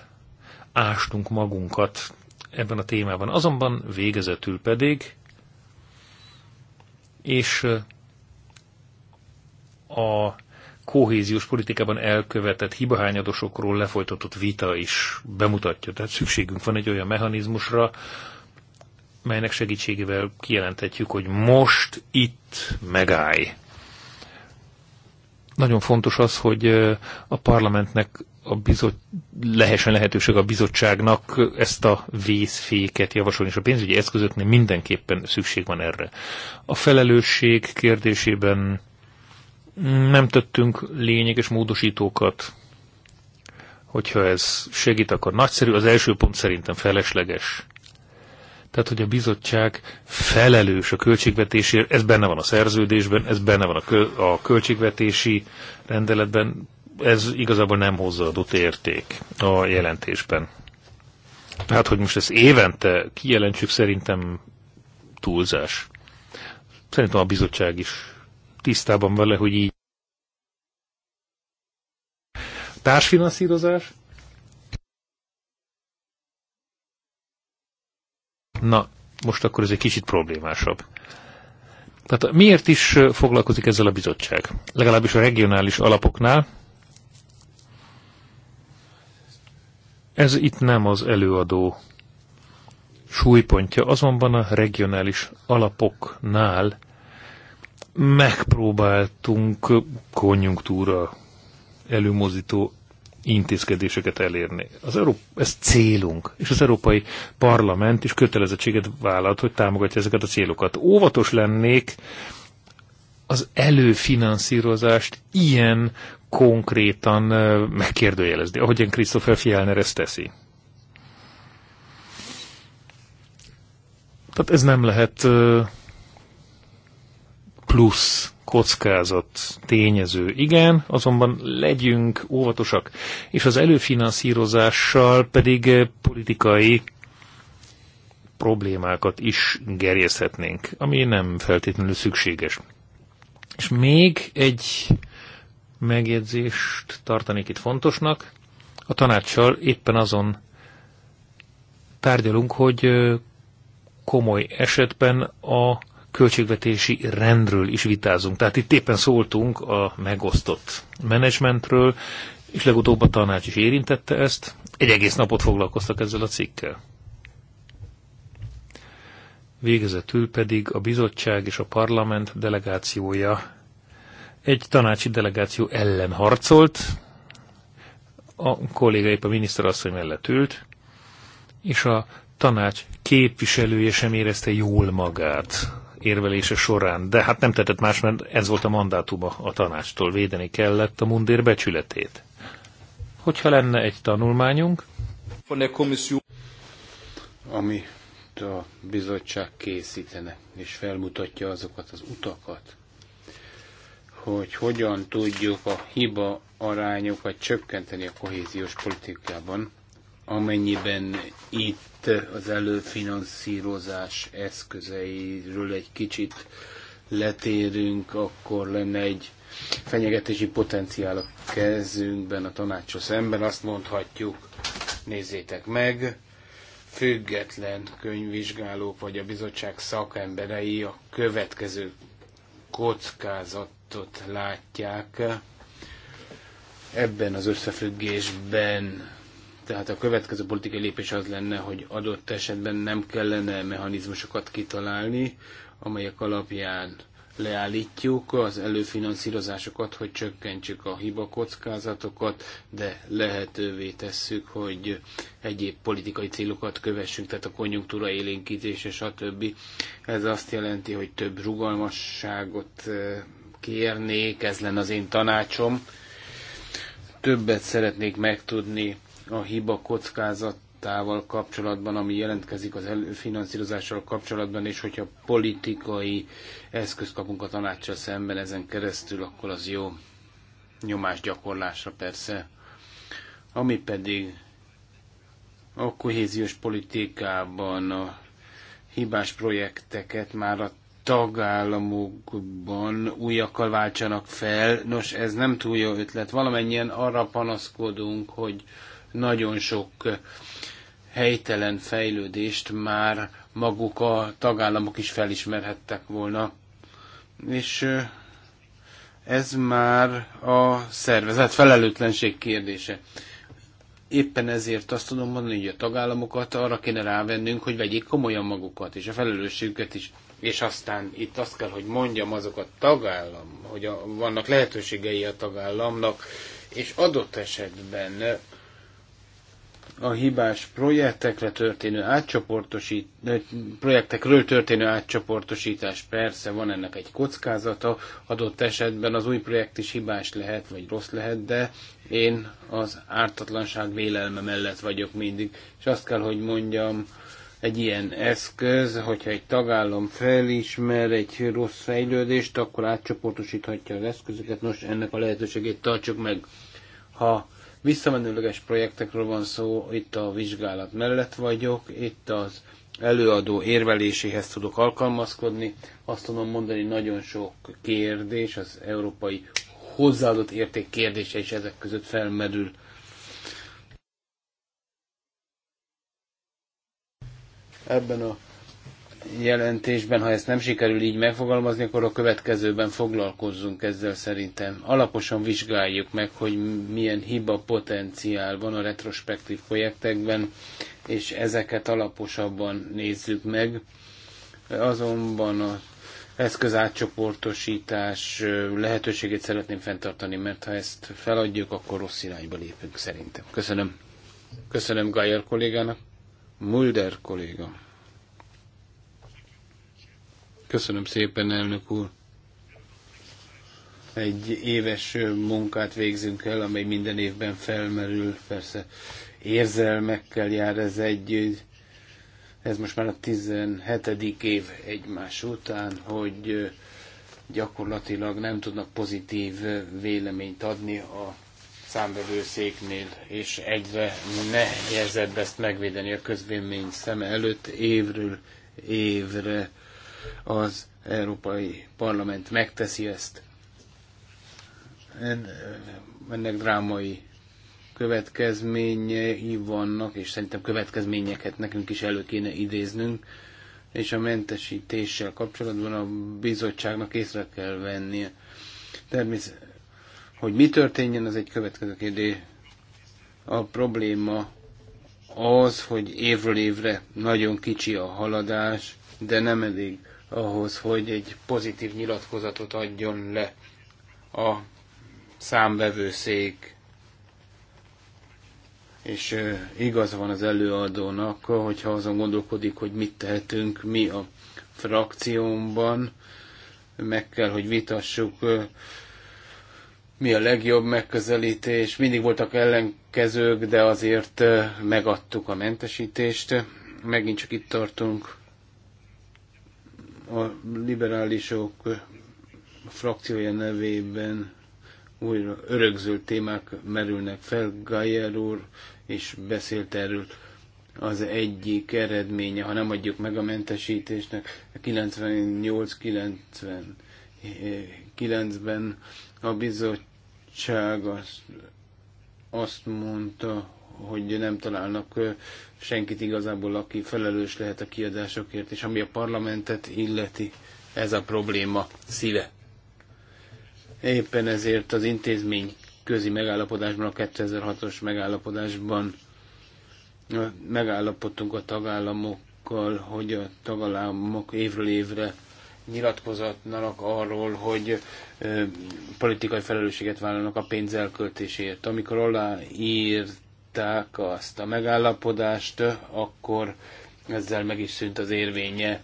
ástunk magunkat ebben a témában. Azonban végezetül pedig, és a kohéziós politikában elkövetett hibahányadosokról lefolytatott vita is bemutatja. Tehát szükségünk van egy olyan mechanizmusra, melynek segítségével kijelenthetjük, hogy most itt megállj. Nagyon fontos az, hogy a parlamentnek a bizot, lehessen lehetőség a bizottságnak ezt a vészféket javasolni, és a pénzügyi eszközöknél mindenképpen szükség van erre. A felelősség kérdésében nem tettünk lényeges módosítókat, hogyha ez segít, akkor nagyszerű. Az első pont szerintem felesleges. Tehát, hogy a bizottság felelős a költségvetésért, ez benne van a szerződésben, ez benne van a, a költségvetési rendeletben, ez igazából nem hozzáadott érték a jelentésben. Hát, hogy most ezt évente kijelentsük, szerintem túlzás. Szerintem a bizottság is tisztában vele, hogy így. Társfinanszírozás? Na, most akkor ez egy kicsit problémásabb. Tehát miért is foglalkozik ezzel a bizottság? Legalábbis a regionális alapoknál Ez itt nem az előadó súlypontja, azonban a regionális alapoknál megpróbáltunk konjunktúra előmozító intézkedéseket elérni. Az Európa, ez célunk, és az Európai Parlament is kötelezettséget vállalt, hogy támogatja ezeket a célokat. Óvatos lennék az előfinanszírozást ilyen konkrétan megkérdőjelezni, ahogyan Christopher Fjellner ezt teszi. Tehát ez nem lehet plusz kockázat tényező. Igen, azonban legyünk óvatosak, és az előfinanszírozással pedig politikai problémákat is gerjeszthetnénk, ami nem feltétlenül szükséges. És még egy megjegyzést tartanék itt fontosnak. A tanácssal éppen azon tárgyalunk, hogy komoly esetben a költségvetési rendről is vitázunk. Tehát itt éppen szóltunk a megosztott menedzsmentről, és legutóbb a tanács is érintette ezt. Egy egész napot foglalkoztak ezzel a cikkel végezetül pedig a bizottság és a parlament delegációja egy tanácsi delegáció ellen harcolt, a kolléga épp a miniszterasszony mellett ült, és a tanács képviselője sem érezte jól magát érvelése során, de hát nem tetett más, mert ez volt a mandátuma a tanácstól, védeni kellett a mundér becsületét. Hogyha lenne egy tanulmányunk, ami a bizottság készítene, és felmutatja azokat az utakat, hogy hogyan tudjuk a hiba arányokat csökkenteni a kohéziós politikában, amennyiben itt az előfinanszírozás eszközeiről egy kicsit letérünk, akkor lenne egy fenyegetési potenciál a kezünkben a tanácsos szemben. Azt mondhatjuk, nézzétek meg, független könyvvizsgálók vagy a bizottság szakemberei a következő kockázatot látják ebben az összefüggésben. Tehát a következő politikai lépés az lenne, hogy adott esetben nem kellene mechanizmusokat kitalálni, amelyek alapján leállítjuk az előfinanszírozásokat, hogy csökkentsük a hibakockázatokat, de lehetővé tesszük, hogy egyéb politikai célokat kövessünk, tehát a konjunktúra élénkítése, stb. Ez azt jelenti, hogy több rugalmasságot eh, kérnék, ez lenne az én tanácsom. Többet szeretnék megtudni a hiba vitával kapcsolatban, ami jelentkezik az finanszírozással kapcsolatban, és hogyha politikai eszközt kapunk a tanácssal szemben ezen keresztül, akkor az jó nyomás gyakorlásra persze. Ami pedig a kohéziós politikában a hibás projekteket már a tagállamokban újakkal váltsanak fel. Nos, ez nem túl jó ötlet. Valamennyien arra panaszkodunk, hogy nagyon sok helytelen fejlődést már maguk a tagállamok is felismerhettek volna. És ez már a szervezet felelőtlenség kérdése. Éppen ezért azt tudom mondani, hogy a tagállamokat arra kéne rávennünk, hogy vegyék komolyan magukat, és a felelősségüket is. És aztán itt azt kell, hogy mondjam azok a tagállam, hogy a, vannak lehetőségei a tagállamnak, és adott esetben a hibás projektekre történő átcsoportosít, projektekről történő átcsoportosítás persze van ennek egy kockázata, adott esetben az új projekt is hibás lehet, vagy rossz lehet, de én az ártatlanság vélelme mellett vagyok mindig, és azt kell, hogy mondjam, egy ilyen eszköz, hogyha egy tagállam felismer egy rossz fejlődést, akkor átcsoportosíthatja az eszközöket. Nos, ennek a lehetőségét tartsuk meg. Ha Visszamenőleges projektekről van szó, itt a vizsgálat mellett vagyok, itt az előadó érveléséhez tudok alkalmazkodni. Azt tudom mondani, nagyon sok kérdés, az európai hozzáadott érték kérdése is ezek között felmerül. Ebben a jelentésben, ha ezt nem sikerül így megfogalmazni, akkor a következőben foglalkozzunk ezzel szerintem. Alaposan vizsgáljuk meg, hogy milyen hiba potenciál van a retrospektív projektekben, és ezeket alaposabban nézzük meg. Azonban a eszköz átcsoportosítás lehetőségét szeretném fenntartani, mert ha ezt feladjuk, akkor rossz irányba lépünk szerintem. Köszönöm. Köszönöm Gajer kollégának. Mulder kolléga. Köszönöm szépen, elnök úr. Egy éves munkát végzünk el, amely minden évben felmerül, persze érzelmekkel jár ez együtt. Ez most már a 17. év egymás után, hogy gyakorlatilag nem tudnak pozitív véleményt adni a számvevőszéknél, és egyre nehezebb ezt megvédeni a közvélemény szeme előtt évről évre az Európai Parlament megteszi ezt. Ennek drámai következményei vannak, és szerintem következményeket nekünk is elő kéne idéznünk, és a mentesítéssel kapcsolatban a bizottságnak észre kell vennie. Természetesen, hogy mi történjen, az egy következő kérdés. A probléma az, hogy évről évre nagyon kicsi a haladás, de nem elég ahhoz, hogy egy pozitív nyilatkozatot adjon le a számvevőszék. És igaz van az előadónak, hogyha azon gondolkodik, hogy mit tehetünk mi a frakciómban, meg kell, hogy vitassuk, mi a legjobb megközelítés. Mindig voltak ellenkezők, de azért megadtuk a mentesítést. Megint csak itt tartunk a liberálisok frakciója nevében újra örökzöld témák merülnek fel. Geyer úr is beszélt erről az egyik eredménye, ha nem adjuk meg a mentesítésnek, 98-99-ben a bizottság azt, azt mondta, hogy nem találnak senkit igazából, aki felelős lehet a kiadásokért, és ami a parlamentet illeti, ez a probléma szíve. Éppen ezért az intézmény közi megállapodásban, a 2006-os megállapodásban megállapodtunk a tagállamokkal, hogy a tagállamok évről évre nyilatkozatnak arról, hogy politikai felelősséget vállalnak a pénz elköltéséért. Amikor aláírt aláírták azt a megállapodást, akkor ezzel meg is szűnt az érvénye.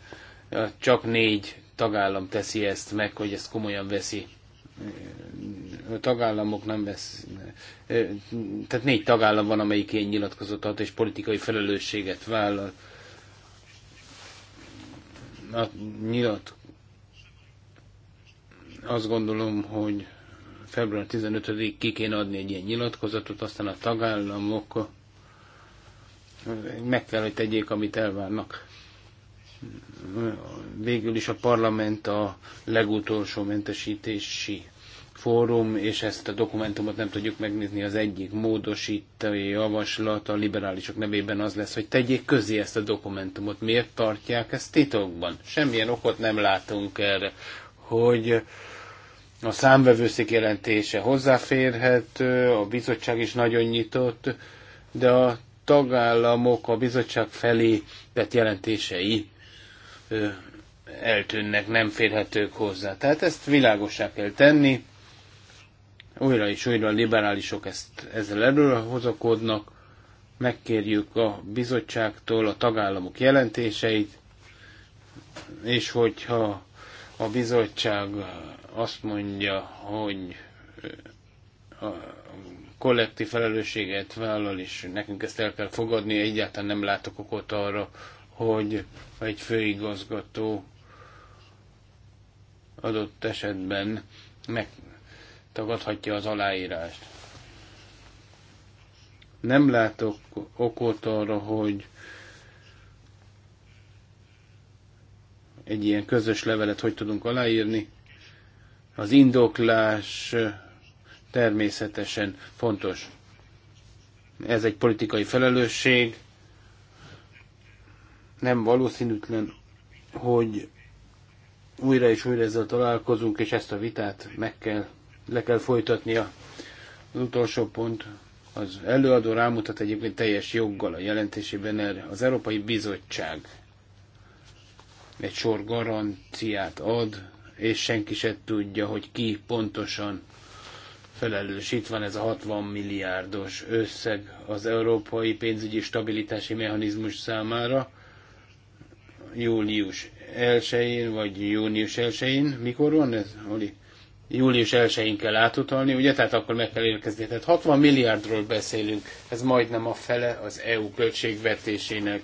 Csak négy tagállam teszi ezt meg, hogy ezt komolyan veszi. A tagállamok nem vesz. Tehát négy tagállam van, amelyik ilyen nyilatkozatot ad, és politikai felelősséget vállal. A nyilat... Azt gondolom, hogy február 15-ig ki kéne adni egy ilyen nyilatkozatot, aztán a tagállamok eh, meg kell, hogy tegyék, amit elvárnak. Végül is a parlament a legutolsó mentesítési fórum, és ezt a dokumentumot nem tudjuk megnézni, az egyik módosítói javaslat a liberálisok nevében az lesz, hogy tegyék közé ezt a dokumentumot. Miért tartják ezt titokban? Semmilyen okot nem látunk erre, hogy a számvevőszék jelentése hozzáférhető, a bizottság is nagyon nyitott, de a tagállamok a bizottság felé tett jelentései eltűnnek, nem férhetők hozzá. Tehát ezt világosá kell tenni. Újra és újra a liberálisok ezt, ezzel hozakodnak. Megkérjük a bizottságtól a tagállamok jelentéseit, és hogyha a bizottság azt mondja, hogy a kollektív felelősséget vállal, és nekünk ezt el kell fogadni. Egyáltalán nem látok okot arra, hogy egy főigazgató adott esetben megtagadhatja az aláírást. Nem látok okot arra, hogy egy ilyen közös levelet hogy tudunk aláírni. Az indoklás természetesen fontos. Ez egy politikai felelősség. Nem valószínűtlen, hogy újra és újra ezzel találkozunk, és ezt a vitát meg kell, le kell folytatnia. Az utolsó pont, az előadó rámutat egyébként teljes joggal a jelentésében erre. Az Európai Bizottság egy sor garanciát ad, és senki se tudja, hogy ki pontosan felelős. Itt van ez a 60 milliárdos összeg az európai pénzügyi stabilitási mechanizmus számára július 1-én, vagy június 1-én. Mikor van ez, Oli? Július 1-én kell átutalni, ugye? Tehát akkor meg kell érkezni. Tehát 60 milliárdról beszélünk, ez majdnem a fele az EU költségvetésének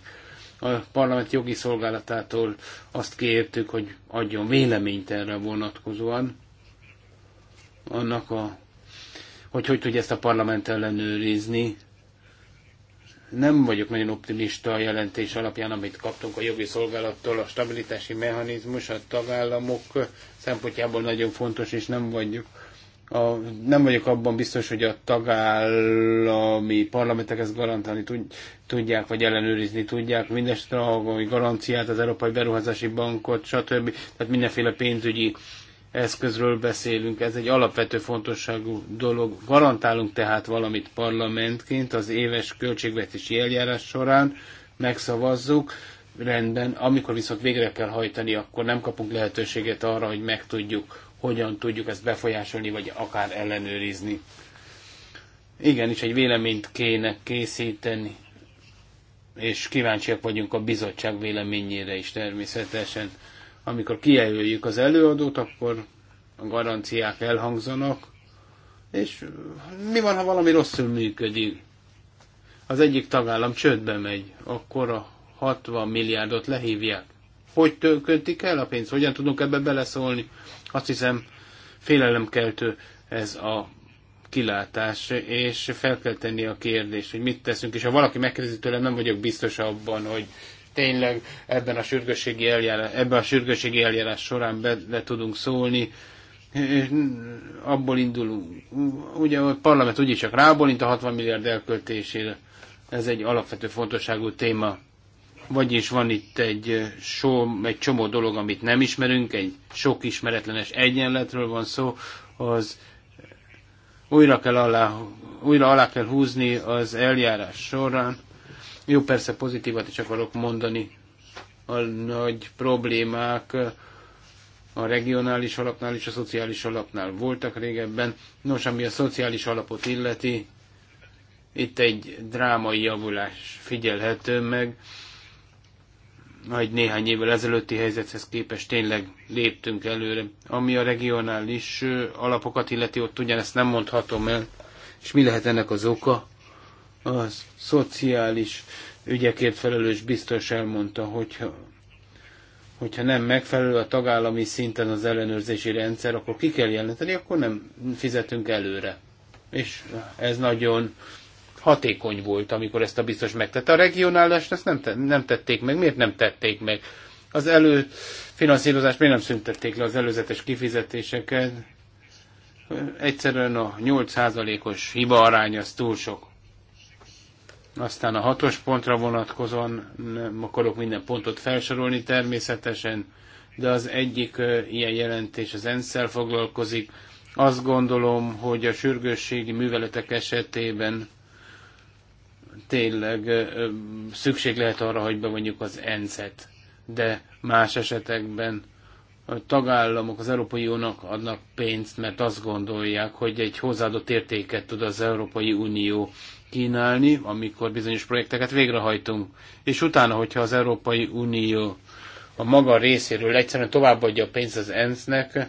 a parlament jogi szolgálatától azt kértük, hogy adjon véleményt erre vonatkozóan, annak a, hogy hogy tudja ezt a parlament ellenőrizni. Nem vagyok nagyon optimista a jelentés alapján, amit kaptunk a jogi szolgálattól, a stabilitási mechanizmus a tagállamok szempontjából nagyon fontos, és nem vagyok a, nem vagyok abban biztos, hogy a tagállami parlamentek ezt garantálni tudják, vagy ellenőrizni tudják, mindestre a garanciát, az Európai Beruházási Bankot, stb. Tehát mindenféle pénzügyi eszközről beszélünk, ez egy alapvető fontosságú dolog. Garantálunk tehát valamit parlamentként az éves költségvetési eljárás során, megszavazzuk, rendben, amikor viszont végre kell hajtani, akkor nem kapunk lehetőséget arra, hogy megtudjuk, hogyan tudjuk ezt befolyásolni, vagy akár ellenőrizni. Igen, is egy véleményt kéne készíteni, és kíváncsiak vagyunk a bizottság véleményére is természetesen. Amikor kijelöljük az előadót, akkor a garanciák elhangzanak, és mi van, ha valami rosszul működik? Az egyik tagállam csődbe megy, akkor a 60 milliárdot lehívják. Hogy költik el a pénzt? Hogyan tudunk ebbe beleszólni? Azt hiszem, félelemkeltő ez a kilátás, és fel kell tenni a kérdést, hogy mit teszünk, és ha valaki megkérdezi tőlem, nem vagyok biztos abban, hogy tényleg ebben a sürgősségi eljárás, ebben a sürgősségi eljárás során be, be tudunk szólni, abból indulunk. Ugye a parlament úgyis csak rábólint a 60 milliárd elköltésére. Ez egy alapvető fontosságú téma. Vagyis van itt egy, so, egy csomó dolog, amit nem ismerünk, egy sok ismeretlenes egyenletről van szó, az újra, kell alá, újra alá kell húzni az eljárás során. Jó, persze pozitívat is akarok mondani. A nagy problémák a regionális alapnál és a szociális alapnál voltak régebben. Nos, ami a szociális alapot illeti, itt egy drámai javulás figyelhető meg egy néhány évvel ezelőtti helyzethez képest tényleg léptünk előre. Ami a regionális alapokat illeti, ott ugyanezt nem mondhatom el. És mi lehet ennek az oka? A szociális ügyekért felelős biztos elmondta, hogyha, hogyha nem megfelelő a tagállami szinten az ellenőrzési rendszer, akkor ki kell jelenteni, akkor nem fizetünk előre. És ez nagyon hatékony volt, amikor ezt a biztos megtette. A regionálást ezt nem, te, nem tették meg. Miért nem tették meg? Az előfinanszírozást miért nem szüntették le az előzetes kifizetéseket? Egyszerűen a 8%-os hiba arány az túl sok. Aztán a hatos pontra vonatkozóan nem akarok minden pontot felsorolni természetesen, de az egyik ilyen jelentés az ensz foglalkozik. Azt gondolom, hogy a sürgősségi műveletek esetében tényleg szükség lehet arra, hogy bevonjuk az ENSZ-et, de más esetekben a tagállamok az Európai Uniónak adnak pénzt, mert azt gondolják, hogy egy hozzáadott értéket tud az Európai Unió kínálni, amikor bizonyos projekteket végrehajtunk. És utána, hogyha az Európai Unió a maga részéről egyszerűen továbbadja a pénzt az ENSZ-nek,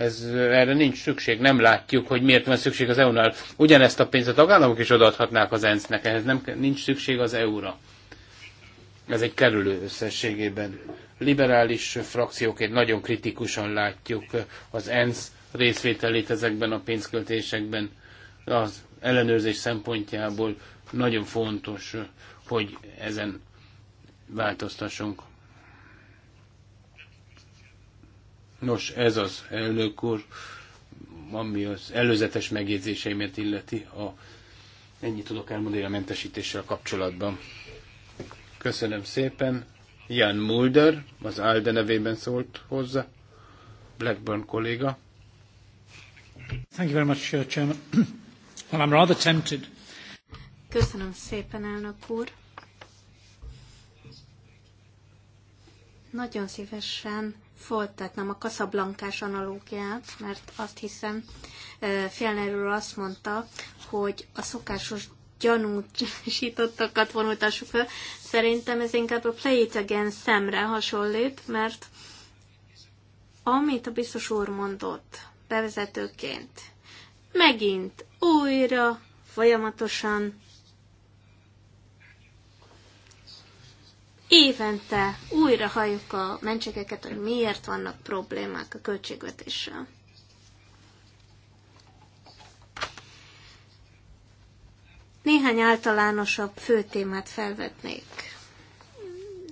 ez, erre nincs szükség, nem látjuk, hogy miért van szükség az EU-nál. Ugyanezt a pénzt a tagállamok is odaadhatnák az ENSZ-nek, ehhez nem, nincs szükség az EU-ra. Ez egy kerülő összességében. Liberális frakcióként nagyon kritikusan látjuk az ENSZ részvételét ezekben a pénzköltésekben. Az ellenőrzés szempontjából nagyon fontos, hogy ezen változtassunk. Nos, ez az elnök úr, ami az előzetes megjegyzéseimet illeti, a, ennyit tudok elmondani a mentesítéssel kapcsolatban. Köszönöm szépen. Jan Mulder, az ALDE nevében szólt hozzá, Blackburn kolléga. Thank you very much, uh, Chairman. Well, I'm rather tempted. Köszönöm szépen, elnök úr. Nagyon szívesen nem a kaszablankás analógiát, mert azt hiszem, Fjellner azt mondta, hogy a szokásos gyanúsítottakat vonultassuk fel. Szerintem ez inkább a Play It Again szemre hasonlít, mert amit a biztos úr mondott bevezetőként, megint újra, folyamatosan évente újra halljuk a mentségeket, hogy miért vannak problémák a költségvetéssel. Néhány általánosabb fő témát felvetnék.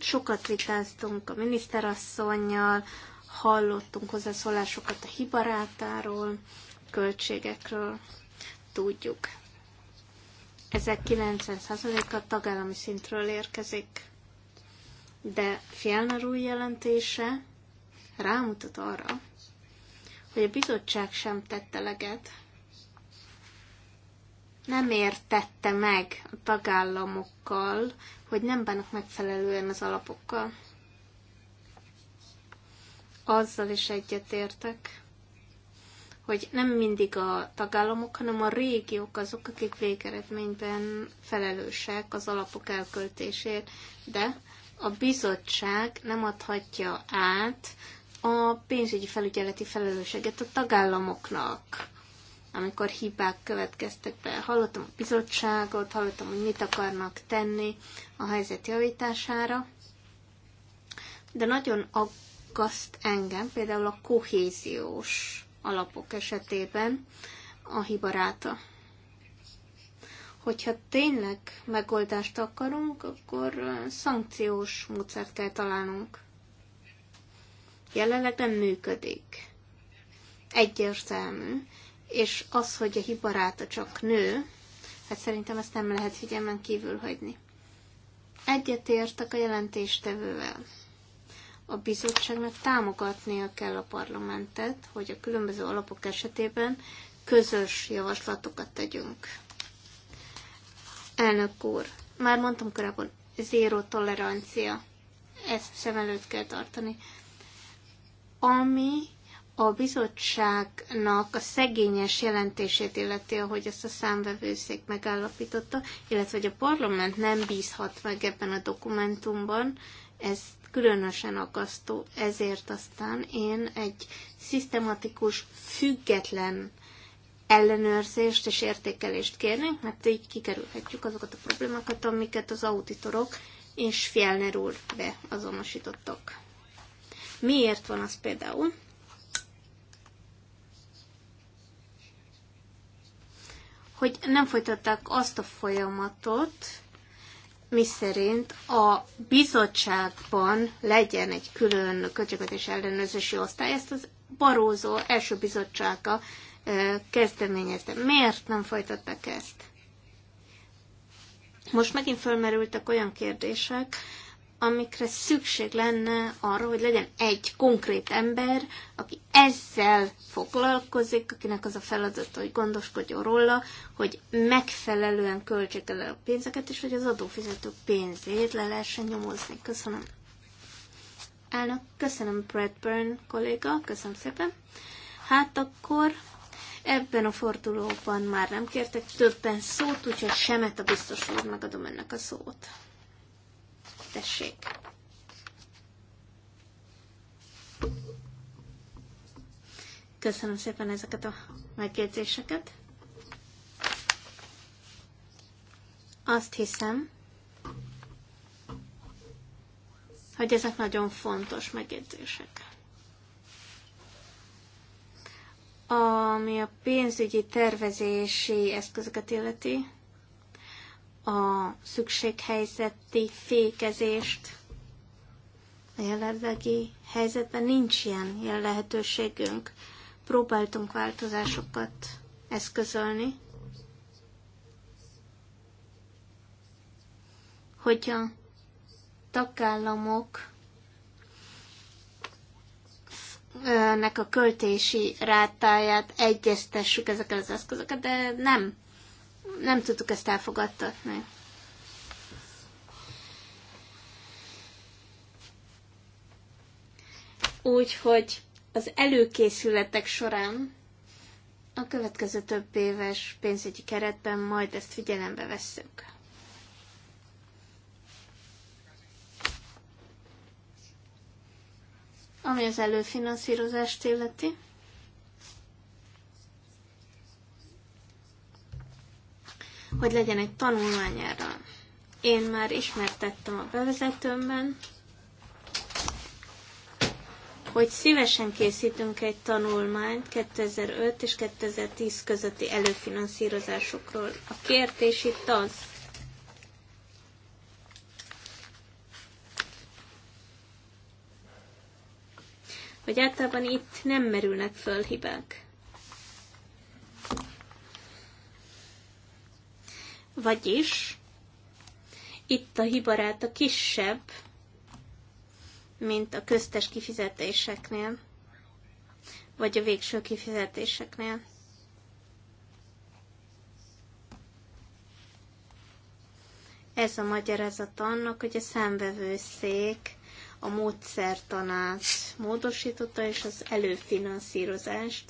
Sokat vitáztunk a miniszterasszonynal, hallottunk hozzászólásokat a hibarátáról, költségekről, tudjuk. Ezek 90%-a tagállami szintről érkezik de Fjellner új jelentése rámutat arra, hogy a bizottság sem tette leget, nem értette meg a tagállamokkal, hogy nem bánnak megfelelően az alapokkal. Azzal is egyetértek, hogy nem mindig a tagállamok, hanem a régiók azok, akik végeredményben felelősek az alapok elköltésért, de a bizottság nem adhatja át a pénzügyi felügyeleti felelősséget a tagállamoknak, amikor hibák következtek be. Hallottam a bizottságot, hallottam, hogy mit akarnak tenni a helyzet javítására, de nagyon aggaszt engem például a kohéziós alapok esetében a hibaráta hogyha tényleg megoldást akarunk, akkor szankciós módszert kell találnunk. Jelenleg nem működik. Egyértelmű. És az, hogy a hibaráta csak nő, hát szerintem ezt nem lehet figyelmen kívül hagyni. Egyetértek a jelentéstevővel. A bizottságnak támogatnia kell a parlamentet, hogy a különböző alapok esetében közös javaslatokat tegyünk Elnök úr, már mondtam korábban, zéró tolerancia. Ezt szem előtt kell tartani. Ami a bizottságnak a szegényes jelentését illeti, ahogy ezt a számvevőszék megállapította, illetve hogy a parlament nem bízhat meg ebben a dokumentumban, ez különösen akasztó. Ezért aztán én egy szisztematikus, független ellenőrzést és értékelést kérnénk, mert így kikerülhetjük azokat a problémákat, amiket az auditorok és Fjellner úr beazonosítottak. Miért van az például? Hogy nem folytatták azt a folyamatot, miszerint a bizottságban legyen egy külön költségvetés ellenőrzési osztály, ezt az Barózó első bizottsága kezdeményezte. Miért nem folytatták ezt? Most megint fölmerültek olyan kérdések, amikre szükség lenne arra, hogy legyen egy konkrét ember, aki ezzel foglalkozik, akinek az a feladata, hogy gondoskodjon róla, hogy megfelelően költsék el a pénzeket, és hogy az adófizetők pénzét le lehessen nyomozni. Köszönöm. Elnök, köszönöm Bradburn kolléga, köszönöm szépen. Hát akkor Ebben a fordulóban már nem kértek többen szót, úgyhogy semet a biztos úr megadom ennek a szót. Tessék! Köszönöm szépen ezeket a megjegyzéseket. Azt hiszem, hogy ezek nagyon fontos megjegyzések. Ami a pénzügyi tervezési eszközöket illeti, a szükséghelyzeti fékezést, a jelenlegi helyzetben nincs ilyen, ilyen lehetőségünk. Próbáltunk változásokat eszközölni, hogy a tagállamok nek a költési rátáját egyeztessük ezekkel az eszközöket, de nem. Nem tudtuk ezt elfogadtatni. Úgyhogy az előkészületek során a következő több éves pénzügyi keretben majd ezt figyelembe vesszük. Ami az előfinanszírozást illeti, hogy legyen egy tanulmány erről. Én már ismertettem a bevezetőmben, hogy szívesen készítünk egy tanulmányt 2005 és 2010 közötti előfinanszírozásokról. A kérdés itt az, hogy általában itt nem merülnek föl hibák. Vagyis itt a hibarát a kisebb, mint a köztes kifizetéseknél, vagy a végső kifizetéseknél. Ez a magyarázat annak, hogy a számvevőszék a módszertanát, módosította, és az előfinanszírozást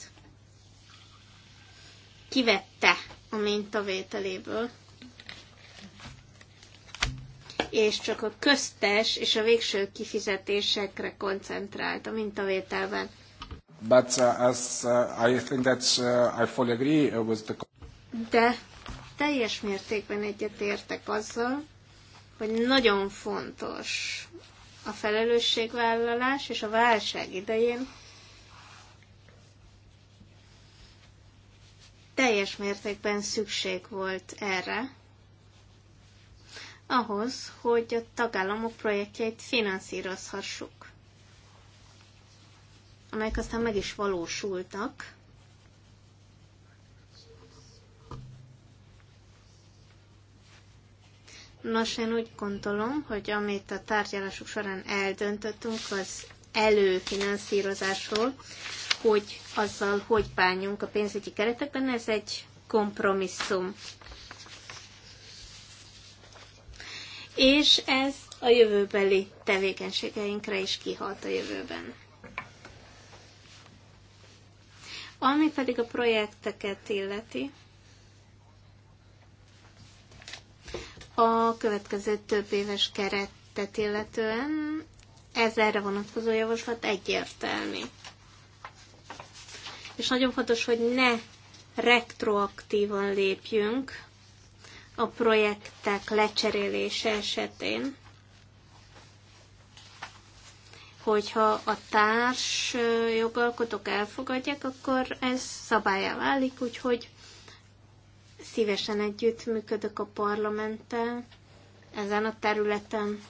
kivette a mintavételéből, és csak a köztes és a végső kifizetésekre koncentrált a mintavételben. But uh, as uh, I think that uh, I fully agree uh, with the... De teljes mértékben egyetértek azzal, hogy nagyon fontos a felelősségvállalás és a válság idején teljes mértékben szükség volt erre, ahhoz, hogy a tagállamok projektjeit finanszírozhassuk, amelyek aztán meg is valósultak, Nos, én úgy gondolom, hogy amit a tárgyalások során eldöntöttünk, az előfinanszírozásról, hogy azzal hogy bánjunk a pénzügyi keretekben, ez egy kompromisszum. És ez a jövőbeli tevékenységeinkre is kihalt a jövőben. Ami pedig a projekteket illeti, a következő több éves keretet illetően ez erre vonatkozó javaslat egyértelmű. És nagyon fontos, hogy ne retroaktívan lépjünk a projektek lecserélése esetén, hogyha a társ jogalkotók elfogadják, akkor ez szabályá válik, úgyhogy szívesen együttműködök a parlamenttel ezen a területen.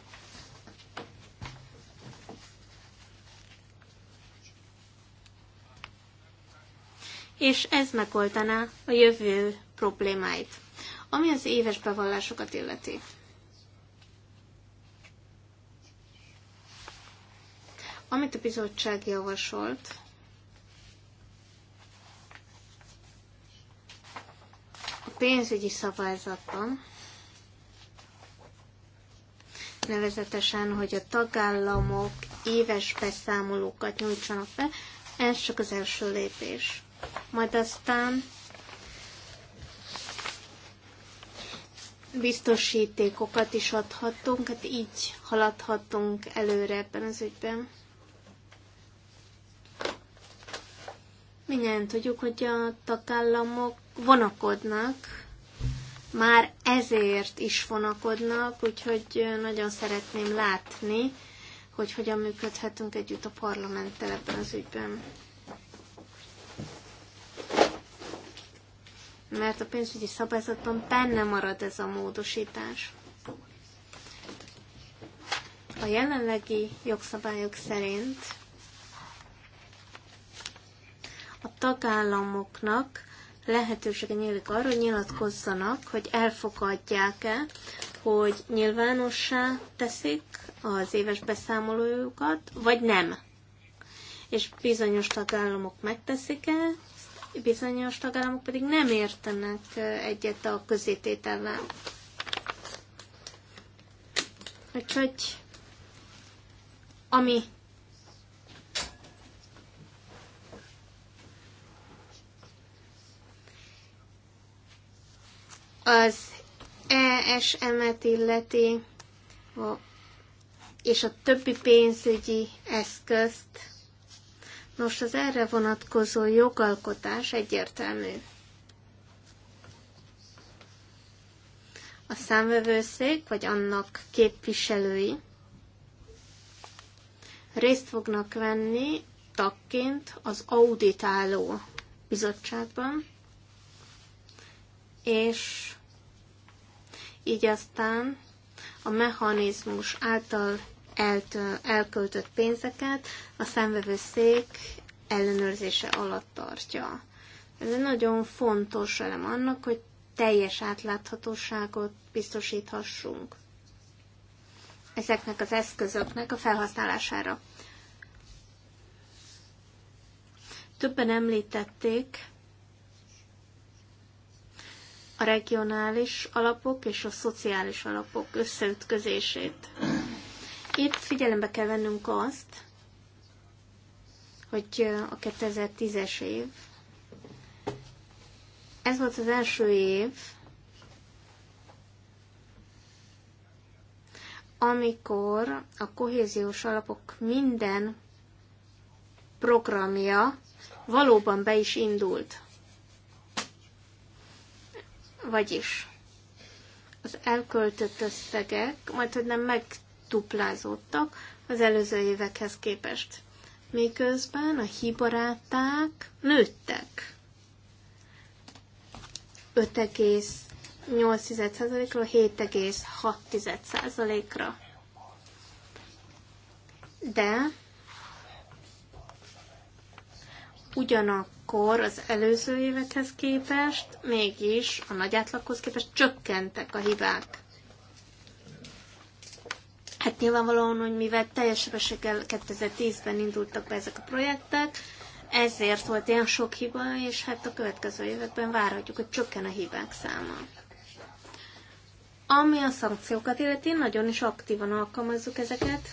És ez megoldaná a jövő problémáit, ami az éves bevallásokat illeti. Amit a bizottság javasolt, pénzügyi szabályzatban, nevezetesen, hogy a tagállamok éves beszámolókat nyújtsanak be, ez csak az első lépés. Majd aztán biztosítékokat is adhatunk, hát így haladhatunk előre ebben az ügyben. Mindjárt tudjuk, hogy a tagállamok vonakodnak, már ezért is vonakodnak, úgyhogy nagyon szeretném látni, hogy hogyan működhetünk együtt a parlamenttel ebben az ügyben. Mert a pénzügyi szabályzatban benne marad ez a módosítás. A jelenlegi jogszabályok szerint a tagállamoknak lehetősége nyílik arra, hogy nyilatkozzanak, hogy elfogadják-e, hogy nyilvánossá teszik az éves beszámolójukat, vagy nem. És bizonyos tagállamok megteszik-e, bizonyos tagállamok pedig nem értenek egyet a közététellel. Úgyhogy ami Az ESM-et illeti, és a többi pénzügyi eszközt. Nos, az erre vonatkozó jogalkotás egyértelmű. A számvevőszék, vagy annak képviselői részt fognak venni tagként az auditáló bizottságban, és így aztán a mechanizmus által eltö- elköltött pénzeket a számvevőszék ellenőrzése alatt tartja. Ez egy nagyon fontos elem annak, hogy teljes átláthatóságot biztosíthassunk ezeknek az eszközöknek a felhasználására. Többen említették, a regionális alapok és a szociális alapok összeütközését. Itt figyelembe kell vennünk azt, hogy a 2010-es év, ez volt az első év, amikor a kohéziós alapok minden programja valóban be is indult. Vagyis az elköltött összegek majd, hogy nem megduplázódtak az előző évekhez képest. Miközben a hibaráták nőttek. 5,8%-ról 7,6%-ra. De ugyanak akkor az előző évekhez képest mégis a nagy átlaghoz képest csökkentek a hibák. Hát nyilvánvalóan, hogy mivel teljes sebességgel 2010-ben indultak be ezek a projektek, ezért volt ilyen sok hiba, és hát a következő években várhatjuk, hogy csökken a hibák száma. Ami a szankciókat illeti, nagyon is aktívan alkalmazzuk ezeket,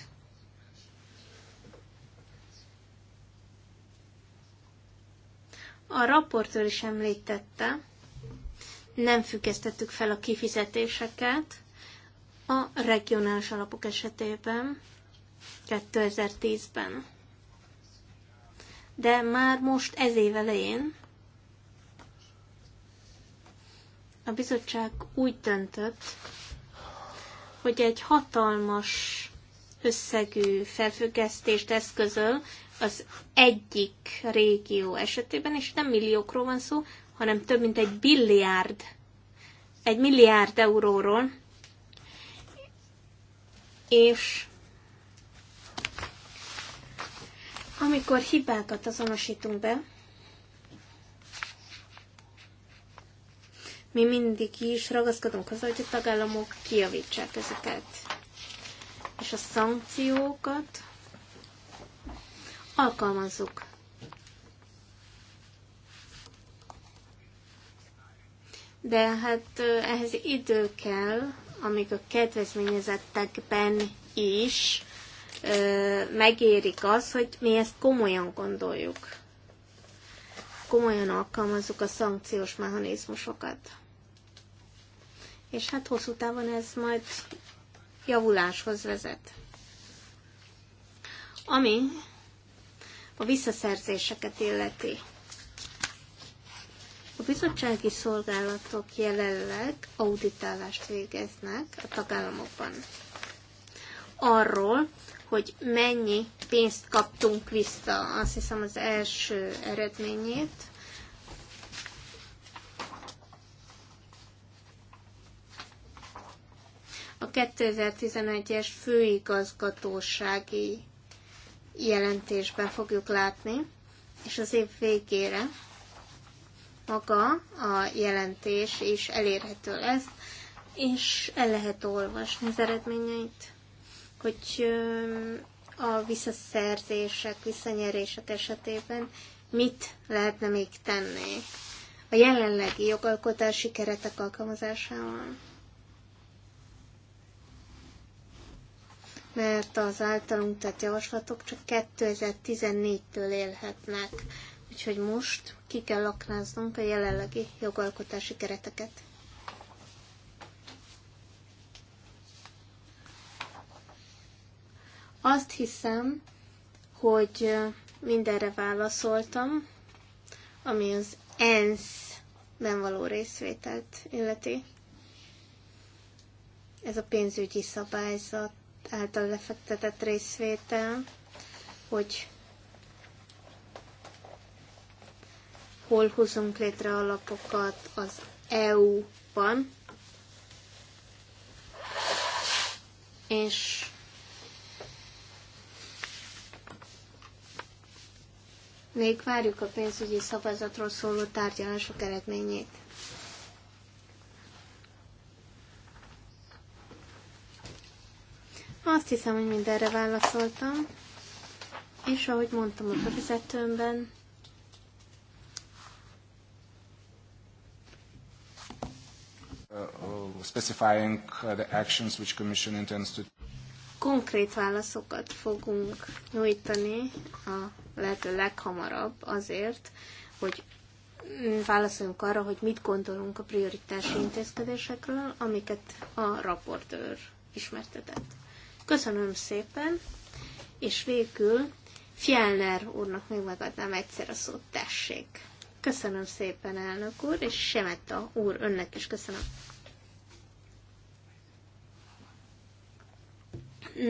a raportőr is említette, nem függesztettük fel a kifizetéseket a regionális alapok esetében 2010-ben. De már most ez év elején a bizottság úgy döntött, hogy egy hatalmas összegű felfüggesztést eszközöl az egyik régió esetében, és nem milliókról van szó, hanem több mint egy billiárd, egy milliárd euróról, és amikor hibákat azonosítunk be, mi mindig is ragaszkodunk hozzá, hogy a tagállamok kiavítsák ezeket. És a szankciókat alkalmazzuk. De hát ehhez idő kell, amíg a kedvezményezettekben is ö, megérik az, hogy mi ezt komolyan gondoljuk. Komolyan alkalmazzuk a szankciós mechanizmusokat. És hát hosszú távon ez majd javuláshoz vezet. Ami a visszaszerzéseket illeti. A bizottsági szolgálatok jelenleg auditálást végeznek a tagállamokban. Arról, hogy mennyi pénzt kaptunk vissza, azt hiszem az első eredményét, a 2011-es főigazgatósági jelentésben fogjuk látni, és az év végére maga a jelentés is elérhető lesz, és el lehet olvasni az eredményeit, hogy a visszaszerzések, visszanyerések esetében mit lehetne még tenni a jelenlegi jogalkotási keretek alkalmazásával. mert az általunk tett javaslatok csak 2014-től élhetnek. Úgyhogy most ki kell aknáznunk a jelenlegi jogalkotási kereteket. Azt hiszem, hogy mindenre válaszoltam, ami az ensz nem való részvételt illeti. Ez a pénzügyi szabályzat által lefektetett részvétel, hogy hol hozunk létre alapokat az EU-ban, és még várjuk a pénzügyi szavazatról szóló tárgyalások eredményét. Azt hiszem, hogy mindenre válaszoltam, és ahogy mondtam a bevezetőmben, uh, oh, specifying uh, the actions which Commission intends to konkrét válaszokat fogunk nyújtani a lehető leghamarabb azért, hogy válaszoljunk arra, hogy mit gondolunk a prioritási intézkedésekről, amiket a raportőr ismertetett. Köszönöm szépen, és végül Fjellner úrnak még megadnám egyszer a szót, tessék. Köszönöm szépen, elnök úr, és Semetta úr, önnek is köszönöm.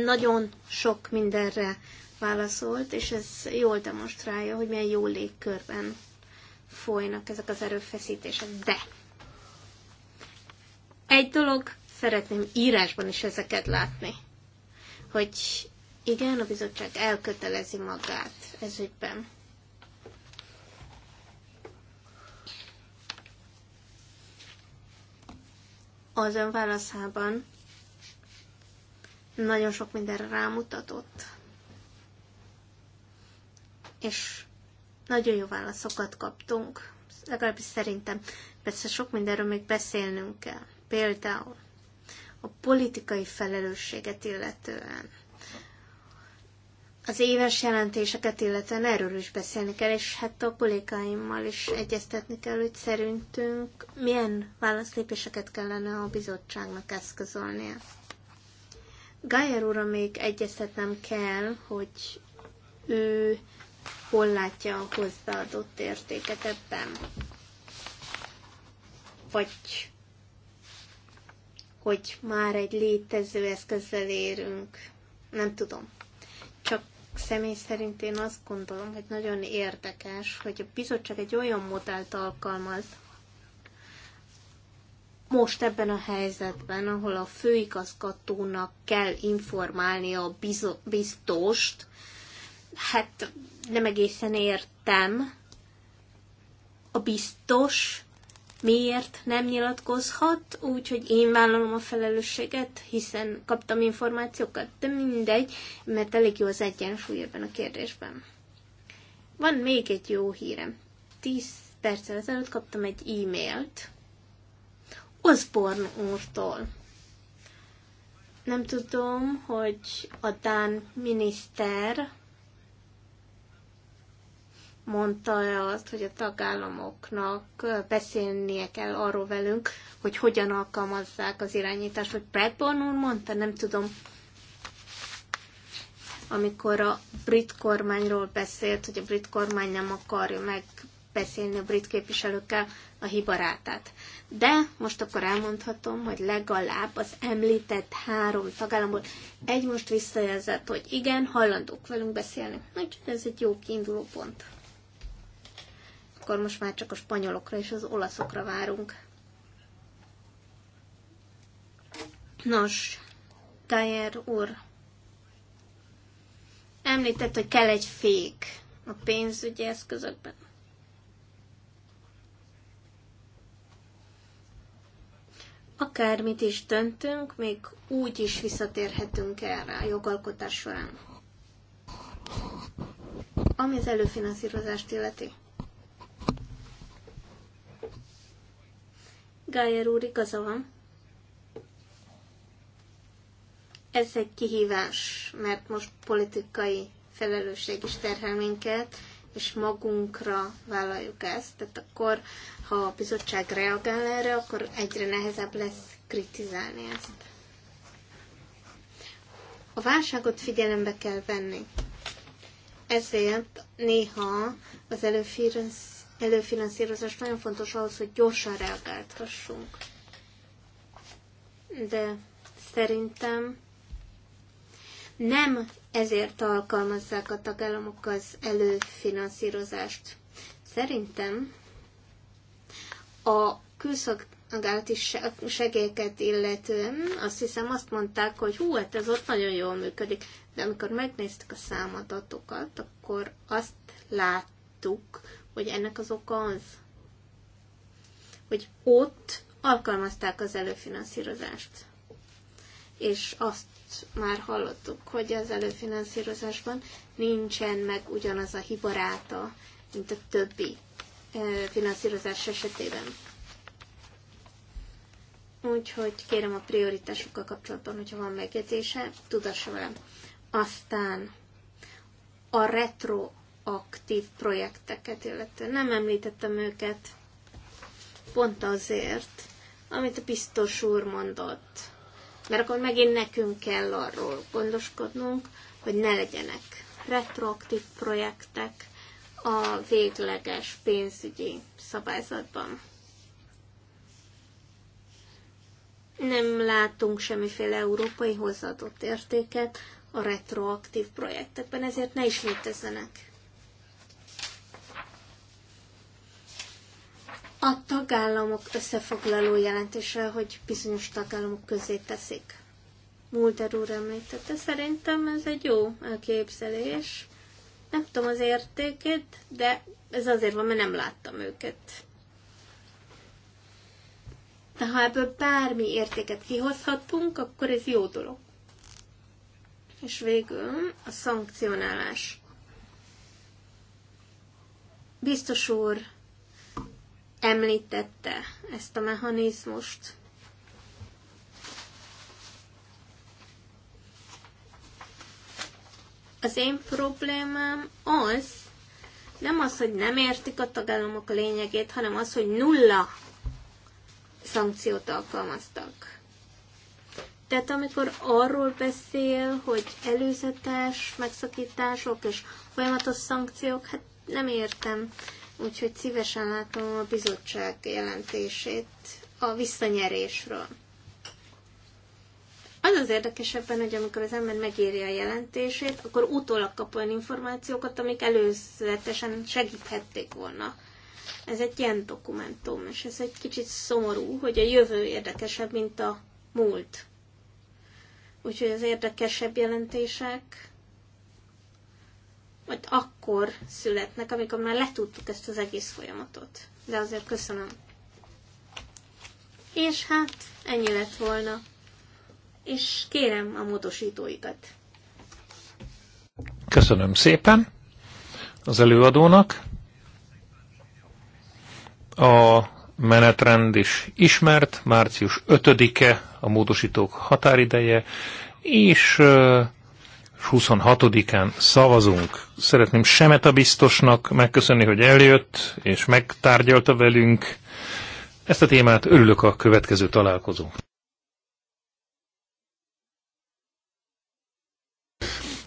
Nagyon sok mindenre válaszolt, és ez jól demonstrálja, hogy milyen jó légkörben folynak ezek az erőfeszítések. De egy dolog, szeretném írásban is ezeket látni hogy igen, a bizottság elkötelezi magát ez ügyben. Az ön válaszában nagyon sok mindenre rámutatott, és nagyon jó válaszokat kaptunk, legalábbis szerintem. Persze sok mindenről még beszélnünk kell. Például a politikai felelősséget illetően. Az éves jelentéseket illetően erről is beszélni kell, és hát a kollégáimmal is egyeztetni kell, hogy szerintünk milyen válaszlépéseket kellene a bizottságnak eszközölnie. Gájer úrra még egyeztetnem kell, hogy ő hol látja a hozzáadott értéket ebben. Vagy hogy már egy létező eszközzel érünk. Nem tudom. Csak személy szerint én azt gondolom, hogy nagyon érdekes, hogy a bizottság egy olyan modellt alkalmaz, most ebben a helyzetben, ahol a főigazgatónak kell informálni a biztost, hát nem egészen értem, a biztos miért nem nyilatkozhat, úgyhogy én vállalom a felelősséget, hiszen kaptam információkat, de mindegy, mert elég jó az egyensúly ebben a kérdésben. Van még egy jó hírem. Tíz perccel ezelőtt kaptam egy e-mailt Osborne úrtól. Nem tudom, hogy a Dán miniszter mondta azt, hogy a tagállamoknak beszélnie kell arról velünk, hogy hogyan alkalmazzák az irányítást, hogy Bradburn úr mondta, nem tudom, amikor a brit kormányról beszélt, hogy a brit kormány nem akarja megbeszélni a brit képviselőkkel a hibarátát. De most akkor elmondhatom, hogy legalább az említett három tagállamból egy most visszajelzett, hogy igen, hajlandók velünk beszélni. Úgyhogy ez egy jó kiinduló pont akkor most már csak a spanyolokra és az olaszokra várunk. Nos, Tajer úr, említett, hogy kell egy fék a pénzügyi eszközökben. Akármit is döntünk, még úgy is visszatérhetünk erre a jogalkotás során. Ami az előfinanszírozást illeti. Gájer úr igaza van. Ez egy kihívás, mert most politikai felelősség is terhel minket, és magunkra vállaljuk ezt. Tehát akkor, ha a bizottság reagál erre, akkor egyre nehezebb lesz kritizálni ezt. A válságot figyelembe kell venni. Ezért néha az előfírás előfinanszírozás nagyon fontos ahhoz, hogy gyorsan reagálhassunk. De szerintem nem ezért alkalmazzák a tagállamok az előfinanszírozást. Szerintem a külszolgálati segélyeket illetően azt hiszem azt mondták, hogy hú, hát ez ott nagyon jól működik. De amikor megnéztük a számadatokat, akkor azt láttuk, hogy ennek az oka az, hogy ott alkalmazták az előfinanszírozást. És azt már hallottuk, hogy az előfinanszírozásban nincsen meg ugyanaz a hibaráta, mint a többi finanszírozás esetében. Úgyhogy kérem a prioritásokkal kapcsolatban, hogyha van megjegyzése, tudassa velem. Aztán a retro aktív projekteket, illetve nem említettem őket pont azért, amit a biztos úr mondott. Mert akkor megint nekünk kell arról gondoskodnunk, hogy ne legyenek retroaktív projektek a végleges pénzügyi szabályzatban. Nem látunk semmiféle európai hozzáadott értéket a retroaktív projektekben, ezért ne is létezzenek. a tagállamok összefoglaló jelentésre, hogy bizonyos tagállamok közé teszik. Mulder úr említette, szerintem ez egy jó elképzelés. Nem tudom az értékét, de ez azért van, mert nem láttam őket. De ha ebből bármi értéket kihozhatunk, akkor ez jó dolog. És végül a szankcionálás. Biztos úr, említette ezt a mechanizmust. Az én problémám az, nem az, hogy nem értik a tagállamok lényegét, hanem az, hogy nulla szankciót alkalmaztak. Tehát amikor arról beszél, hogy előzetes megszakítások és folyamatos szankciók, hát nem értem. Úgyhogy szívesen látom a bizottság jelentését a visszanyerésről. Az az érdekesebben, hogy amikor az ember megírja a jelentését, akkor utólag kap olyan információkat, amik előzetesen segíthették volna. Ez egy ilyen dokumentum, és ez egy kicsit szomorú, hogy a jövő érdekesebb, mint a múlt. Úgyhogy az érdekesebb jelentések majd akkor születnek, amikor már letudtuk ezt az egész folyamatot. De azért köszönöm. És hát ennyi lett volna. És kérem a módosítóikat. Köszönöm szépen az előadónak. A menetrend is ismert, március 5-e a módosítók határideje, és 26-án szavazunk. Szeretném Semeta biztosnak megköszönni, hogy eljött és megtárgyalta velünk ezt a témát. Örülök a következő találkozó.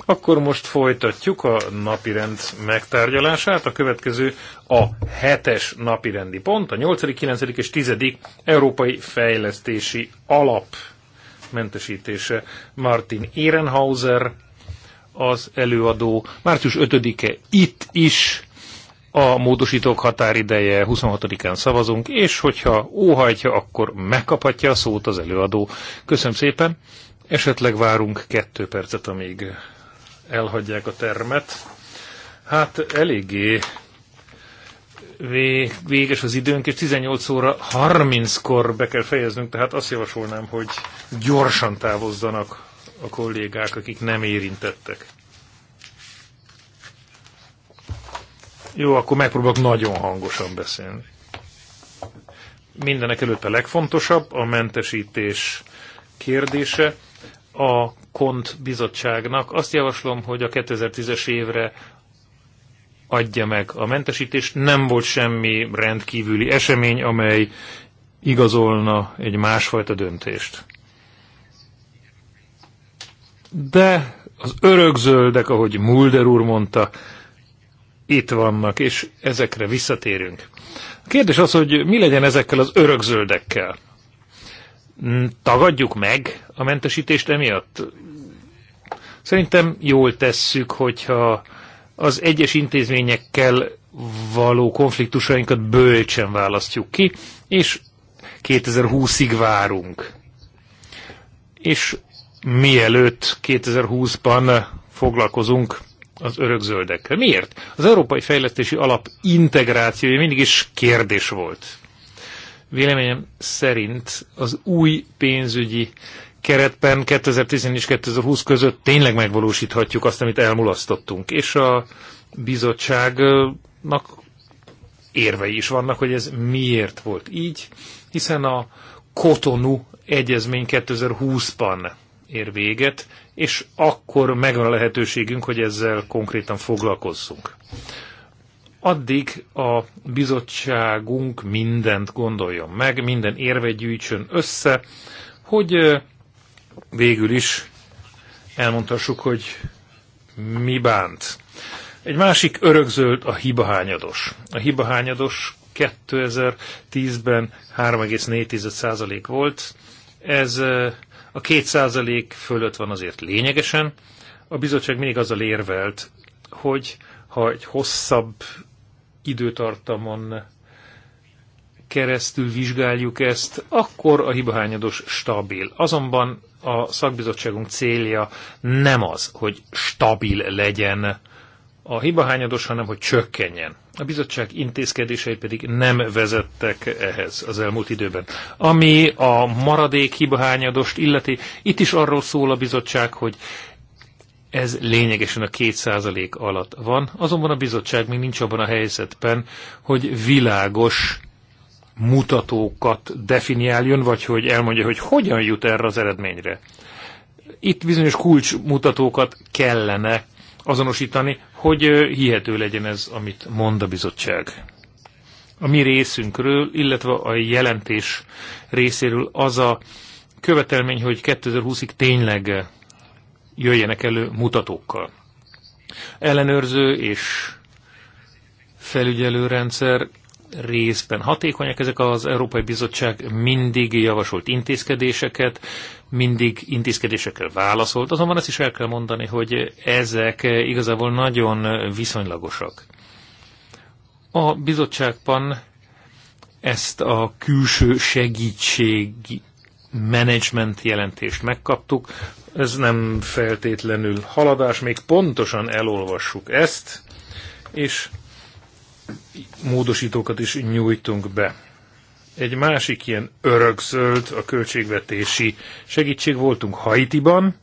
Akkor most folytatjuk a napirend megtárgyalását. A következő a hetes napirendi pont, a 8., 9. és 10. Európai Fejlesztési Alap mentesítése. Martin Ehrenhauser az előadó március 5-e itt is a módosítók határideje 26-án szavazunk, és hogyha óhajtja, akkor megkaphatja a szót az előadó. Köszönöm szépen, esetleg várunk kettő percet, amíg elhagyják a termet. Hát eléggé véges az időnk, és 18 óra 30-kor be kell fejeznünk, tehát azt javasolnám, hogy gyorsan távozzanak a kollégák, akik nem érintettek. Jó, akkor megpróbálok nagyon hangosan beszélni. Mindenek előtt a legfontosabb, a mentesítés kérdése. A KONT bizottságnak azt javaslom, hogy a 2010-es évre adja meg a mentesítést. Nem volt semmi rendkívüli esemény, amely igazolna egy másfajta döntést de az zöldek, ahogy Mulder úr mondta, itt vannak, és ezekre visszatérünk. A kérdés az, hogy mi legyen ezekkel az zöldekkel? Tagadjuk meg a mentesítést emiatt? Szerintem jól tesszük, hogyha az egyes intézményekkel való konfliktusainkat bölcsen választjuk ki, és 2020-ig várunk. És mielőtt 2020-ban foglalkozunk az zöldekkel. Miért? Az Európai Fejlesztési Alap integrációja mindig is kérdés volt. Véleményem szerint az új pénzügyi keretben 2010 és 2020 között tényleg megvalósíthatjuk azt, amit elmulasztottunk. És a bizottságnak érvei is vannak, hogy ez miért volt így, hiszen a Kotonu egyezmény 2020-ban ér véget, és akkor megvan a lehetőségünk, hogy ezzel konkrétan foglalkozzunk. Addig a bizottságunk mindent gondoljon meg, minden érve gyűjtsön össze, hogy végül is elmondhassuk, hogy mi bánt. Egy másik örökzöld a hibahányados. A hibahányados 2010-ben 3,4% volt. Ez a két százalék fölött van azért lényegesen. A bizottság mindig azzal érvelt, hogy ha egy hosszabb időtartamon keresztül vizsgáljuk ezt, akkor a hibahányados stabil. Azonban a szakbizottságunk célja nem az, hogy stabil legyen a hibahányados, hanem hogy csökkenjen. A bizottság intézkedései pedig nem vezettek ehhez az elmúlt időben. Ami a maradék hibahányadost illeti, itt is arról szól a bizottság, hogy ez lényegesen a két százalék alatt van, azonban a bizottság még nincs abban a helyzetben, hogy világos mutatókat definiáljon, vagy hogy elmondja, hogy hogyan jut erre az eredményre. Itt bizonyos kulcsmutatókat kellene azonosítani, hogy hihető legyen ez, amit mond a bizottság. A mi részünkről, illetve a jelentés részéről az a követelmény, hogy 2020-ig tényleg jöjjenek elő mutatókkal. Ellenőrző és felügyelő rendszer részben hatékonyak ezek az Európai Bizottság mindig javasolt intézkedéseket, mindig intézkedésekkel válaszolt, azonban azt is el kell mondani, hogy ezek igazából nagyon viszonylagosak. A bizottságban ezt a külső segítség menedzsment jelentést megkaptuk. Ez nem feltétlenül haladás, még pontosan elolvassuk ezt, és módosítókat is nyújtunk be. Egy másik ilyen örökzöld a költségvetési segítség voltunk Haitiban,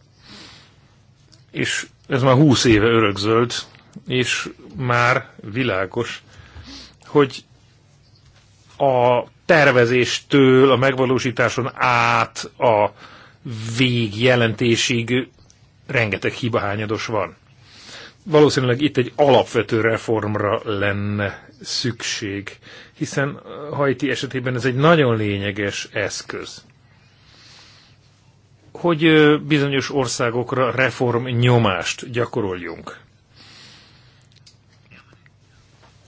és ez már 20 éve örökzöld, és már világos, hogy a tervezéstől a megvalósításon át a végjelentésig rengeteg hibahányados van valószínűleg itt egy alapvető reformra lenne szükség, hiszen Haiti esetében ez egy nagyon lényeges eszköz. Hogy bizonyos országokra reform nyomást gyakoroljunk.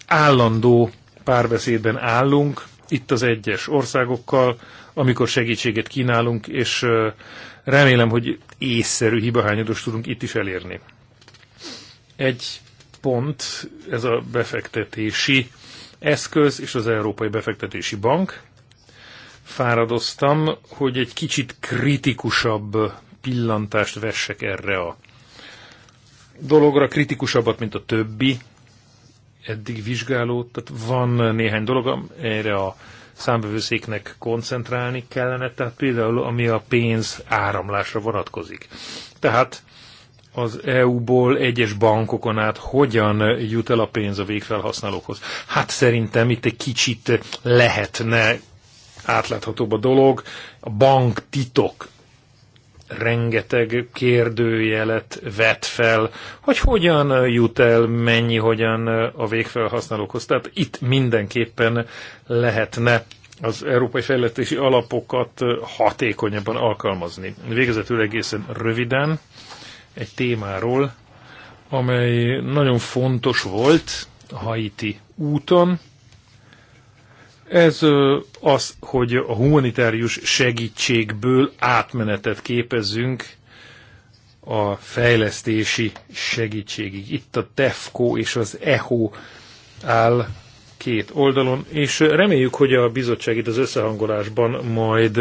Állandó párbeszédben állunk, itt az egyes országokkal, amikor segítséget kínálunk, és remélem, hogy észszerű hibahányodost tudunk itt is elérni. Egy pont, ez a befektetési eszköz és az Európai Befektetési Bank. Fáradoztam, hogy egy kicsit kritikusabb pillantást vessek erre a dologra, kritikusabbat, mint a többi eddig vizsgáló. Tehát van néhány dolog, erre a számbevőszéknek koncentrálni kellene, tehát például ami a pénz áramlásra vonatkozik. Tehát az EU-ból egyes bankokon át hogyan jut el a pénz a végfelhasználókhoz. Hát szerintem itt egy kicsit lehetne átláthatóbb a dolog. A bank titok rengeteg kérdőjelet vet fel, hogy hogyan jut el, mennyi, hogyan a végfelhasználókhoz. Tehát itt mindenképpen lehetne az európai fejlesztési alapokat hatékonyabban alkalmazni. Végezetül egészen röviden, egy témáról, amely nagyon fontos volt a Haiti úton. Ez az, hogy a humanitárius segítségből átmenetet képezzünk a fejlesztési segítségig. Itt a TEFCO és az EHO áll két oldalon, és reméljük, hogy a bizottság itt az összehangolásban majd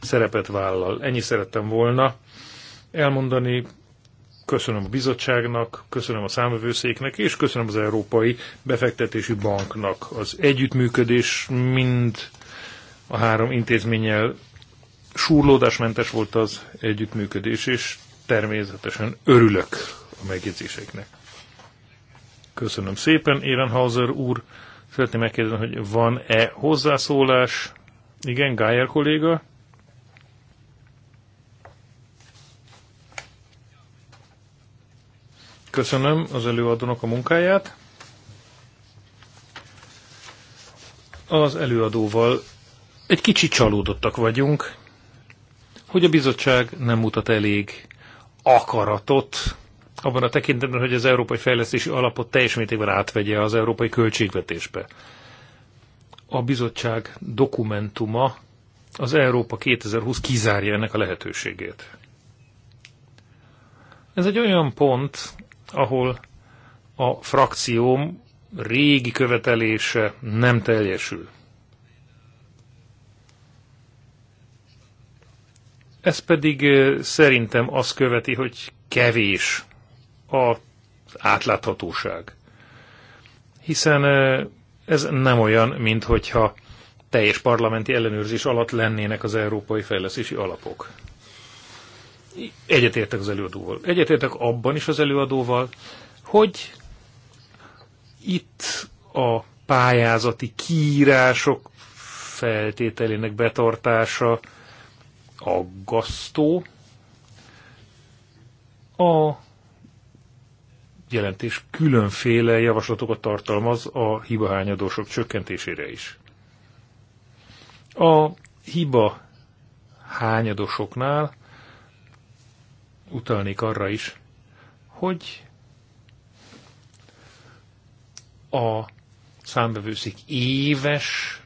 szerepet vállal. Ennyi szerettem volna elmondani, Köszönöm a bizottságnak, köszönöm a számövőszéknek, és köszönöm az Európai Befektetési Banknak. Az együttműködés mind a három intézménnyel súrlódásmentes volt az együttműködés, és természetesen örülök a megjegyzéseknek. Köszönöm szépen, Ehrenhauser úr. Szeretném megkérdezni, hogy van-e hozzászólás? Igen, Gájer kolléga. Köszönöm az előadónak a munkáját. Az előadóval egy kicsit csalódottak vagyunk, hogy a bizottság nem mutat elég akaratot abban a tekintetben, hogy az Európai Fejlesztési Alapot teljes mértékben átvegye az európai költségvetésbe. A bizottság dokumentuma az Európa 2020 kizárja ennek a lehetőségét. Ez egy olyan pont, ahol a frakcióm régi követelése nem teljesül. Ez pedig szerintem azt követi, hogy kevés az átláthatóság. Hiszen ez nem olyan, mint hogyha teljes parlamenti ellenőrzés alatt lennének az európai fejlesztési alapok. Egyetértek az előadóval. Egyetértek abban is az előadóval, hogy itt a pályázati kiírások feltételének betartása aggasztó. A jelentés különféle javaslatokat tartalmaz a hibahányadósok csökkentésére is. A hiba hányadosoknál utalnék arra is, hogy a számbevőszék éves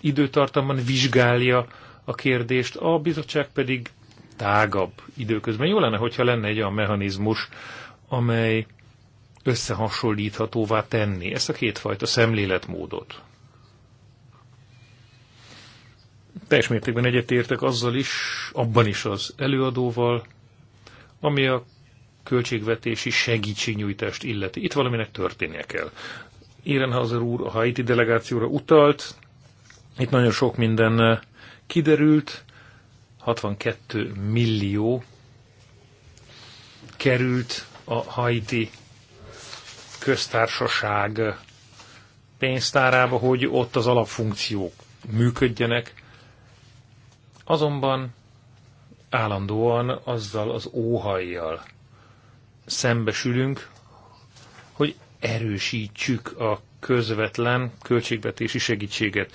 időtartamban vizsgálja a kérdést, a bizottság pedig tágabb időközben. Jó lenne, hogyha lenne egy olyan mechanizmus, amely összehasonlíthatóvá tenni ezt a kétfajta szemléletmódot. Teljes mértékben egyetértek azzal is, abban is az előadóval, ami a költségvetési segítségnyújtást illeti. Itt valaminek történnie kell. Érenhauser úr a haiti delegációra utalt, itt nagyon sok minden eh, kiderült, 62 millió került a haiti köztársaság eh, pénztárába, hogy ott az alapfunkciók működjenek. Azonban állandóan azzal az óhajjal szembesülünk, hogy erősítsük a közvetlen költségvetési segítséget.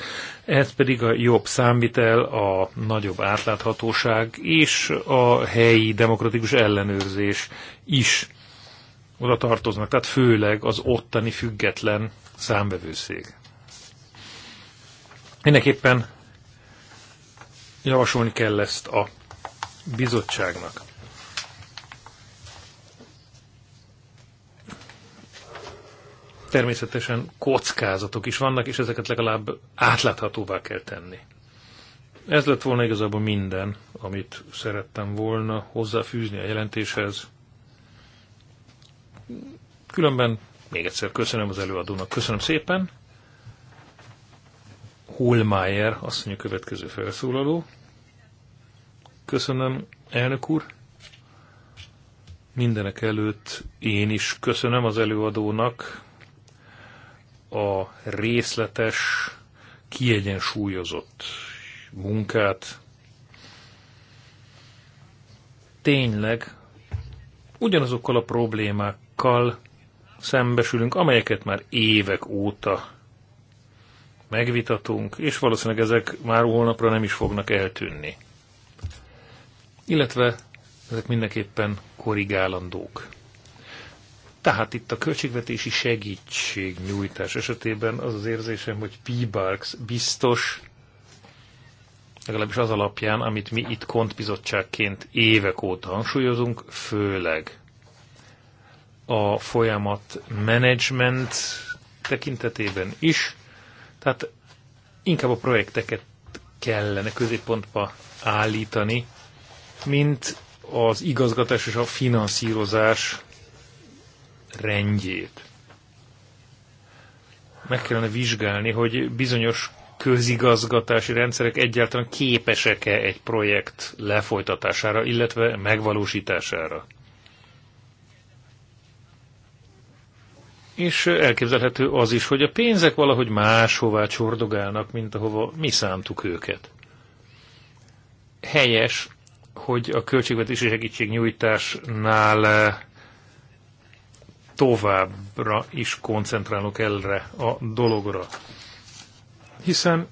Ez pedig a jobb számvitel, a nagyobb átláthatóság és a helyi demokratikus ellenőrzés is oda tartoznak, tehát főleg az ottani független számbevőszék. Mindenképpen javasolni kell ezt a bizottságnak. Természetesen kockázatok is vannak, és ezeket legalább átláthatóvá kell tenni. Ez lett volna igazából minden, amit szerettem volna hozzáfűzni a jelentéshez. Különben még egyszer köszönöm az előadónak. Köszönöm szépen. Holmeier, azt mondja, következő felszólaló. Köszönöm, elnök úr. Mindenek előtt én is köszönöm az előadónak a részletes, kiegyensúlyozott munkát. Tényleg ugyanazokkal a problémákkal szembesülünk, amelyeket már évek óta megvitatunk, és valószínűleg ezek már holnapra nem is fognak eltűnni illetve ezek mindenképpen korrigálandók. Tehát itt a költségvetési segítség nyújtás esetében az az érzésem, hogy P-Barks biztos, legalábbis az alapján, amit mi itt kontbizottságként évek óta hangsúlyozunk, főleg a folyamat menedzsment tekintetében is, tehát inkább a projekteket kellene középpontba állítani, mint az igazgatás és a finanszírozás rendjét. Meg kellene vizsgálni, hogy bizonyos közigazgatási rendszerek egyáltalán képesek-e egy projekt lefolytatására, illetve megvalósítására. És elképzelhető az is, hogy a pénzek valahogy máshová csordogálnak, mint ahova mi számtuk őket. Helyes hogy a költségvetési segítségnyújtásnál eh, továbbra is koncentrálok erre a dologra. Hiszen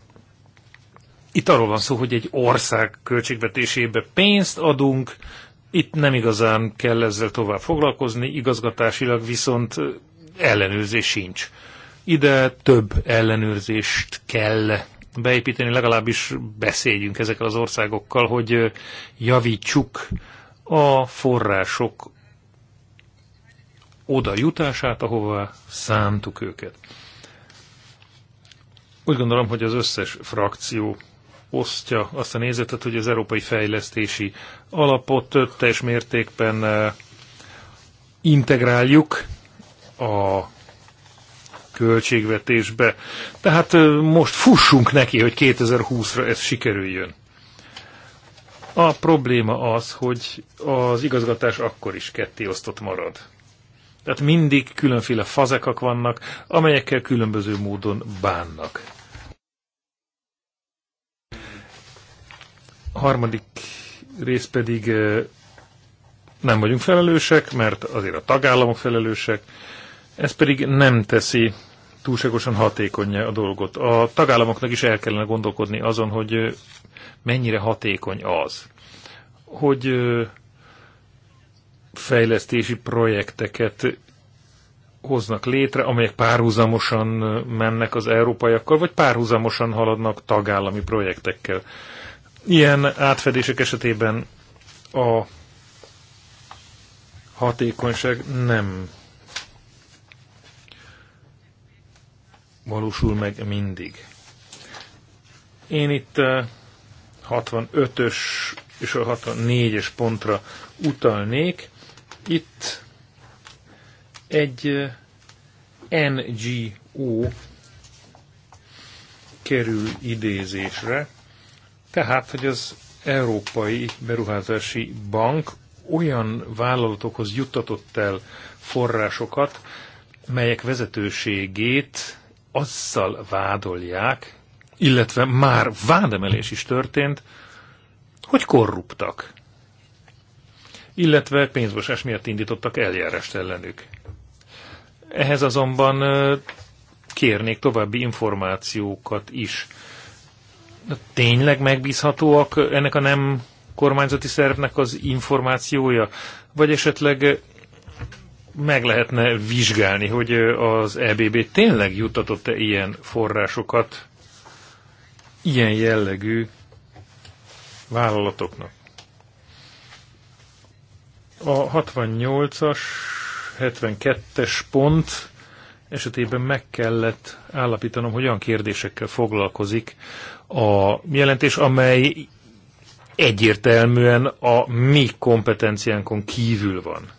itt arról van szó, hogy egy ország költségvetésébe pénzt adunk, itt nem igazán kell ezzel tovább foglalkozni, igazgatásilag viszont eh, ellenőrzés sincs. Ide több ellenőrzést kell beépíteni, legalábbis beszéljünk ezekkel az országokkal, hogy javítsuk a források oda jutását, ahova szántuk őket. Úgy gondolom, hogy az összes frakció osztja azt a nézetet, hogy az európai fejlesztési alapot teljes mértékben integráljuk a költségvetésbe. Tehát most fussunk neki, hogy 2020-ra ez sikerüljön. A probléma az, hogy az igazgatás akkor is osztott marad. Tehát mindig különféle fazekak vannak, amelyekkel különböző módon bánnak. A harmadik rész pedig nem vagyunk felelősek, mert azért a tagállamok felelősek. Ez pedig nem teszi túlságosan hatékony a dolgot. A tagállamoknak is el kellene gondolkodni azon, hogy mennyire hatékony az, hogy fejlesztési projekteket hoznak létre, amelyek párhuzamosan mennek az európaiakkal, vagy párhuzamosan haladnak tagállami projektekkel. Ilyen átfedések esetében a hatékonyság nem valósul meg mindig. Én itt 65-ös eh, és a 64-es pontra utalnék. Itt egy eh, NGO kerül idézésre, tehát, hogy az Európai Beruházási Bank olyan vállalatokhoz juttatott el forrásokat, melyek vezetőségét azzal vádolják, illetve már vádemelés is történt, hogy korruptak, illetve pénzbosás miatt indítottak eljárást ellenük. Ehhez azonban kérnék további információkat is. Tényleg megbízhatóak ennek a nem kormányzati szervnek az információja? Vagy esetleg meg lehetne vizsgálni, hogy az EBB tényleg juttatott-e ilyen forrásokat ilyen jellegű vállalatoknak. A 68-as, 72-es pont esetében meg kellett állapítanom, hogy olyan kérdésekkel foglalkozik a jelentés, amely egyértelműen a mi kompetenciánkon kívül van.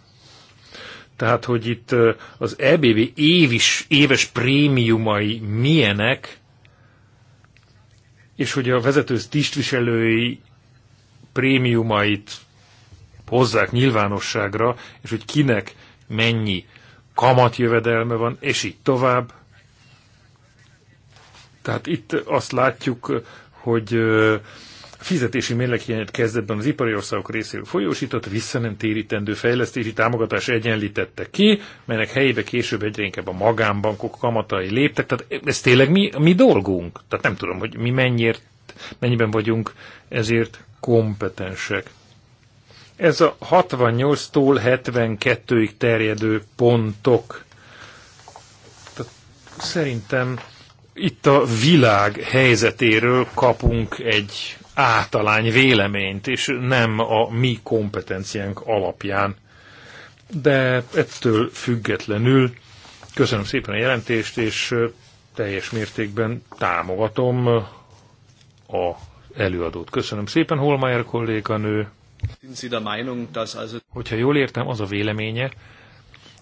Tehát, hogy itt az EBV évis, éves prémiumai milyenek, és hogy a vezető tisztviselői prémiumait hozzák nyilvánosságra, és hogy kinek mennyi kamatjövedelme van, és így tovább. Tehát itt azt látjuk, hogy fizetési mérleghiányát kezdetben az ipari országok részéről folyósított, vissza nem térítendő fejlesztési támogatás egyenlítette ki, melynek helyébe később egyre inkább a magánbankok kamatai léptek. Tehát ez tényleg mi, mi dolgunk? Tehát nem tudom, hogy mi mennyiért, mennyiben vagyunk ezért kompetensek. Ez a 68-tól 72-ig terjedő pontok. Tehát szerintem itt a világ helyzetéről kapunk egy általány véleményt, és nem a mi kompetenciánk alapján. De ettől függetlenül köszönöm szépen a jelentést, és teljes mértékben támogatom a előadót. Köszönöm szépen, Holmeier kolléganő. Hogyha jól értem, az a véleménye,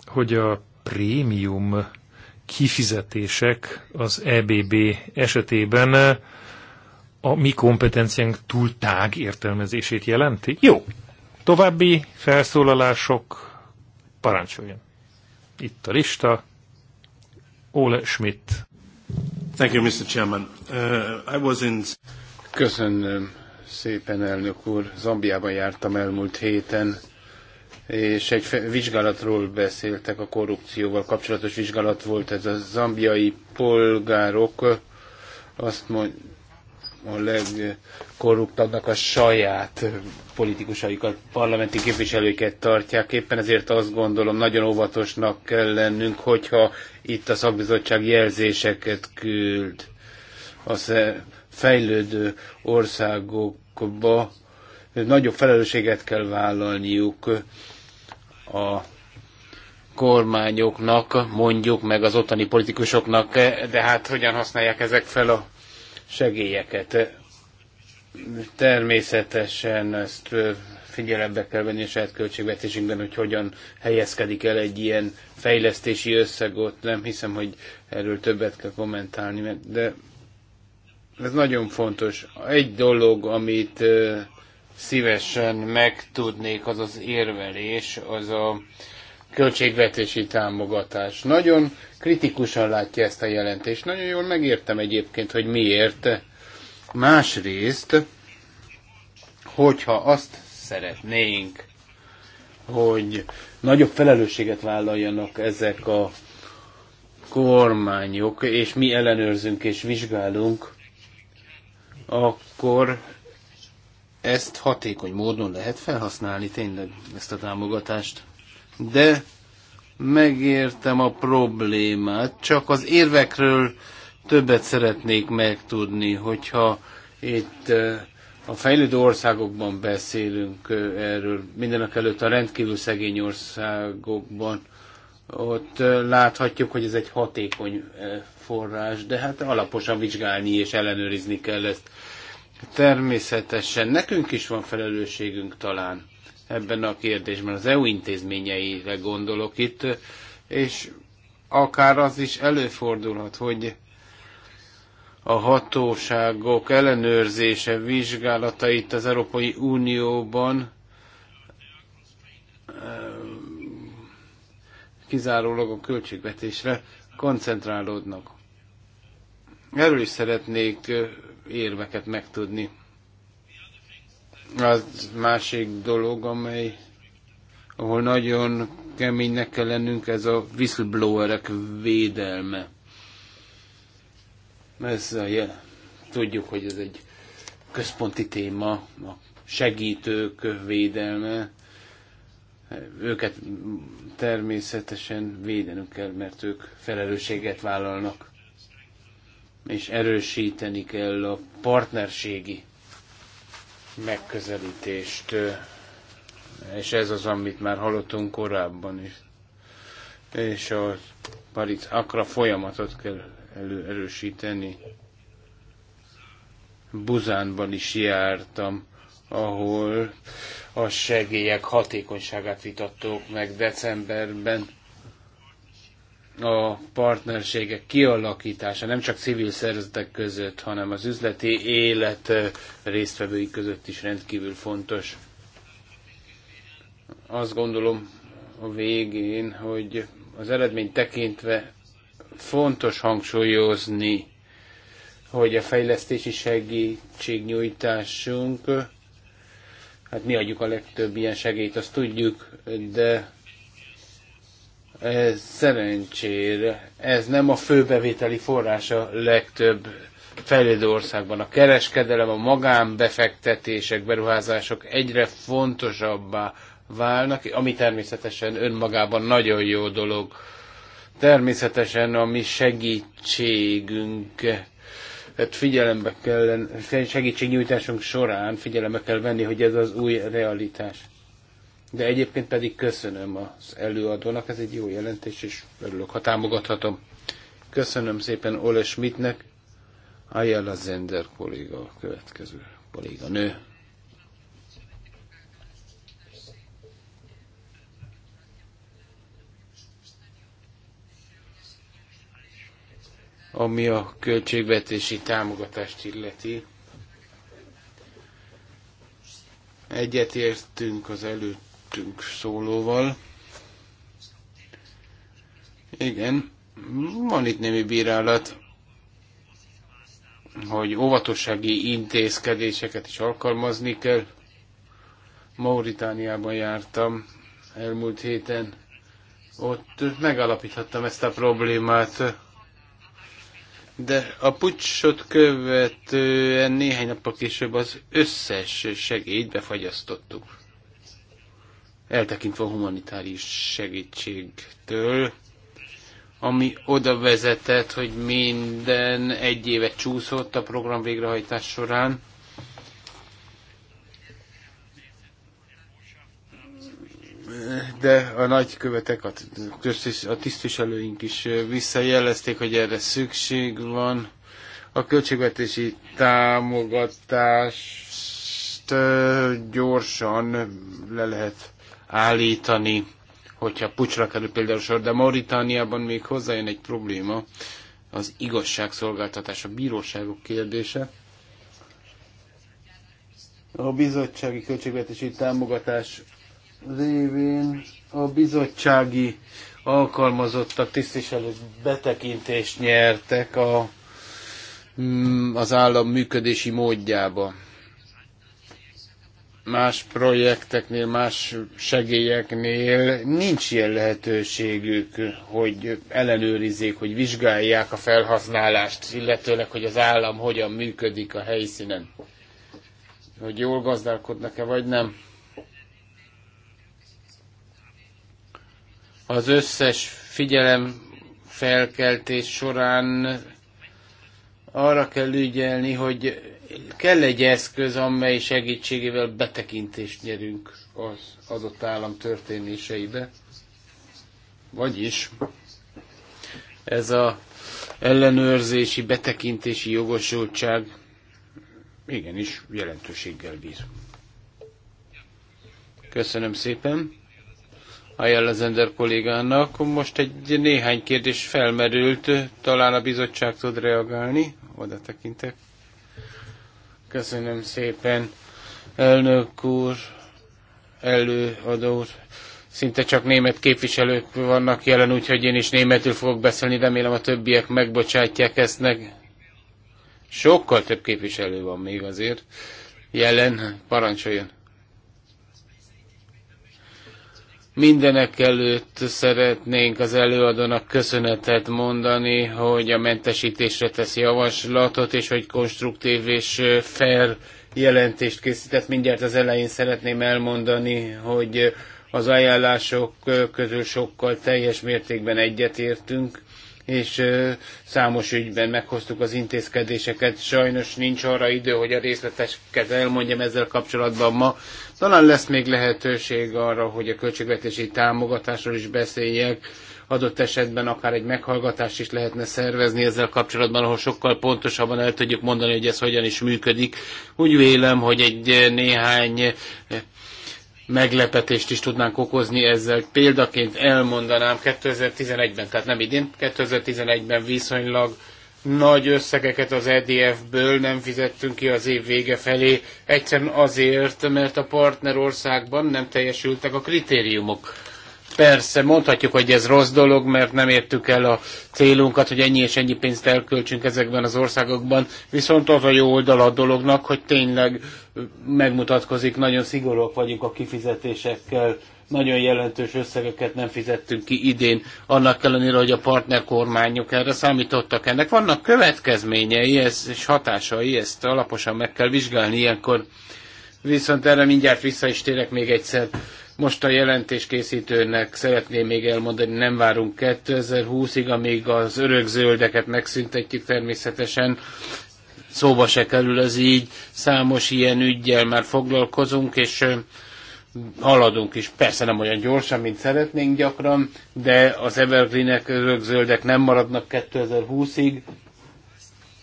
hogy a prémium kifizetések az EBB esetében a mi kompetenciánk túl tág értelmezését jelenti? Jó. További felszólalások, parancsoljon. Itt a lista. Ole Schmidt. Thank you, Mr. Chairman. Uh, I was in... Köszönöm szépen, elnök úr. Zambiában jártam elmúlt héten, és egy vizsgálatról beszéltek, a korrupcióval kapcsolatos vizsgálat volt ez. A zambiai polgárok azt mondja, a legkorruptabbnak a saját politikusaikat, parlamenti képviselőket tartják. Éppen ezért azt gondolom, nagyon óvatosnak kell lennünk, hogyha itt a szakbizottság jelzéseket küld a fejlődő országokba. Nagyobb felelősséget kell vállalniuk a kormányoknak, mondjuk, meg az ottani politikusoknak, de hát hogyan használják ezek fel a segélyeket. Természetesen ezt figyelembe kell venni a saját költségvetésünkben, hogy hogyan helyezkedik el egy ilyen fejlesztési összegot, Nem hiszem, hogy erről többet kell kommentálni, de ez nagyon fontos. Egy dolog, amit szívesen megtudnék, az az érvelés, az a költségvetési támogatás. Nagyon kritikusan látja ezt a jelentést. Nagyon jól megértem egyébként, hogy miért. Másrészt, hogyha azt szeretnénk, hogy nagyobb felelősséget vállaljanak ezek a kormányok, és mi ellenőrzünk és vizsgálunk, akkor ezt hatékony módon lehet felhasználni tényleg, ezt a támogatást de megértem a problémát, csak az érvekről többet szeretnék megtudni, hogyha itt a fejlődő országokban beszélünk erről, mindenek előtt a rendkívül szegény országokban, ott láthatjuk, hogy ez egy hatékony forrás, de hát alaposan vizsgálni és ellenőrizni kell ezt. Természetesen nekünk is van felelősségünk talán ebben a kérdésben. Az EU intézményeire gondolok itt, és akár az is előfordulhat, hogy a hatóságok ellenőrzése, vizsgálata itt az Európai Unióban eh, kizárólag a költségvetésre koncentrálódnak. Erről is szeretnék eh, érveket megtudni. Az másik dolog, amely, ahol nagyon keménynek kell lennünk, ez a whistleblowerek védelme. Ez a, ja, tudjuk, hogy ez egy központi téma, a segítők védelme. Őket természetesen védenünk kell, mert ők felelősséget vállalnak, és erősíteni kell a partnerségi megközelítést, és ez az, amit már hallottunk korábban is. És a Paric Akra folyamatot kell elő, erősíteni. Buzánban is jártam, ahol a segélyek hatékonyságát vitattók meg decemberben a partnerségek kialakítása nem csak civil szervezetek között, hanem az üzleti élet eh, résztvevői között is rendkívül fontos. Azt gondolom a végén, hogy az eredmény tekintve fontos hangsúlyozni, hogy a fejlesztési segítségnyújtásunk, hát mi adjuk a legtöbb ilyen segélyt, azt tudjuk, de ez szerencsére ez nem a főbevételi forrása legtöbb fejlődő országban. A kereskedelem, a magánbefektetések, beruházások egyre fontosabbá válnak, ami természetesen önmagában nagyon jó dolog. Természetesen a mi segítségünk tehát figyelembe kell, segítségnyújtásunk során figyelembe kell venni, hogy ez az új realitás. De egyébként pedig köszönöm az előadónak, ez egy jó jelentés, és örülök, ha támogathatom. Köszönöm szépen Ole Schmidtnek, Ayala Zender kolléga, a következő kolléga nő. Ami a költségvetési támogatást illeti, egyetértünk az előtt előttünk szólóval. Igen, van itt némi bírálat, hogy óvatossági intézkedéseket is alkalmazni kell. Mauritániában jártam elmúlt héten, ott megalapíthattam ezt a problémát. De a pucsot követően néhány nappal később az összes segélyt befagyasztottuk eltekintve a humanitárius segítségtől, ami oda vezetett, hogy minden egy évet csúszott a program végrehajtás során. De a nagykövetek, a tisztviselőink is visszajelezték, hogy erre szükség van. A költségvetési támogatást gyorsan le lehet állítani, hogyha pucsra kerül például sor, de Mauritániában még hozzájön egy probléma, az igazságszolgáltatás, a bíróságok kérdése. A bizottsági költségvetési támogatás révén a bizottsági alkalmazottak, tisztviselők betekintést nyertek a, mm, az állam működési módjába más projekteknél, más segélyeknél nincs ilyen lehetőségük, hogy ellenőrizzék, hogy vizsgálják a felhasználást, illetőleg, hogy az állam hogyan működik a helyszínen. Hogy jól gazdálkodnak-e, vagy nem. Az összes figyelem felkeltés során arra kell ügyelni, hogy kell egy eszköz, amely segítségével betekintést nyerünk az adott állam történéseibe. Vagyis ez a ellenőrzési, betekintési jogosultság igenis jelentőséggel bír. Köszönöm szépen a jellezender kollégának. Most egy néhány kérdés felmerült, talán a bizottság tud reagálni, oda tekintek. Köszönöm szépen, elnök úr, előadó úr. Szinte csak német képviselők vannak jelen, úgyhogy én is németül fogok beszélni, remélem a többiek megbocsátják ezt meg. Sokkal több képviselő van még azért. Jelen, parancsoljon. Mindenek előtt szeretnénk az előadónak köszönetet mondani, hogy a mentesítésre tesz javaslatot, és hogy konstruktív és fair jelentést készített. Mindjárt az elején szeretném elmondani, hogy az ajánlások közül sokkal teljes mértékben egyetértünk, és számos ügyben meghoztuk az intézkedéseket. Sajnos nincs arra idő, hogy a részleteket elmondjam ezzel kapcsolatban ma. Talán lesz még lehetőség arra, hogy a költségvetési támogatásról is beszéljek. Adott esetben akár egy meghallgatást is lehetne szervezni ezzel kapcsolatban, ahol sokkal pontosabban el tudjuk mondani, hogy ez hogyan is működik. Úgy vélem, hogy egy néhány meglepetést is tudnánk okozni ezzel. Példaként elmondanám 2011-ben, tehát nem idén, 2011-ben viszonylag nagy összegeket az EDF-ből nem fizettünk ki az év vége felé, egyszerűen azért, mert a partnerországban nem teljesültek a kritériumok. Persze, mondhatjuk, hogy ez rossz dolog, mert nem értük el a célunkat, hogy ennyi és ennyi pénzt elköltsünk ezekben az országokban, viszont az a jó oldal a dolognak, hogy tényleg megmutatkozik, nagyon szigorúak vagyunk a kifizetésekkel, nagyon jelentős összegeket nem fizettünk ki idén, annak ellenére, hogy a partnerkormányok erre számítottak ennek. Vannak következményei ez, és hatásai, ezt alaposan meg kell vizsgálni ilyenkor. Viszont erre mindjárt vissza is térek még egyszer. Most a jelentés készítőnek szeretném még elmondani, nem várunk 2020-ig, amíg az örök zöldeket megszüntetjük természetesen. Szóba se kerül az így, számos ilyen ügyjel már foglalkozunk, és haladunk is. Persze nem olyan gyorsan, mint szeretnénk gyakran, de az evergreenek, örök zöldek nem maradnak 2020-ig.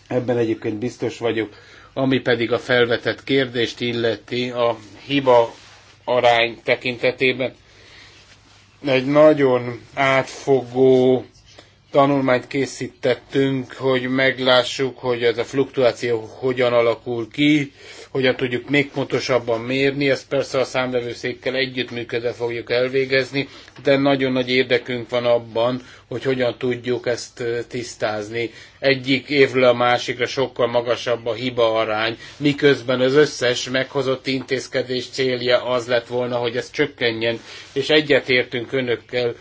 Ebben egyébként biztos vagyok. Ami pedig a felvetett kérdést illeti, a hiba arány tekintetében. Egy nagyon átfogó tanulmányt készítettünk, hogy meglássuk, hogy ez a fluktuáció hogyan alakul ki, hogyan tudjuk még pontosabban mérni, ezt persze a számvevőszékkel együttműködve fogjuk elvégezni, de nagyon nagy érdekünk van abban, hogy hogyan tudjuk ezt tisztázni. Egyik évről a másikra sokkal magasabb a hiba arány, miközben az összes meghozott intézkedés célja az lett volna, hogy ez csökkenjen, és egyetértünk önökkel,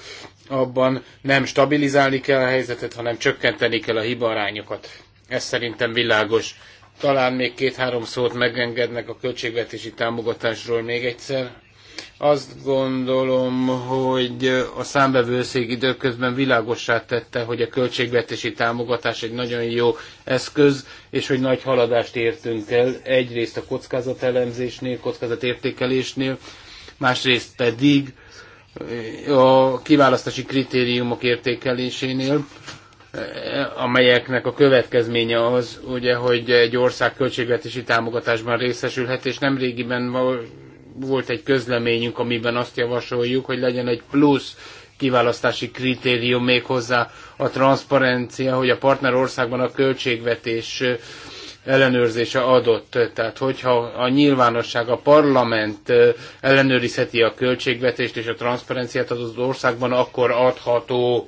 abban nem stabilizálni kell a helyzetet, hanem csökkenteni kell a hibaarányokat. Ez szerintem világos. Talán még két-három szót megengednek a költségvetési támogatásról még egyszer. Azt gondolom, hogy a számbevőszék időközben világossá tette, hogy a költségvetési támogatás egy nagyon jó eszköz, és hogy nagy haladást értünk el egyrészt a kockázatelemzésnél, kockázatértékelésnél, másrészt pedig a kiválasztási kritériumok értékelésénél amelyeknek a következménye az, ugye, hogy egy ország költségvetési támogatásban részesülhet, és nemrégiben volt egy közleményünk, amiben azt javasoljuk, hogy legyen egy plusz kiválasztási kritérium még hozzá a transzparencia, hogy a partner országban a költségvetés ellenőrzése adott. Tehát hogyha a nyilvánosság, a parlament ellenőrizheti a költségvetést és a transzparenciát az országban, akkor adható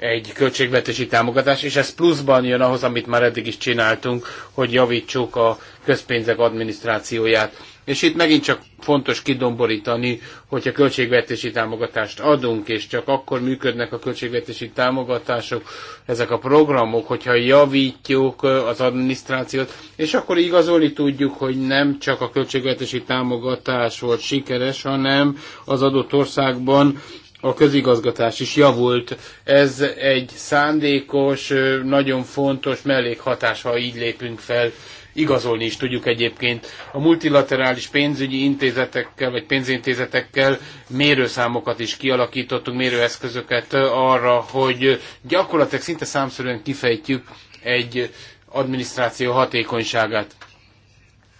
egy költségvetési támogatás, és ez pluszban jön ahhoz, amit már eddig is csináltunk, hogy javítsuk a közpénzek adminisztrációját. És itt megint csak fontos kidomborítani, hogyha költségvetési támogatást adunk, és csak akkor működnek a költségvetési támogatások, ezek a programok, hogyha javítjuk az adminisztrációt, és akkor igazolni tudjuk, hogy nem csak a költségvetési támogatás volt sikeres, hanem az adott országban a közigazgatás is javult. Ez egy szándékos, nagyon fontos mellékhatás, ha így lépünk fel. Igazolni is tudjuk egyébként. A multilaterális pénzügyi intézetekkel, vagy pénzintézetekkel mérőszámokat is kialakítottunk, mérőeszközöket arra, hogy gyakorlatilag szinte számszerűen kifejtjük egy adminisztráció hatékonyságát.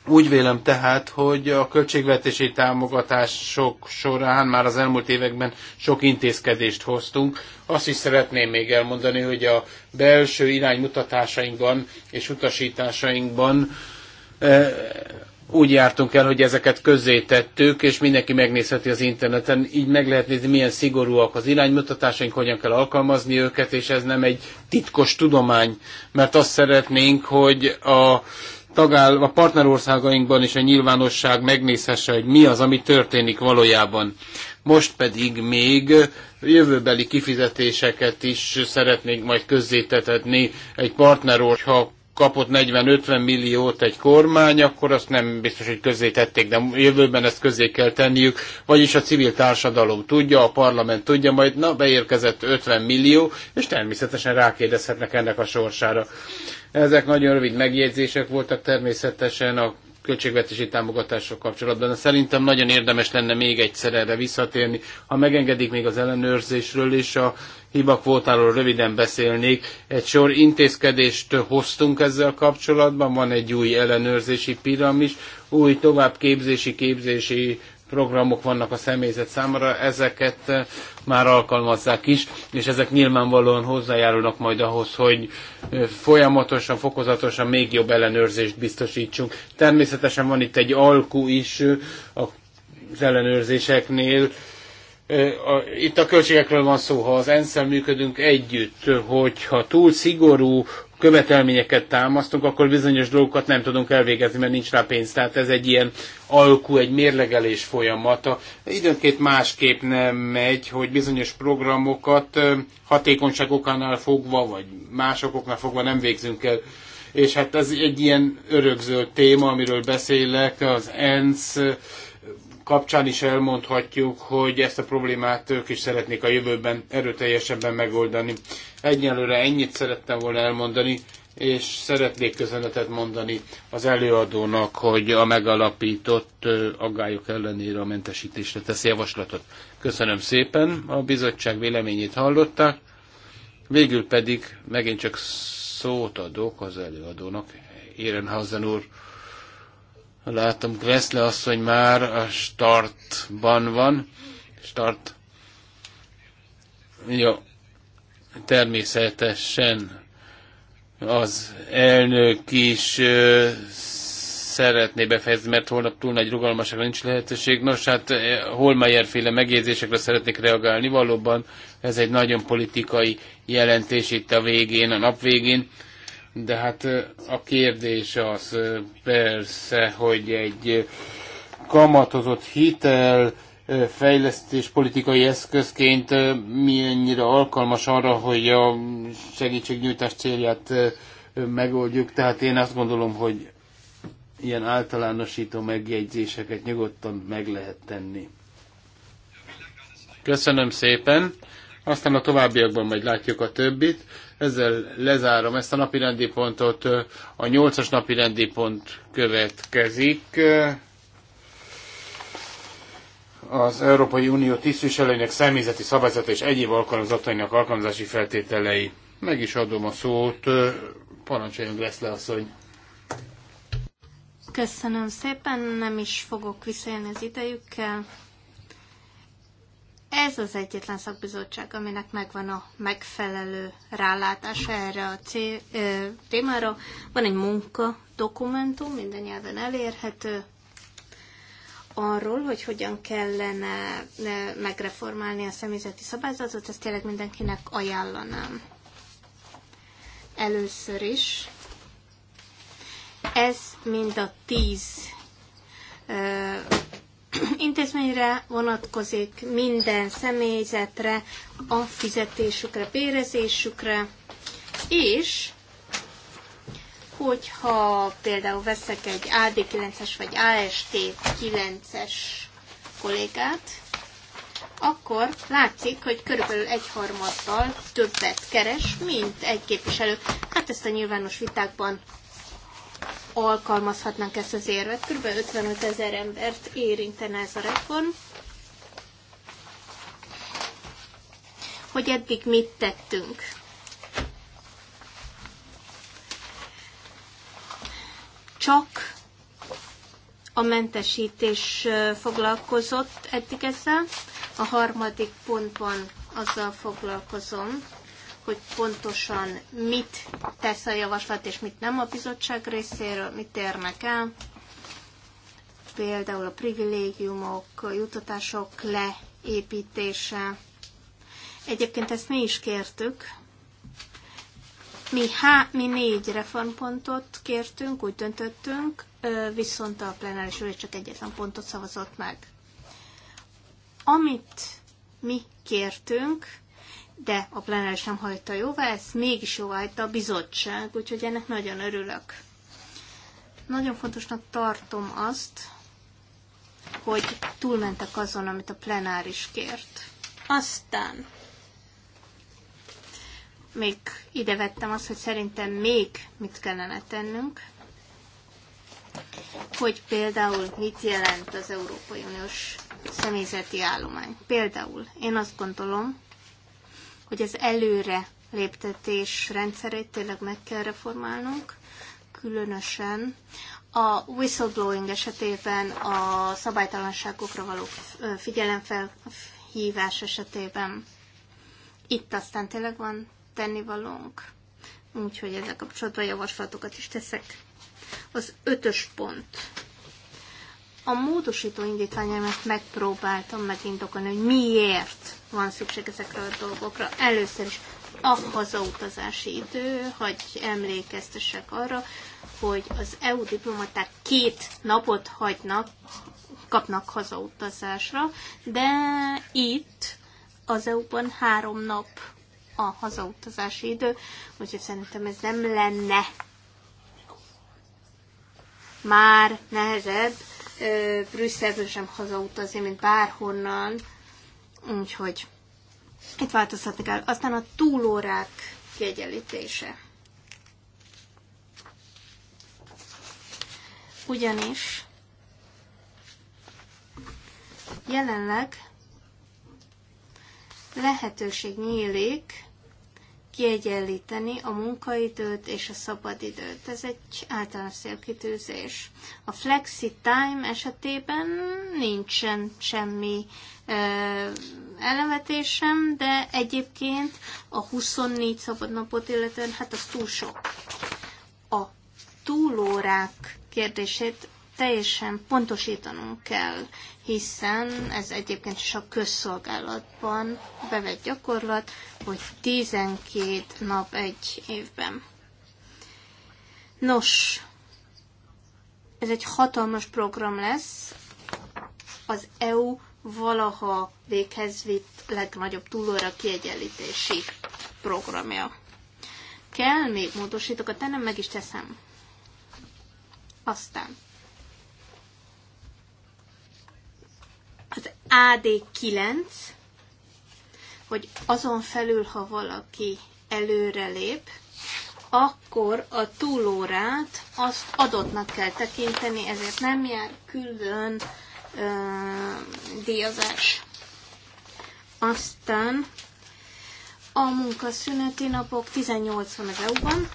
Úgy vélem tehát, hogy a költségvetési támogatások során már az elmúlt években sok intézkedést hoztunk. Azt is szeretném még elmondani, hogy a belső iránymutatásainkban és utasításainkban eh, úgy jártunk el, hogy ezeket közzétettük, és mindenki megnézheti az interneten, így meg lehet nézni, milyen szigorúak az iránymutatásaink, hogyan kell alkalmazni őket, és ez nem egy titkos tudomány, mert azt szeretnénk, hogy a tagáll, a partnerországainkban is a nyilvánosság megnézhesse, hogy mi az, ami történik valójában. Most pedig még jövőbeli kifizetéseket is szeretnénk majd közzétetetni egy partner, ha kapott 40-50 milliót egy kormány, akkor azt nem biztos, hogy közzé tették, de jövőben ezt közé kell tenniük, vagyis a civil társadalom tudja, a parlament tudja, majd na beérkezett 50 millió, és természetesen rákérdezhetnek ennek a sorsára. Ezek nagyon rövid megjegyzések voltak természetesen a költségvetési támogatások kapcsolatban. De szerintem nagyon érdemes lenne még egyszer erre visszatérni. Ha megengedik még az ellenőrzésről és a hibakvótáról röviden beszélnék. Egy sor intézkedést hoztunk ezzel kapcsolatban, van egy új ellenőrzési piramis, új továbbképzési képzési programok vannak a személyzet számára, ezeket eh, már alkalmazzák is, és ezek nyilvánvalóan hozzájárulnak majd ahhoz, hogy eh, folyamatosan, fokozatosan még jobb ellenőrzést biztosítsunk. Természetesen van itt egy alkú is eh, az ellenőrzéseknél, itt a költségekről van szó, ha az ensz működünk együtt, hogyha túl szigorú követelményeket támasztunk, akkor bizonyos dolgokat nem tudunk elvégezni, mert nincs rá pénz. Tehát ez egy ilyen alkú, egy mérlegelés folyamata. Időnként másképp nem megy, hogy bizonyos programokat hatékonyság okánál fogva, vagy másokoknál fogva nem végzünk el. És hát ez egy ilyen örökző téma, amiről beszélek, az ENSZ kapcsán is elmondhatjuk, hogy ezt a problémát ők is szeretnék a jövőben erőteljesebben megoldani. Egyelőre ennyit szerettem volna elmondani, és szeretnék köszönetet mondani az előadónak, hogy a megalapított aggályok ellenére a mentesítésre tesz javaslatot. Köszönöm szépen, a bizottság véleményét hallották, végül pedig megint csak szót adok az előadónak, Érenhausen úr. Látom, Gressle asszony már a startban van. Start. Jó. Természetesen az elnök is ö, szeretné befejezni, mert holnap túl nagy rugalmaságra nincs lehetőség. Nos, hát Holmeyer-féle megjegyzésekre szeretnék reagálni. Valóban ez egy nagyon politikai jelentés itt a végén, a nap végén. De hát a kérdés az persze, hogy egy kamatozott hitel fejlesztés politikai eszközként milyennyire alkalmas arra, hogy a segítségnyújtás célját megoldjuk. Tehát én azt gondolom, hogy ilyen általánosító megjegyzéseket nyugodtan meg lehet tenni. Köszönöm szépen. Aztán a továbbiakban majd látjuk a többit. Ezzel lezárom ezt a rendi pontot. A nyolcas rendi pont következik. Az Európai Unió tisztviselőinek személyzeti szabályzata és egyéb alkalmazatainak alkalmazási feltételei. Meg is adom a szót. Parancsoljon a asszony. Köszönöm szépen, nem is fogok visszaélni az idejükkel. Ez az egyetlen szakbizottság, aminek megvan a megfelelő rálátása erre a cél, ö, témára. Van egy munka dokumentum, minden nyelven elérhető, arról, hogy hogyan kellene megreformálni a személyzeti szabályzatot, ezt tényleg mindenkinek ajánlanám. Először is ez mind a tíz intézményre vonatkozik, minden személyzetre, a fizetésükre, bérezésükre, és hogyha például veszek egy AD9-es vagy AST9-es kollégát, akkor látszik, hogy körülbelül egyharmaddal többet keres, mint egy képviselő. Hát ezt a nyilvános vitákban alkalmazhatnánk ezt az érvet. Kb. 55 ezer embert érintene ez a reform. Hogy eddig mit tettünk. Csak a mentesítés foglalkozott eddig ezzel. A harmadik pontban azzal foglalkozom, hogy pontosan mit tesz a javaslat, és mit nem a bizottság részéről, mit érnek el. Például a privilégiumok, a jutatások leépítése. Egyébként ezt mi is kértük. Mi, há, mi négy reformpontot kértünk, úgy döntöttünk, viszont a plenáris ülés csak egyetlen pontot szavazott meg. Amit mi kértünk, de a plenáris nem hagyta jóvá, ezt mégis jóváhagyta a bizottság, úgyhogy ennek nagyon örülök. Nagyon fontosnak tartom azt, hogy túlmentek azon, amit a plenáris kért. Aztán még ide vettem azt, hogy szerintem még mit kellene tennünk, hogy például mit jelent az Európai Uniós személyzeti állomány. Például én azt gondolom, hogy az előre léptetés rendszerét tényleg meg kell reformálnunk, különösen a whistleblowing esetében, a szabálytalanságokra való figyelemfelhívás esetében. Itt aztán tényleg van tennivalónk, úgyhogy ezzel kapcsolatban javaslatokat is teszek. Az ötös pont a módosító indítványomat megpróbáltam megindokolni, hogy miért van szükség ezekre a dolgokra. Először is a hazautazási idő, hogy emlékeztessek arra, hogy az EU diplomaták két napot hagynak, kapnak hazautazásra, de itt az EU-ban három nap a hazautazási idő, úgyhogy szerintem ez nem lenne már nehezebb, Brüsszelből sem hazautazni, mint bárhonnan. Úgyhogy itt változtatni kell. Aztán a túlórák kiegyenlítése. Ugyanis jelenleg lehetőség nyílik kiegyenlíteni a munkaidőt és a szabadidőt. Ez egy általános célkitűzés. A flexi time esetében nincsen semmi ö, elevetésem, de egyébként a 24 szabad napot illetően, hát az túl sok. A túlórák kérdését teljesen pontosítanunk kell, hiszen ez egyébként is a közszolgálatban bevett gyakorlat, hogy 12 nap egy évben. Nos, ez egy hatalmas program lesz, az EU valaha véghez vitt legnagyobb túlóra kiegyenlítési programja. Kell még módosítok, a nem meg is teszem. Aztán az AD9, hogy azon felül, ha valaki előre lép, akkor a túlórát azt adottnak kell tekinteni, ezért nem jár külön ö, díjazás. Aztán a munkaszüneti napok 18 van az EU-ban.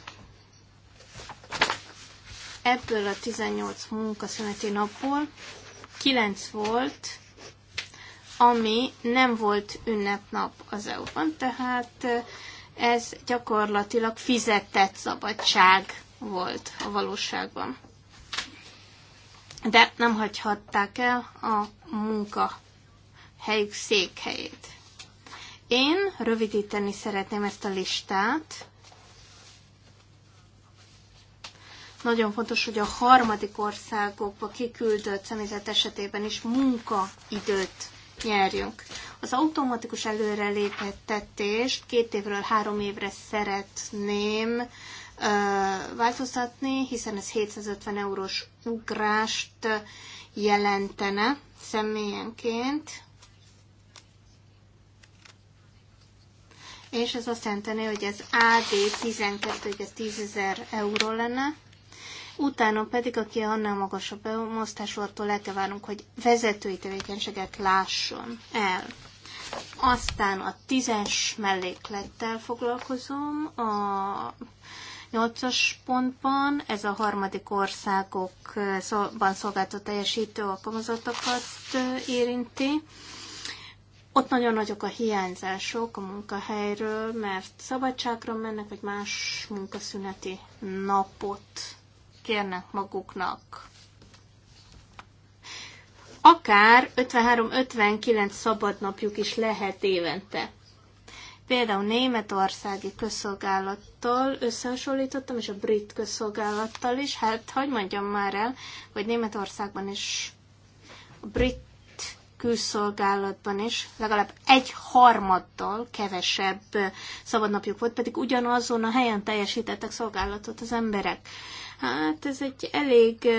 Ebből a 18 munkaszüneti napból 9 volt ami nem volt ünnepnap az EU-ban, tehát eh, ez gyakorlatilag fizetett szabadság volt a valóságban. De nem hagyhatták el a munka helyük székhelyét. Én rövidíteni szeretném ezt a listát. Nagyon fontos, hogy a harmadik országokba kiküldött személyzet esetében is munkaidőt nyerjünk. Az automatikus előreléphetetést két évről három évre szeretném ö, változtatni, hiszen ez 750 eurós ugrást jelentene személyenként. És ez azt jelenteni, hogy ez AD12, hogy ez 10.000 euró lenne utána pedig, aki annál magasabb attól el kell várnunk, hogy vezetői tevékenységet lásson el. Aztán a tízes melléklettel foglalkozom, a nyolcas pontban, ez a harmadik országokban szolgáltató teljesítő alkalmazottakat érinti. Ott nagyon nagyok a hiányzások a munkahelyről, mert szabadságra mennek, vagy más munkaszüneti napot kérnek maguknak. Akár 53-59 szabadnapjuk is lehet évente. Például németországi közszolgálattal összehasonlítottam, és a brit közszolgálattal is. Hát, hogy mondjam már el, hogy Németországban is a brit külszolgálatban is legalább egy harmaddal kevesebb szabadnapjuk volt, pedig ugyanazon a helyen teljesítettek szolgálatot az emberek. Hát ez egy elég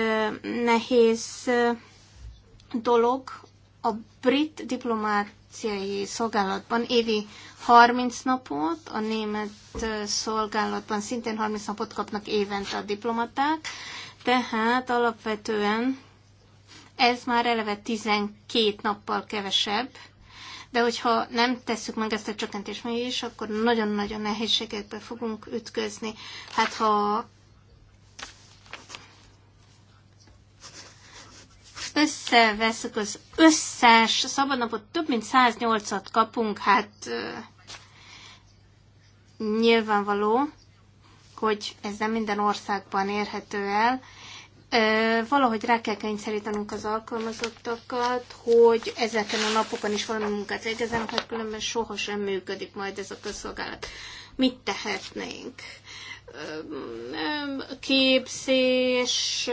nehéz dolog. A brit diplomáciai szolgálatban évi 30 napot, a német szolgálatban szintén 30 napot kapnak évente a diplomaták, tehát alapvetően ez már eleve 12 nappal kevesebb, de hogyha nem tesszük meg ezt a csökkentést mi is, akkor nagyon-nagyon nehézségekbe fogunk ütközni. Hát ha összeveszük az összes szabadnapot, több mint 108-at kapunk, hát nyilvánvaló, hogy ez nem minden országban érhető el. Valahogy rá kell kényszerítenünk az alkalmazottakat, hogy ezeken a napokon is valami munkát végezzenek, mert különben sohasem működik majd ez a közszolgálat. Mit tehetnénk? képzés,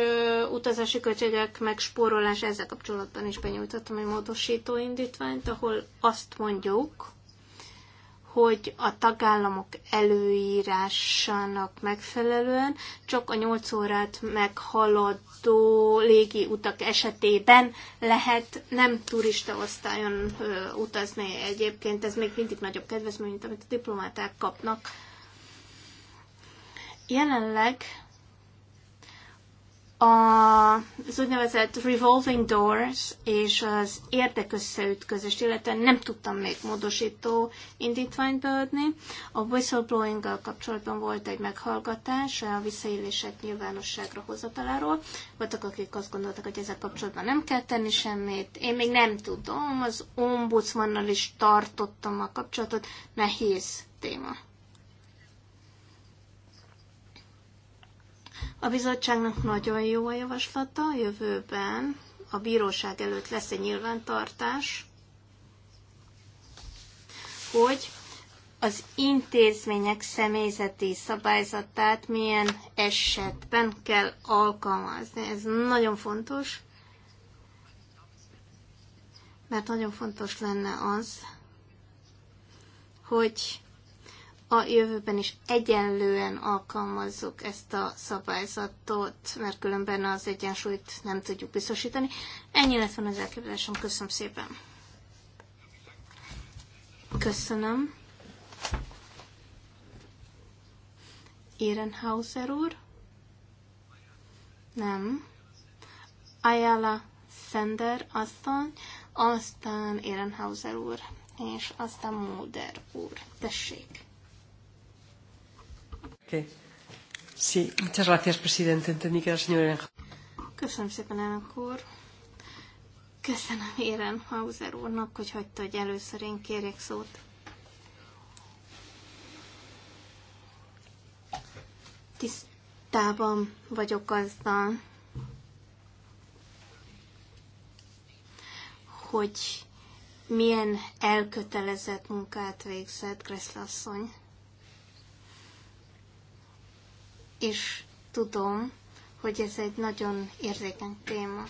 utazási költségek megspórolás, ezzel kapcsolatban is benyújtottam egy módosító indítványt, ahol azt mondjuk, hogy a tagállamok előírásának megfelelően csak a 8 órát meghaladó légi utak esetében lehet nem turista osztályon utazni. Egyébként ez még mindig nagyobb kedvezmény, mint amit a diplomáták kapnak Jelenleg az úgynevezett revolving doors és az érdekösszeütközést, illetve nem tudtam még módosító indítványt beadni. A whistleblowing kapcsolatban volt egy meghallgatás a visszaélések nyilvánosságra hozataláról. Voltak, akik azt gondoltak, hogy ezzel kapcsolatban nem kell tenni semmit. Én még nem tudom, az ombudsmannal is tartottam a kapcsolatot. Nehéz téma. A bizottságnak nagyon jó a javaslata, a jövőben a bíróság előtt lesz egy nyilvántartás, hogy az intézmények személyzeti szabályzatát milyen esetben kell alkalmazni. Ez nagyon fontos, mert nagyon fontos lenne az, hogy a jövőben is egyenlően alkalmazzuk ezt a szabályzatot, mert különben az egyensúlyt nem tudjuk biztosítani. Ennyi lett van az elképzelésem. Köszönöm szépen. Köszönöm. Ehrenhauser úr? Nem. Ayala Sender asszony, aztán Ehrenhauser úr, és aztán Mulder úr. Tessék. Oké. Sí, muchas gracias, presidente. Entendí que la señora Köszönöm szépen, elnök úr. Köszönöm Éren Hauser úrnak, hogy hagyta, hogy először én kérjek szót. Tisztában vagyok azzal, hogy milyen elkötelezett munkát végzett Greszlasszony. asszony és tudom, hogy ez egy nagyon érzékeny téma.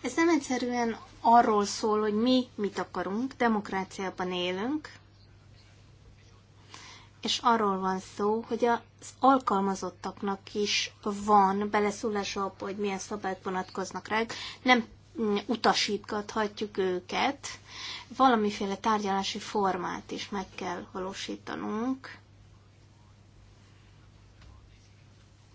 Ez nem egyszerűen arról szól, hogy mi mit akarunk, demokráciában élünk, és arról van szó, hogy az alkalmazottaknak is van beleszólása abba, hogy milyen szabályok vonatkoznak rá, nem utasítgathatjuk őket, valamiféle tárgyalási formát is meg kell valósítanunk,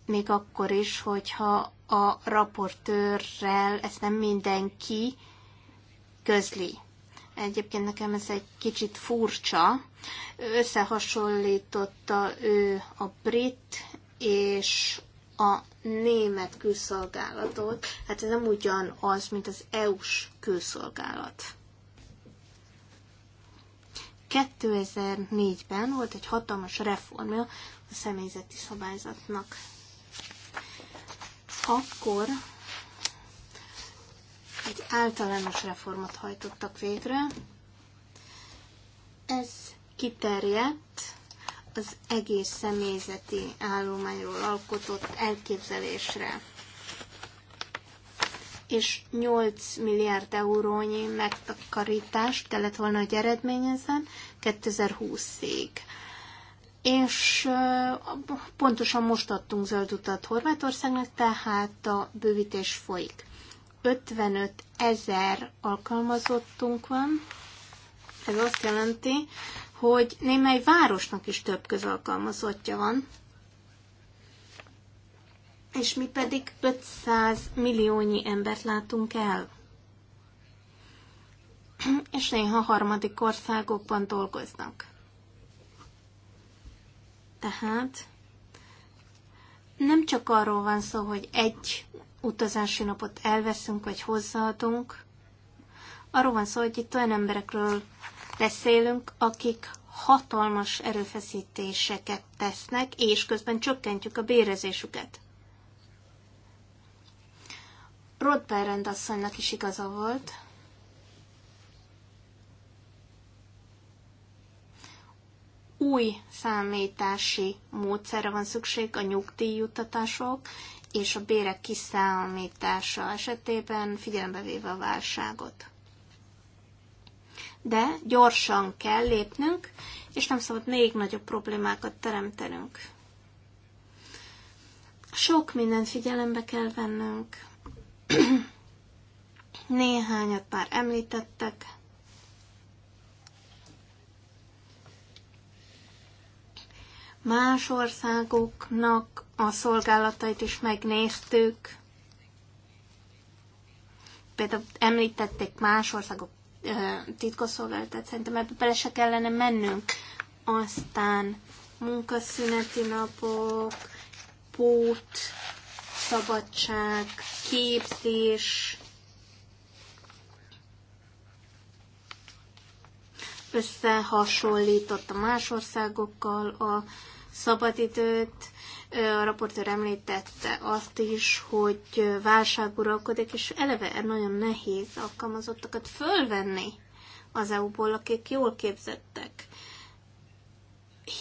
még akkor is, hogyha a raportőrrel ezt nem mindenki közli. Egyébként nekem ez egy kicsit furcsa. Összehasonlította ő a brit és a német külszolgálatot. Hát ez nem ugyanaz, mint az EU-s külszolgálat. 2004-ben volt egy hatalmas reformja a személyzeti szabályzatnak akkor egy általános reformot hajtottak végre. Ez kiterjedt az egész személyzeti állományról alkotott elképzelésre. És 8 milliárd eurónyi megtakarítást kellett volna, hogy eredményezzen 2020-ig és pontosan most adtunk zöld utat Horvátországnak, tehát a bővítés folyik. 55 ezer alkalmazottunk van, ez azt jelenti, hogy némely városnak is több közalkalmazottja van, és mi pedig 500 milliónyi embert látunk el. És néha harmadik országokban dolgoznak. Tehát nem csak arról van szó, hogy egy utazási napot elveszünk, vagy hozzáadunk, arról van szó, hogy itt olyan emberekről beszélünk, akik hatalmas erőfeszítéseket tesznek, és közben csökkentjük a bérezésüket. Rodberrend asszonynak is igaza volt, új számítási módszerre van szükség a nyugdíjjuttatások és a bérek kiszámítása esetében figyelembe véve a válságot. De gyorsan kell lépnünk, és nem szabad még nagyobb problémákat teremtenünk. Sok mindent figyelembe kell vennünk. Néhányat már említettek, Más országoknak a szolgálatait is megnéztük. Például említették más országok titkosszolgálatát, szerintem ebbe bele se kellene mennünk. Aztán munkaszüneti napok, pót, szabadság, képzés, a más országokkal a szabadidőt. A raportőr említette azt is, hogy válság uralkodik, és eleve nagyon nehéz alkalmazottakat fölvenni az EU-ból, akik jól képzettek.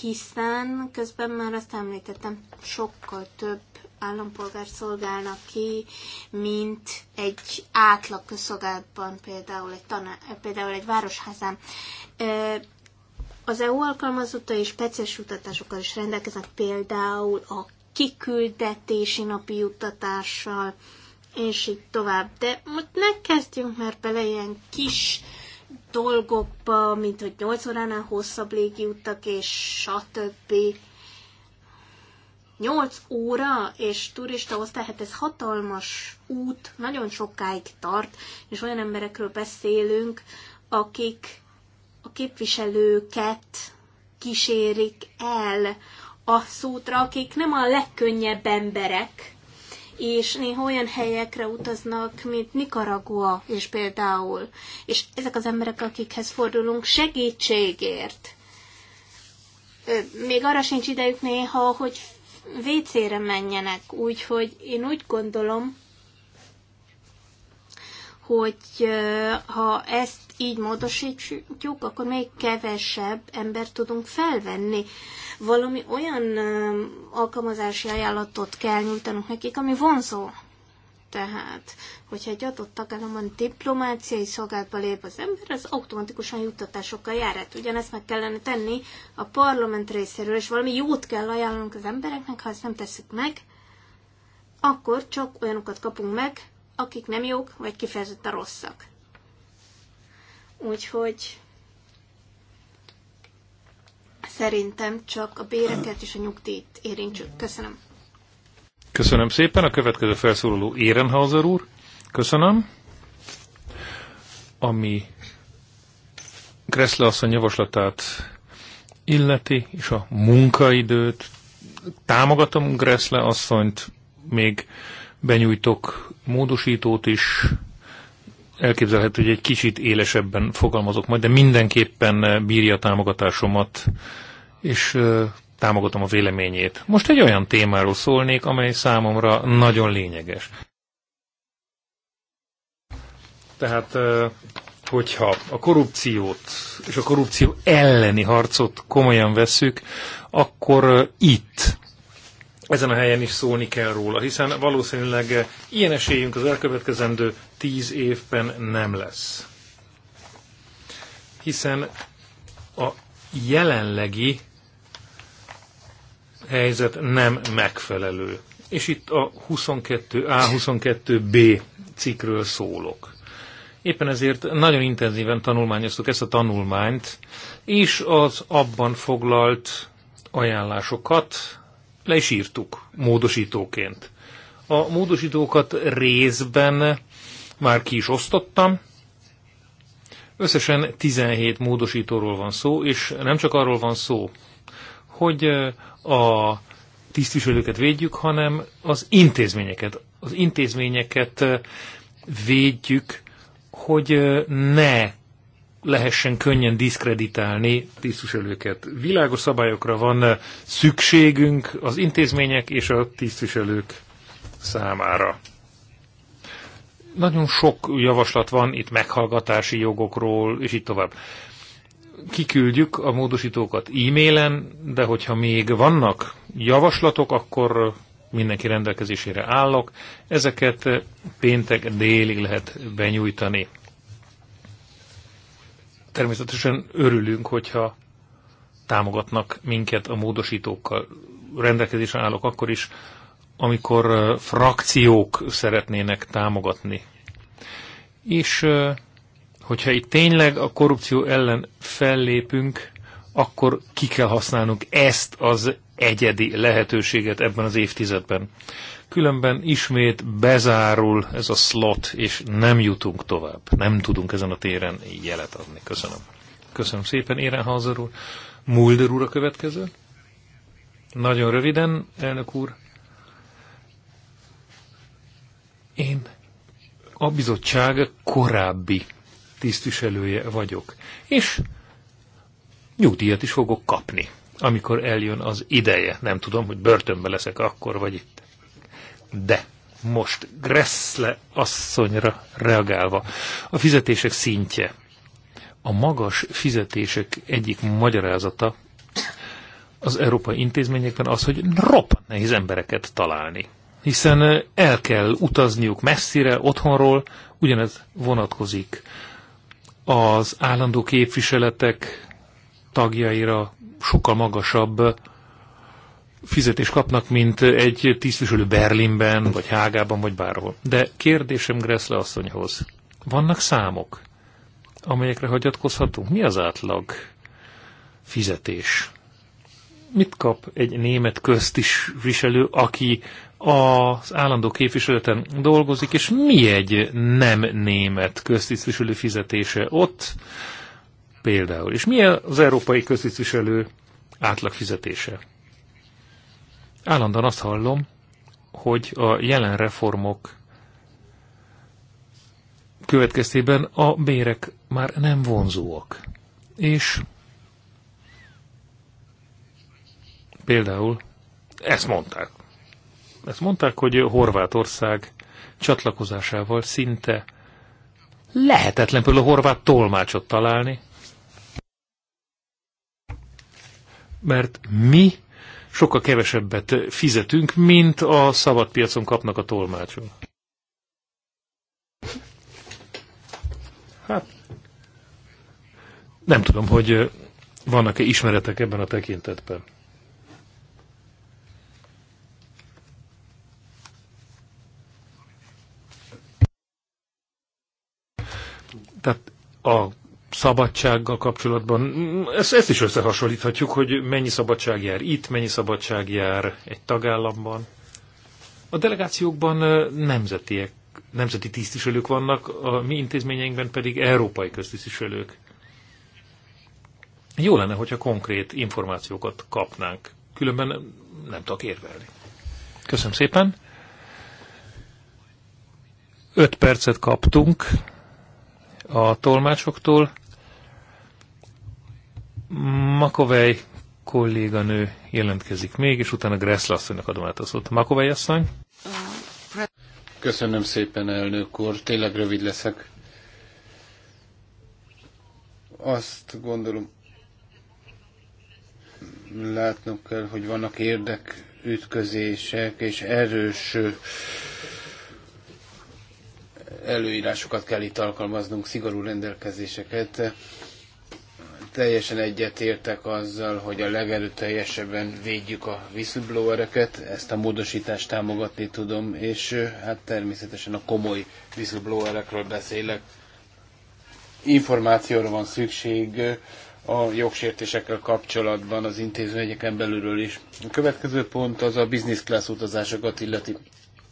Hiszen közben már azt említettem, sokkal több állampolgárt szolgálnak ki, mint egy átlag közszolgálatban, például egy, taná, például egy városházán. Az EU és speciális utatásokkal is rendelkeznek, például a kiküldetési napi juttatással, és így tovább. De most ne kezdjünk már bele ilyen kis dolgokba, mint hogy 8 óránál hosszabb légi utak és stb. 8 óra és turista osztály, hát ez hatalmas út, nagyon sokáig tart, és olyan emberekről beszélünk, akik a képviselőket kísérik el a szótra, akik nem a legkönnyebb emberek, és néha olyan helyekre utaznak, mint Nicaragua és például. És ezek az emberek, akikhez fordulunk segítségért, még arra sincs idejük néha, hogy vécére menjenek, úgyhogy én úgy gondolom, hogy ha ezt így módosítjuk, akkor még kevesebb embert tudunk felvenni. Valami olyan alkalmazási ajánlatot kell nyújtanunk nekik, ami vonzó. Tehát, hogyha egy adott tagállamon diplomáciai szolgálatba lép az ember, az automatikusan juttatásokkal jár. Hát ugyanezt meg kellene tenni a parlament részéről, és valami jót kell ajánlunk az embereknek, ha ezt nem tesszük meg, akkor csak olyanokat kapunk meg, akik nem jók, vagy kifejezetten rosszak. Úgyhogy szerintem csak a béreket és a nyugdíjt érintsük. Köszönöm. Köszönöm szépen. A következő felszólaló Érenhauser úr. Köszönöm. Ami Kressle asszony javaslatát illeti, és a munkaidőt. Támogatom Gressle asszonyt, még benyújtok módosítót is. Elképzelhető, hogy egy kicsit élesebben fogalmazok majd, de mindenképpen bírja a támogatásomat, és támogatom a véleményét. Most egy olyan témáról szólnék, amely számomra nagyon lényeges. Tehát, hogyha a korrupciót és a korrupció elleni harcot komolyan vesszük, akkor itt, ezen a helyen is szólni kell róla, hiszen valószínűleg ilyen esélyünk az elkövetkezendő tíz évben nem lesz. Hiszen a jelenlegi helyzet nem megfelelő. És itt a 22A, 22B cikkről szólok. Éppen ezért nagyon intenzíven tanulmányoztuk ezt a tanulmányt, és az abban foglalt ajánlásokat le is írtuk módosítóként. A módosítókat részben már ki is osztottam, Összesen 17 módosítóról van szó, és nem csak arról van szó, hogy a tisztviselőket védjük, hanem az intézményeket. Az intézményeket eh, védjük, hogy eh, ne lehessen könnyen diszkreditálni tisztviselőket. Világos szabályokra van eh, szükségünk az intézmények és a tisztviselők számára. Nagyon sok javaslat van itt meghallgatási jogokról, és így tovább kiküldjük a módosítókat e-mailen, de hogyha még vannak javaslatok, akkor mindenki rendelkezésére állok. Ezeket péntek délig lehet benyújtani. Természetesen örülünk, hogyha támogatnak minket a módosítókkal. Rendelkezésre állok akkor is, amikor frakciók szeretnének támogatni. És hogyha itt tényleg a korrupció ellen fellépünk, akkor ki kell használnunk ezt az egyedi lehetőséget ebben az évtizedben. Különben ismét bezárul ez a slot, és nem jutunk tovább. Nem tudunk ezen a téren jelet adni. Köszönöm. Köszönöm szépen, Érenhauser úr. Mulder úr a következő. Nagyon röviden, elnök úr. Én a bizottság korábbi tisztviselője vagyok. És nyugdíjat is fogok kapni, amikor eljön az ideje. Nem tudom, hogy börtönbe leszek akkor vagy itt. De most Gressle asszonyra reagálva, a fizetések szintje. A magas fizetések egyik magyarázata az európai intézményekben az, hogy ropp nehéz embereket találni. Hiszen el kell utazniuk messzire, otthonról, ugyanez vonatkozik az állandó képviseletek tagjaira sokkal magasabb fizetést kapnak, mint egy tisztviselő Berlinben, vagy Hágában, vagy bárhol. De kérdésem Gressle asszonyhoz. Vannak számok, amelyekre hagyatkozhatunk? Mi az átlag fizetés? Mit kap egy német köztisviselő, aki az állandó képviseleten dolgozik, és mi egy nem német köztisztviselő fizetése ott például, és mi az európai köztisztviselő átlag fizetése? Állandóan azt hallom, hogy a jelen reformok következtében a bérek már nem vonzóak. És például ezt mondták ezt mondták, hogy Horvátország csatlakozásával szinte lehetetlen például a horvát tolmácsot találni, mert mi sokkal kevesebbet fizetünk, mint a szabad piacon kapnak a tolmácsok. Hát, nem tudom, hogy vannak-e ismeretek ebben a tekintetben. Tehát a szabadsággal kapcsolatban, ezt, ezt is összehasonlíthatjuk, hogy mennyi szabadság jár itt, mennyi szabadság jár egy tagállamban. A delegációkban nemzetiek, nemzeti tisztviselők vannak, a mi intézményeinkben pedig európai köztisztviselők. Jó lenne, hogyha konkrét információkat kapnánk, különben nem tudok érvelni. Köszönöm szépen. Öt percet kaptunk a tolmácsoktól. Makovej kolléganő jelentkezik még, és utána Gressler asszonynak adom át a szót. Makovej asszony? Köszönöm szépen, elnök úr. Tényleg rövid leszek. Azt gondolom, látnunk kell, hogy vannak érdekütközések és erős előírásokat kell itt alkalmaznunk, szigorú rendelkezéseket. Teljesen egyetértek azzal, hogy a legerőteljesebben védjük a whistleblowereket, ezt a módosítást támogatni tudom, és hát természetesen a komoly whistleblowerekről beszélek. Információra van szükség, a jogsértésekkel kapcsolatban az intézményeken belülről is. A következő pont az a business class utazásokat illeti.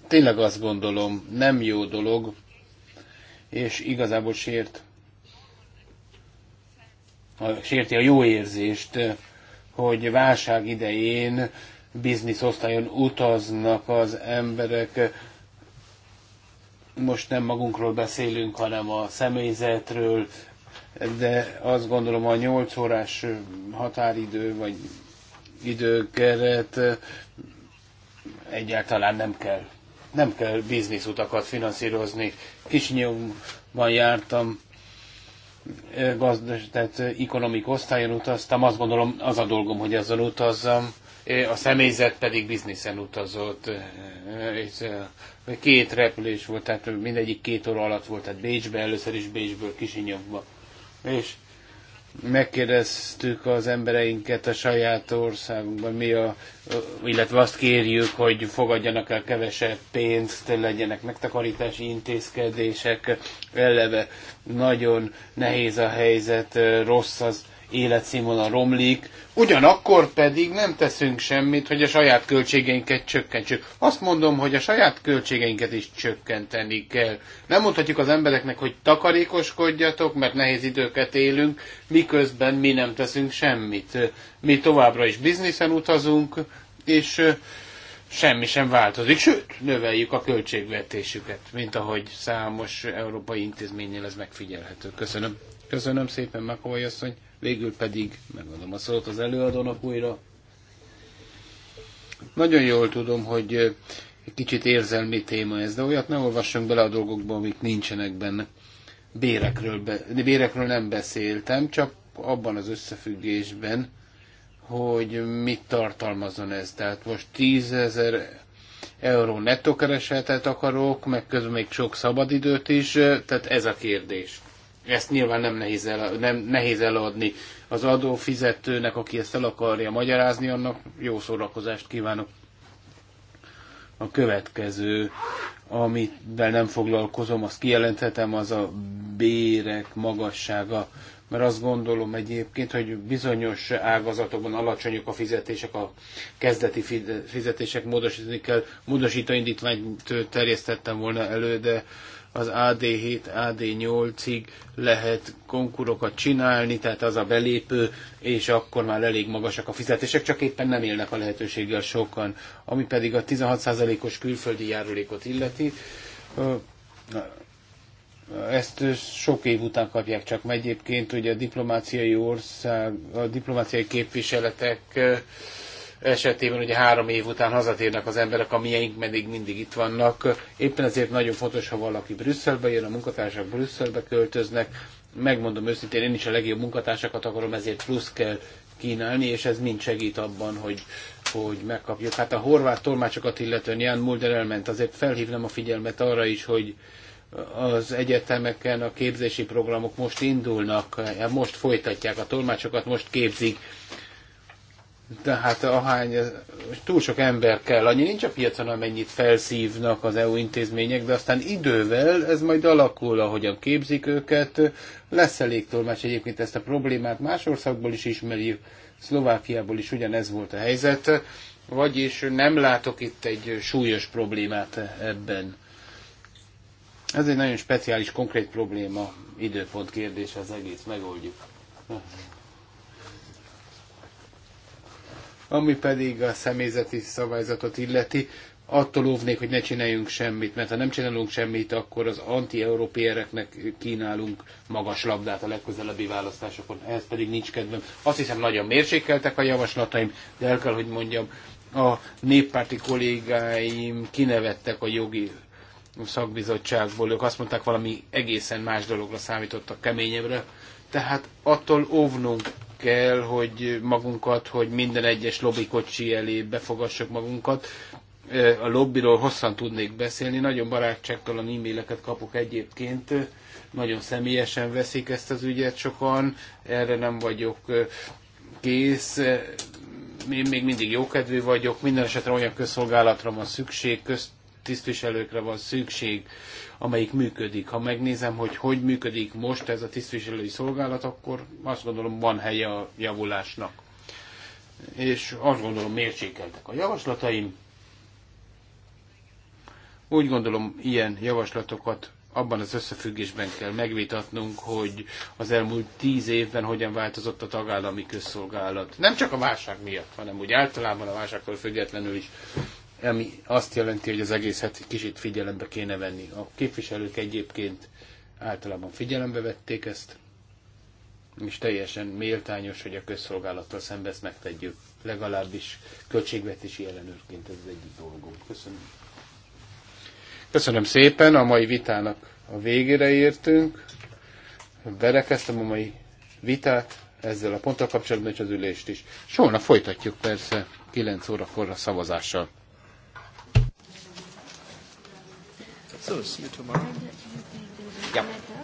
Tényleg azt gondolom, nem jó dolog, és igazából sért a, sérti a jó érzést, hogy válság idején biznisz osztályon utaznak az emberek. Most nem magunkról beszélünk, hanem a személyzetről, de azt gondolom a 8 órás határidő vagy időkeret egyáltalán nem kell nem kell bizniszutakat finanszírozni. Kisnyomban jártam, gazdas, tehát ekonomik osztályon utaztam, azt gondolom az a dolgom, hogy azzal utazzam, a személyzet pedig bizniszen utazott. Két repülés volt, tehát mindegyik két óra alatt volt, tehát Bécsbe, először is Bécsből Kisinyomba. És megkérdeztük az embereinket a saját országunkban, mi a, illetve azt kérjük, hogy fogadjanak el kevesebb pénzt, legyenek megtakarítási intézkedések, eleve nagyon nehéz a helyzet, rossz az életszínvonal romlik, ugyanakkor pedig nem teszünk semmit, hogy a saját költségeinket csökkentsük. Azt mondom, hogy a saját költségeinket is csökkenteni kell. Nem mondhatjuk az embereknek, hogy takarékoskodjatok, mert nehéz időket élünk, miközben mi nem teszünk semmit. Mi továbbra is bizniszen utazunk, és semmi sem változik, sőt, növeljük a költségvetésüket, mint ahogy számos európai intézménynél ez megfigyelhető. Köszönöm. Köszönöm szépen, Makovai asszony. Végül pedig megadom a szót az előadónak újra. Nagyon jól tudom, hogy egy kicsit érzelmi téma ez, de olyat ne olvassunk bele a dolgokba, amik nincsenek benne. Bérekről, be, bérekről nem beszéltem, csak abban az összefüggésben, hogy mit tartalmazon ez. Tehát most 10 ezer euró nettó keresetet akarok, meg közben még sok szabadidőt is, tehát ez a kérdés. Ezt nyilván nem nehéz, el, nem nehéz eladni. Az adófizetőnek, aki ezt el akarja magyarázni, annak jó szórakozást kívánok. A következő, amivel nem foglalkozom, azt kijelenthetem, az a bérek magassága mert azt gondolom egyébként, hogy bizonyos ágazatokban alacsonyak a fizetések, a kezdeti fizetések módosítani kell. Módosító indítványt terjesztettem volna elő, de az AD7, AD8-ig lehet konkurokat csinálni, tehát az a belépő, és akkor már elég magasak a fizetések, csak éppen nem élnek a lehetőséggel sokan. Ami pedig a 16%-os külföldi járulékot illeti, ezt sok év után kapják csak, mert egyébként a diplomáciai ország, a diplomáciai képviseletek esetében ugye három év után hazatérnek az emberek, a meddig mindig itt vannak. Éppen ezért nagyon fontos, ha valaki Brüsszelbe jön, a munkatársak Brüsszelbe költöznek. Megmondom őszintén, én is a legjobb munkatársakat akarom, ezért plusz kell kínálni, és ez mind segít abban, hogy, hogy megkapjuk. Hát a horvát tolmácsokat illetően Jan Mulder elment, azért felhívnám a figyelmet arra is, hogy az egyetemeken a képzési programok most indulnak, most folytatják a tolmácsokat, most képzik, de hát ahány, túl sok ember kell, annyi nincs a piacon, amennyit felszívnak az EU intézmények, de aztán idővel ez majd alakul, ahogyan képzik őket. Lesz elég tolmács egyébként ezt a problémát, más országból is ismerjük, Szlovákiából is ugyanez volt a helyzet, vagyis nem látok itt egy súlyos problémát ebben. Ez egy nagyon speciális, konkrét probléma, időpont kérdés, az egész megoldjuk. Ami pedig a személyzeti szabályzatot illeti, attól óvnék, hogy ne csináljunk semmit, mert ha nem csinálunk semmit, akkor az anti-európéreknek kínálunk magas labdát a legközelebbi választásokon. Ehhez pedig nincs kedvem. Azt hiszem, nagyon mérsékeltek a javaslataim, de el kell, hogy mondjam, a néppárti kollégáim kinevettek a jogi szakbizottságból. Ők azt mondták, valami egészen más dologra számítottak keményebbre. Tehát attól óvnunk kell, hogy magunkat, hogy minden egyes lobbykocsi elé befogassuk magunkat. A lobbiról hosszan tudnék beszélni, nagyon a e-maileket kapok egyébként, nagyon személyesen veszik ezt az ügyet sokan, erre nem vagyok kész, én még mindig jókedvű vagyok, minden esetre olyan közszolgálatra van szükség, közt tisztviselőkre van szükség, amelyik működik. Ha megnézem, hogy hogy működik most ez a tisztviselői szolgálat, akkor azt gondolom van helye a javulásnak. És azt gondolom mérsékeltek a javaslataim. Úgy gondolom, ilyen javaslatokat abban az összefüggésben kell megvitatnunk, hogy az elmúlt tíz évben hogyan változott a tagállami közszolgálat. Nem csak a válság miatt, hanem úgy általában a válságtól függetlenül is ami azt jelenti, hogy az egészet kicsit figyelembe kéne venni. A képviselők egyébként általában figyelembe vették ezt, és teljesen méltányos, hogy a közszolgálattal szembe ezt megtegyük. Legalábbis költségvetési ellenőrként ez az egyik dolgunk. Köszönöm. Köszönöm szépen, a mai vitának a végére értünk. Berekeztem a mai vitát ezzel a ponttal kapcsolatban és az ülést is. És holnap folytatjuk persze 9 órakor a szavazással. So, see you tomorrow. Yeah.